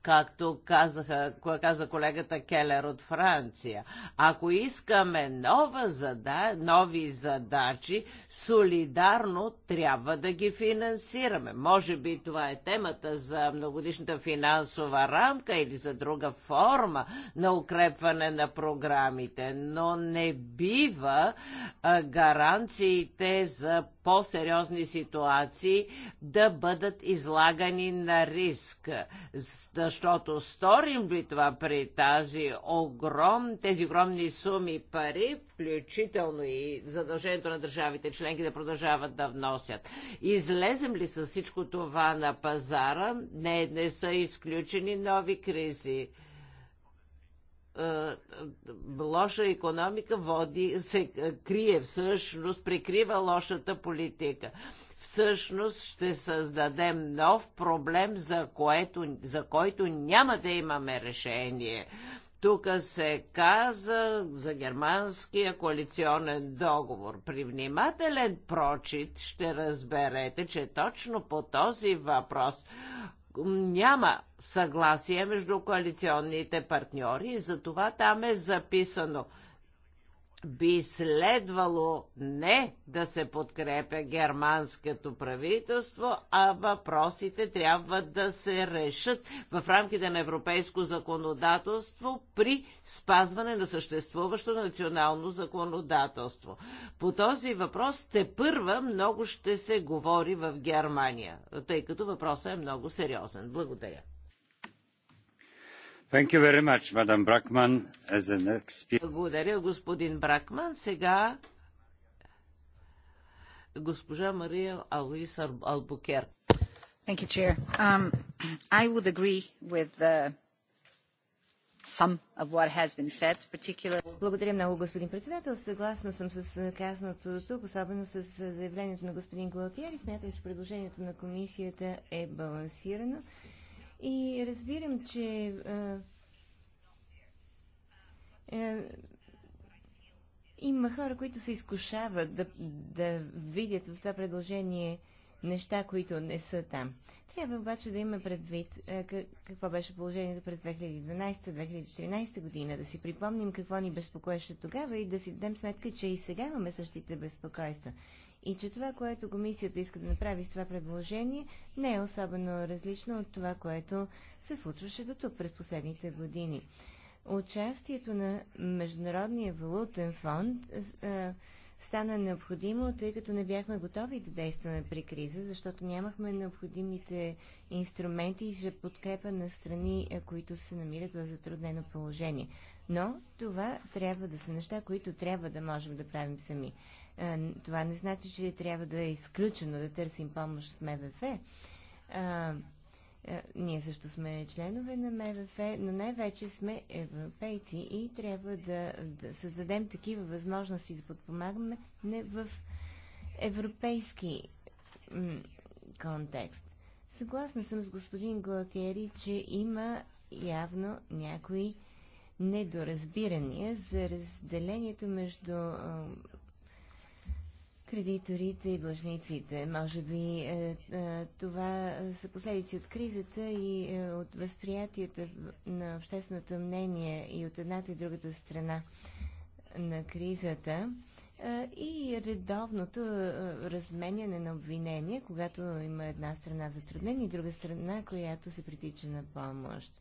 както казаха, каза колегата Келер от Франция. Ако искаме нова зада, нови задачи, солидарно трябва да ги финансираме. Може би това е темата за многодишната финансова рамка или за друга форма на укрепване на програмите, но не бива а, гаранциите за по-сериозни ситуации да бъдат излагани на риск защото сторим ли това при тази огром, тези огромни суми пари, включително и задължението на държавите членки да продължават да вносят. Излезем ли с всичко това на пазара? Не, не са изключени нови кризи е, лоша економика води, се е, крие всъщност, прикрива лошата политика всъщност ще създадем нов проблем, за, което, за който няма да имаме решение. Тук се каза за германския коалиционен договор. При внимателен прочит ще разберете, че точно по този въпрос няма съгласие между коалиционните партньори и затова там е записано – би следвало не да се подкрепя германското правителство, а въпросите трябва да се решат в рамките на европейско законодателство при спазване на съществуващо национално законодателство. По този въпрос те първа много ще се говори в Германия, тъй като въпросът е много сериозен. Благодаря. Благодаря, господин Бракман. Сега госпожа Мария Алуис Албукер. Thank you, Chair. Um, I would agree with uh, some of what has been said, particularly... Благодаря много, господин председател. Съгласна съм с казаното тук, особено с заявлението на господин Гуалтиер и смятам, че предложението на комисията е балансирано и разбирам, че е, има хора, които се изкушават да, да видят в това предложение неща, които не са там. Трябва обаче да има предвид е, какво беше положението през 2012-2013 година, да си припомним какво ни безпокоеше тогава и да си дадем сметка, че и сега имаме същите безпокойства и че това, което комисията иска да направи с това предложение, не е особено различно от това, което се случваше до тук през последните години. Участието на Международния валутен фонд а, стана необходимо, тъй като не бяхме готови да действаме при криза, защото нямахме необходимите инструменти за подкрепа на страни, които се намират в затруднено положение. Но това трябва да са неща, които трябва да можем да правим сами. Е, това не значи, че трябва да е изключено да търсим помощ от МВФ. А, е, а, е, ние също сме членове на МВФ, но най-вече сме европейци и трябва да, да създадем такива възможности за подпомагане в европейски контекст. Съгласна съм с господин Галатиери, че има явно някои недоразбирания за разделението между кредиторите и длъжниците. Може би е, е, това са последици от кризата и е, от възприятията на общественото мнение и от едната и другата страна на кризата е, и редовното е, разменяне на обвинения, когато има една страна в затруднение и друга страна, която се притича на помощ.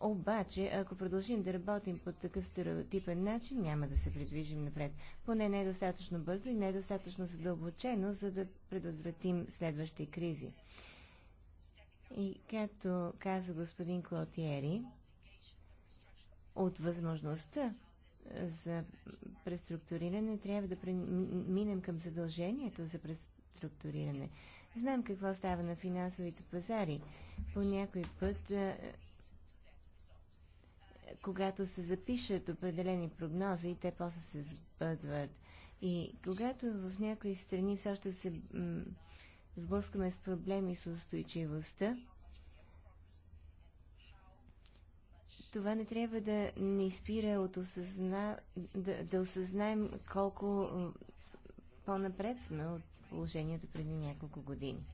Обаче, ако продължим да работим по такъв стереотипен начин, няма да се придвижим напред. Поне не е достатъчно бързо и не е достатъчно задълбочено, за да предотвратим следващи кризи. И както каза господин Клотиери, от възможността за преструктуриране трябва да минем към задължението за преструктуриране. Знам какво става на финансовите пазари. По някой път когато се запишат определени прогнози, те после се сбъдват. И когато в някои страни все още се сблъскаме с проблеми с устойчивостта, това не трябва да не спира от осъзна... да, да осъзнаем колко по-напред сме от положението преди няколко години.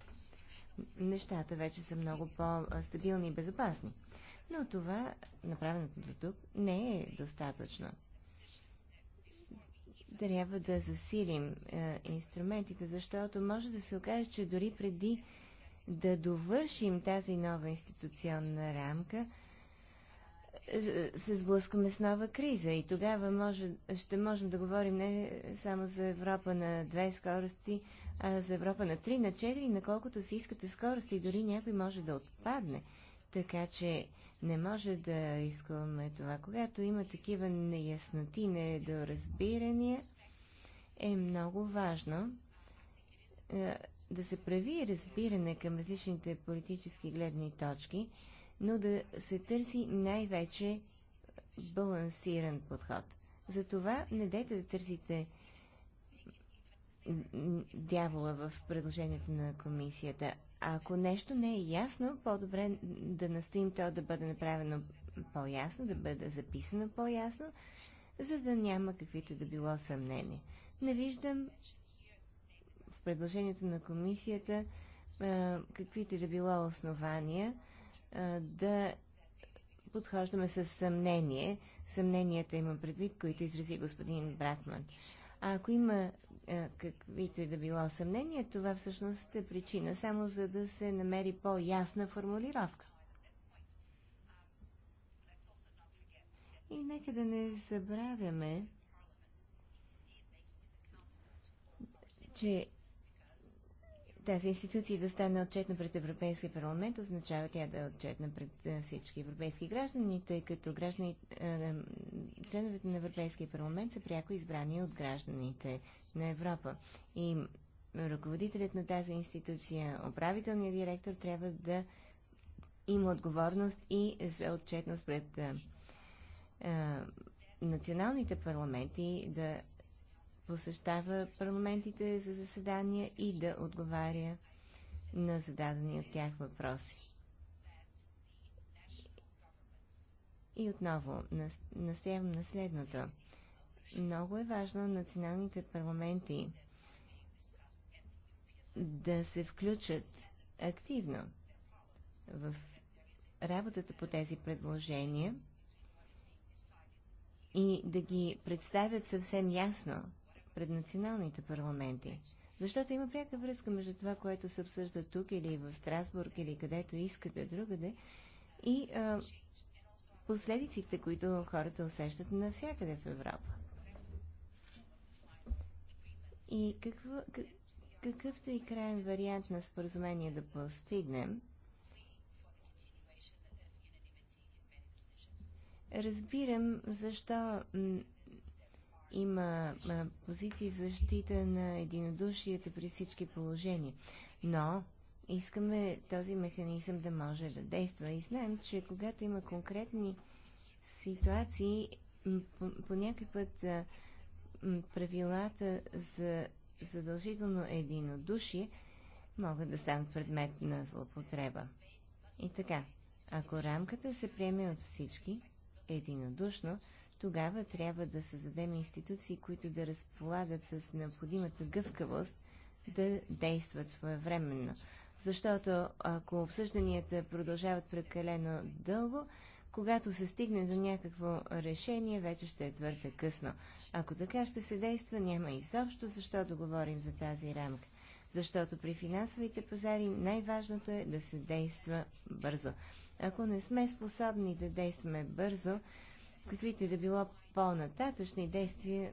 Нещата вече са много по-стабилни и безопасни но това, направеното до тук, не е достатъчно. Трябва да засилим е, инструментите, защото може да се окаже, че дори преди да довършим тази нова институционна рамка, е, се сблъскаме с нова криза и тогава може, ще можем да говорим не само за Европа на две скорости, а за Европа на три, на четири, на колкото си искате скорости, и дори някой може да отпадне. Така че не може да искаме това. Когато има такива неясноти, недоразбирания, е много важно е, да се прави разбиране към различните политически гледни точки, но да се търси най-вече балансиран подход. Затова не дайте да търсите дявола в предложението на комисията, ако нещо не е ясно, по-добре да настоим то да бъде направено по-ясно, да бъде записано по-ясно, за да няма каквито да било съмнение. Не виждам в предложението на комисията а, каквито да било основания а, да подхождаме с съмнение. Съмненията има предвид, които изрази господин Братман. А ако има е, каквито и да било съмнения, това всъщност е причина само за да се намери по-ясна формулировка. И нека да не забравяме, че тази институция да стане отчетна пред Европейския парламент, означава тя да е отчетна пред е, всички европейски граждани, тъй като граждани, е, е, членовете на Европейския парламент са пряко избрани от гражданите на Европа. И ръководителят на тази институция, управителният директор, трябва да има отговорност и за отчетност пред националните парламенти да посещава парламентите за заседания и да отговаря на зададени от тях въпроси. И отново, настоявам на следното. Много е важно националните парламенти да се включат активно в работата по тези предложения и да ги представят съвсем ясно пред националните парламенти. Защото има пряка връзка между това, което се обсъжда тук или в Страсбург или където искате другаде и а, последиците, които хората усещат навсякъде в Европа. И какво, как, какъвто и крайен вариант на споразумение да постигнем, разбирам защо има позиции в защита на единодушието при всички положения. Но искаме този механизъм да може да действа. И знаем, че когато има конкретни ситуации, по, по някакъв път а, правилата за задължително единодушие могат да станат предмет на злопотреба. И така, ако рамката се приеме от всички единодушно, тогава трябва да създадем институции, които да разполагат с необходимата гъвкавост да действат своевременно. Защото ако обсъжданията продължават прекалено дълго, когато се стигне до някакво решение, вече ще е твърде късно. Ако така ще се действа, няма изобщо защо да говорим за тази рамка. Защото при финансовите пазари най-важното е да се действа бързо. Ако не сме способни да действаме бързо, каквито и да било по-нататъчни действия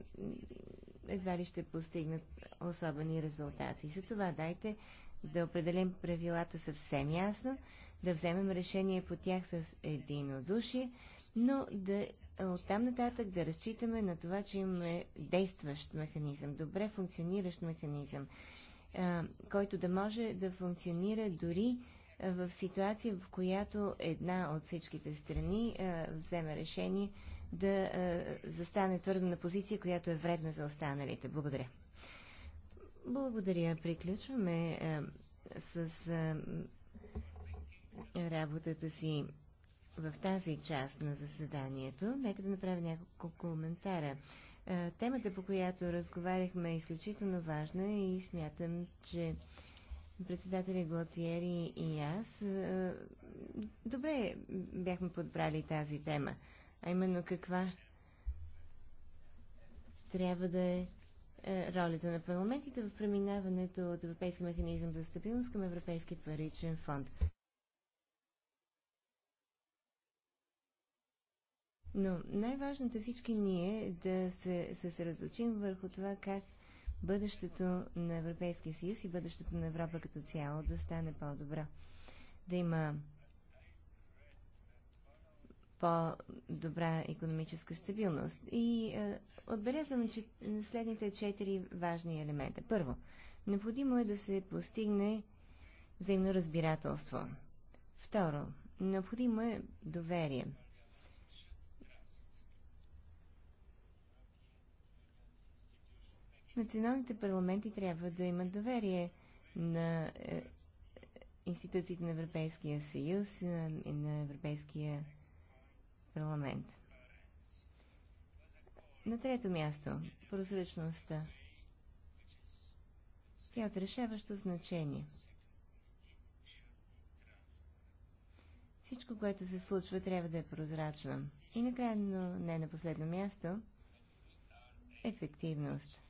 едва ли ще постигнат особени резултати. Затова дайте да определим правилата съвсем ясно, да вземем решение по тях с единодушие, но да оттам нататък да разчитаме на това, че имаме действащ механизъм, добре функциониращ механизъм, който да може да функционира дори в ситуация, в която една от всичките страни а, вземе решение да а, застане твърдо на позиция, която е вредна за останалите. Благодаря. Благодаря. Приключваме а, с работата си в тази част на заседанието. Нека да направя няколко коментара. Темата, по която разговаряхме, е изключително важна и смятам, че председателя Глатиери и аз е, добре бяхме подбрали тази тема. А именно каква трябва да е, е ролята на парламентите в преминаването от Европейски механизъм за стабилност към Европейски паричен фонд. Но най-важното е всички ние да се съсредоточим върху това как бъдещето на Европейския съюз и бъдещето на Европа като цяло да стане по-добро. Да има по-добра економическа стабилност. И е, отбелязвам, че е, следните четири важни елемента. Първо, необходимо е да се постигне взаимно разбирателство. Второ, необходимо е доверие. националните парламенти трябва да имат доверие на е, институциите на Европейския съюз и на, и на Европейския парламент. На трето място – прозрачността. Тя е от решаващо значение. Всичко, което се случва, трябва да е прозрачно. И накрая, но не на последно място – ефективност.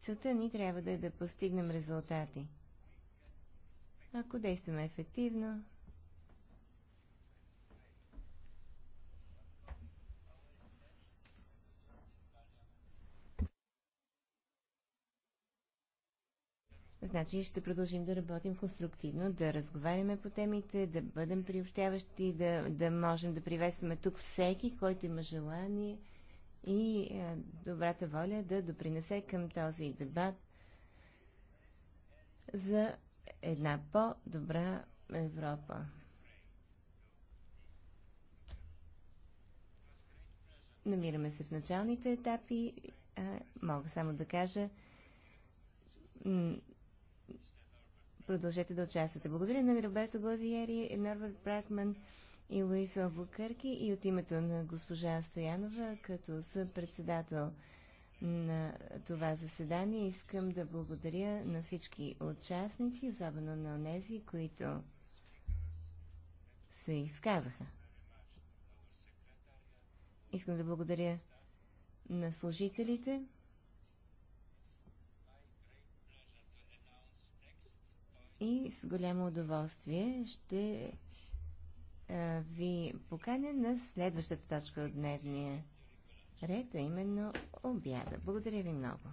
Целта ни трябва да е да постигнем резултати. Ако действаме ефективно, Значи ще продължим да работим конструктивно, да разговаряме по темите, да бъдем приобщаващи, да, да можем да приветстваме тук всеки, който има желание – и е, добрата воля да допринесе към този дебат за една по-добра Европа. Намираме се в началните етапи. А, мога само да кажа. Продължете да участвате. Благодаря на Роберто Глазиери, Норвард Бракман и Луис Албукърки и от името на госпожа Стоянова, като председател на това заседание, искам да благодаря на всички участници, особено на тези, които се изказаха. Искам да благодаря на служителите. И с голямо удоволствие ще е, ви поканя на следващата точка от дневния ред, а именно обяда. Благодаря ви много.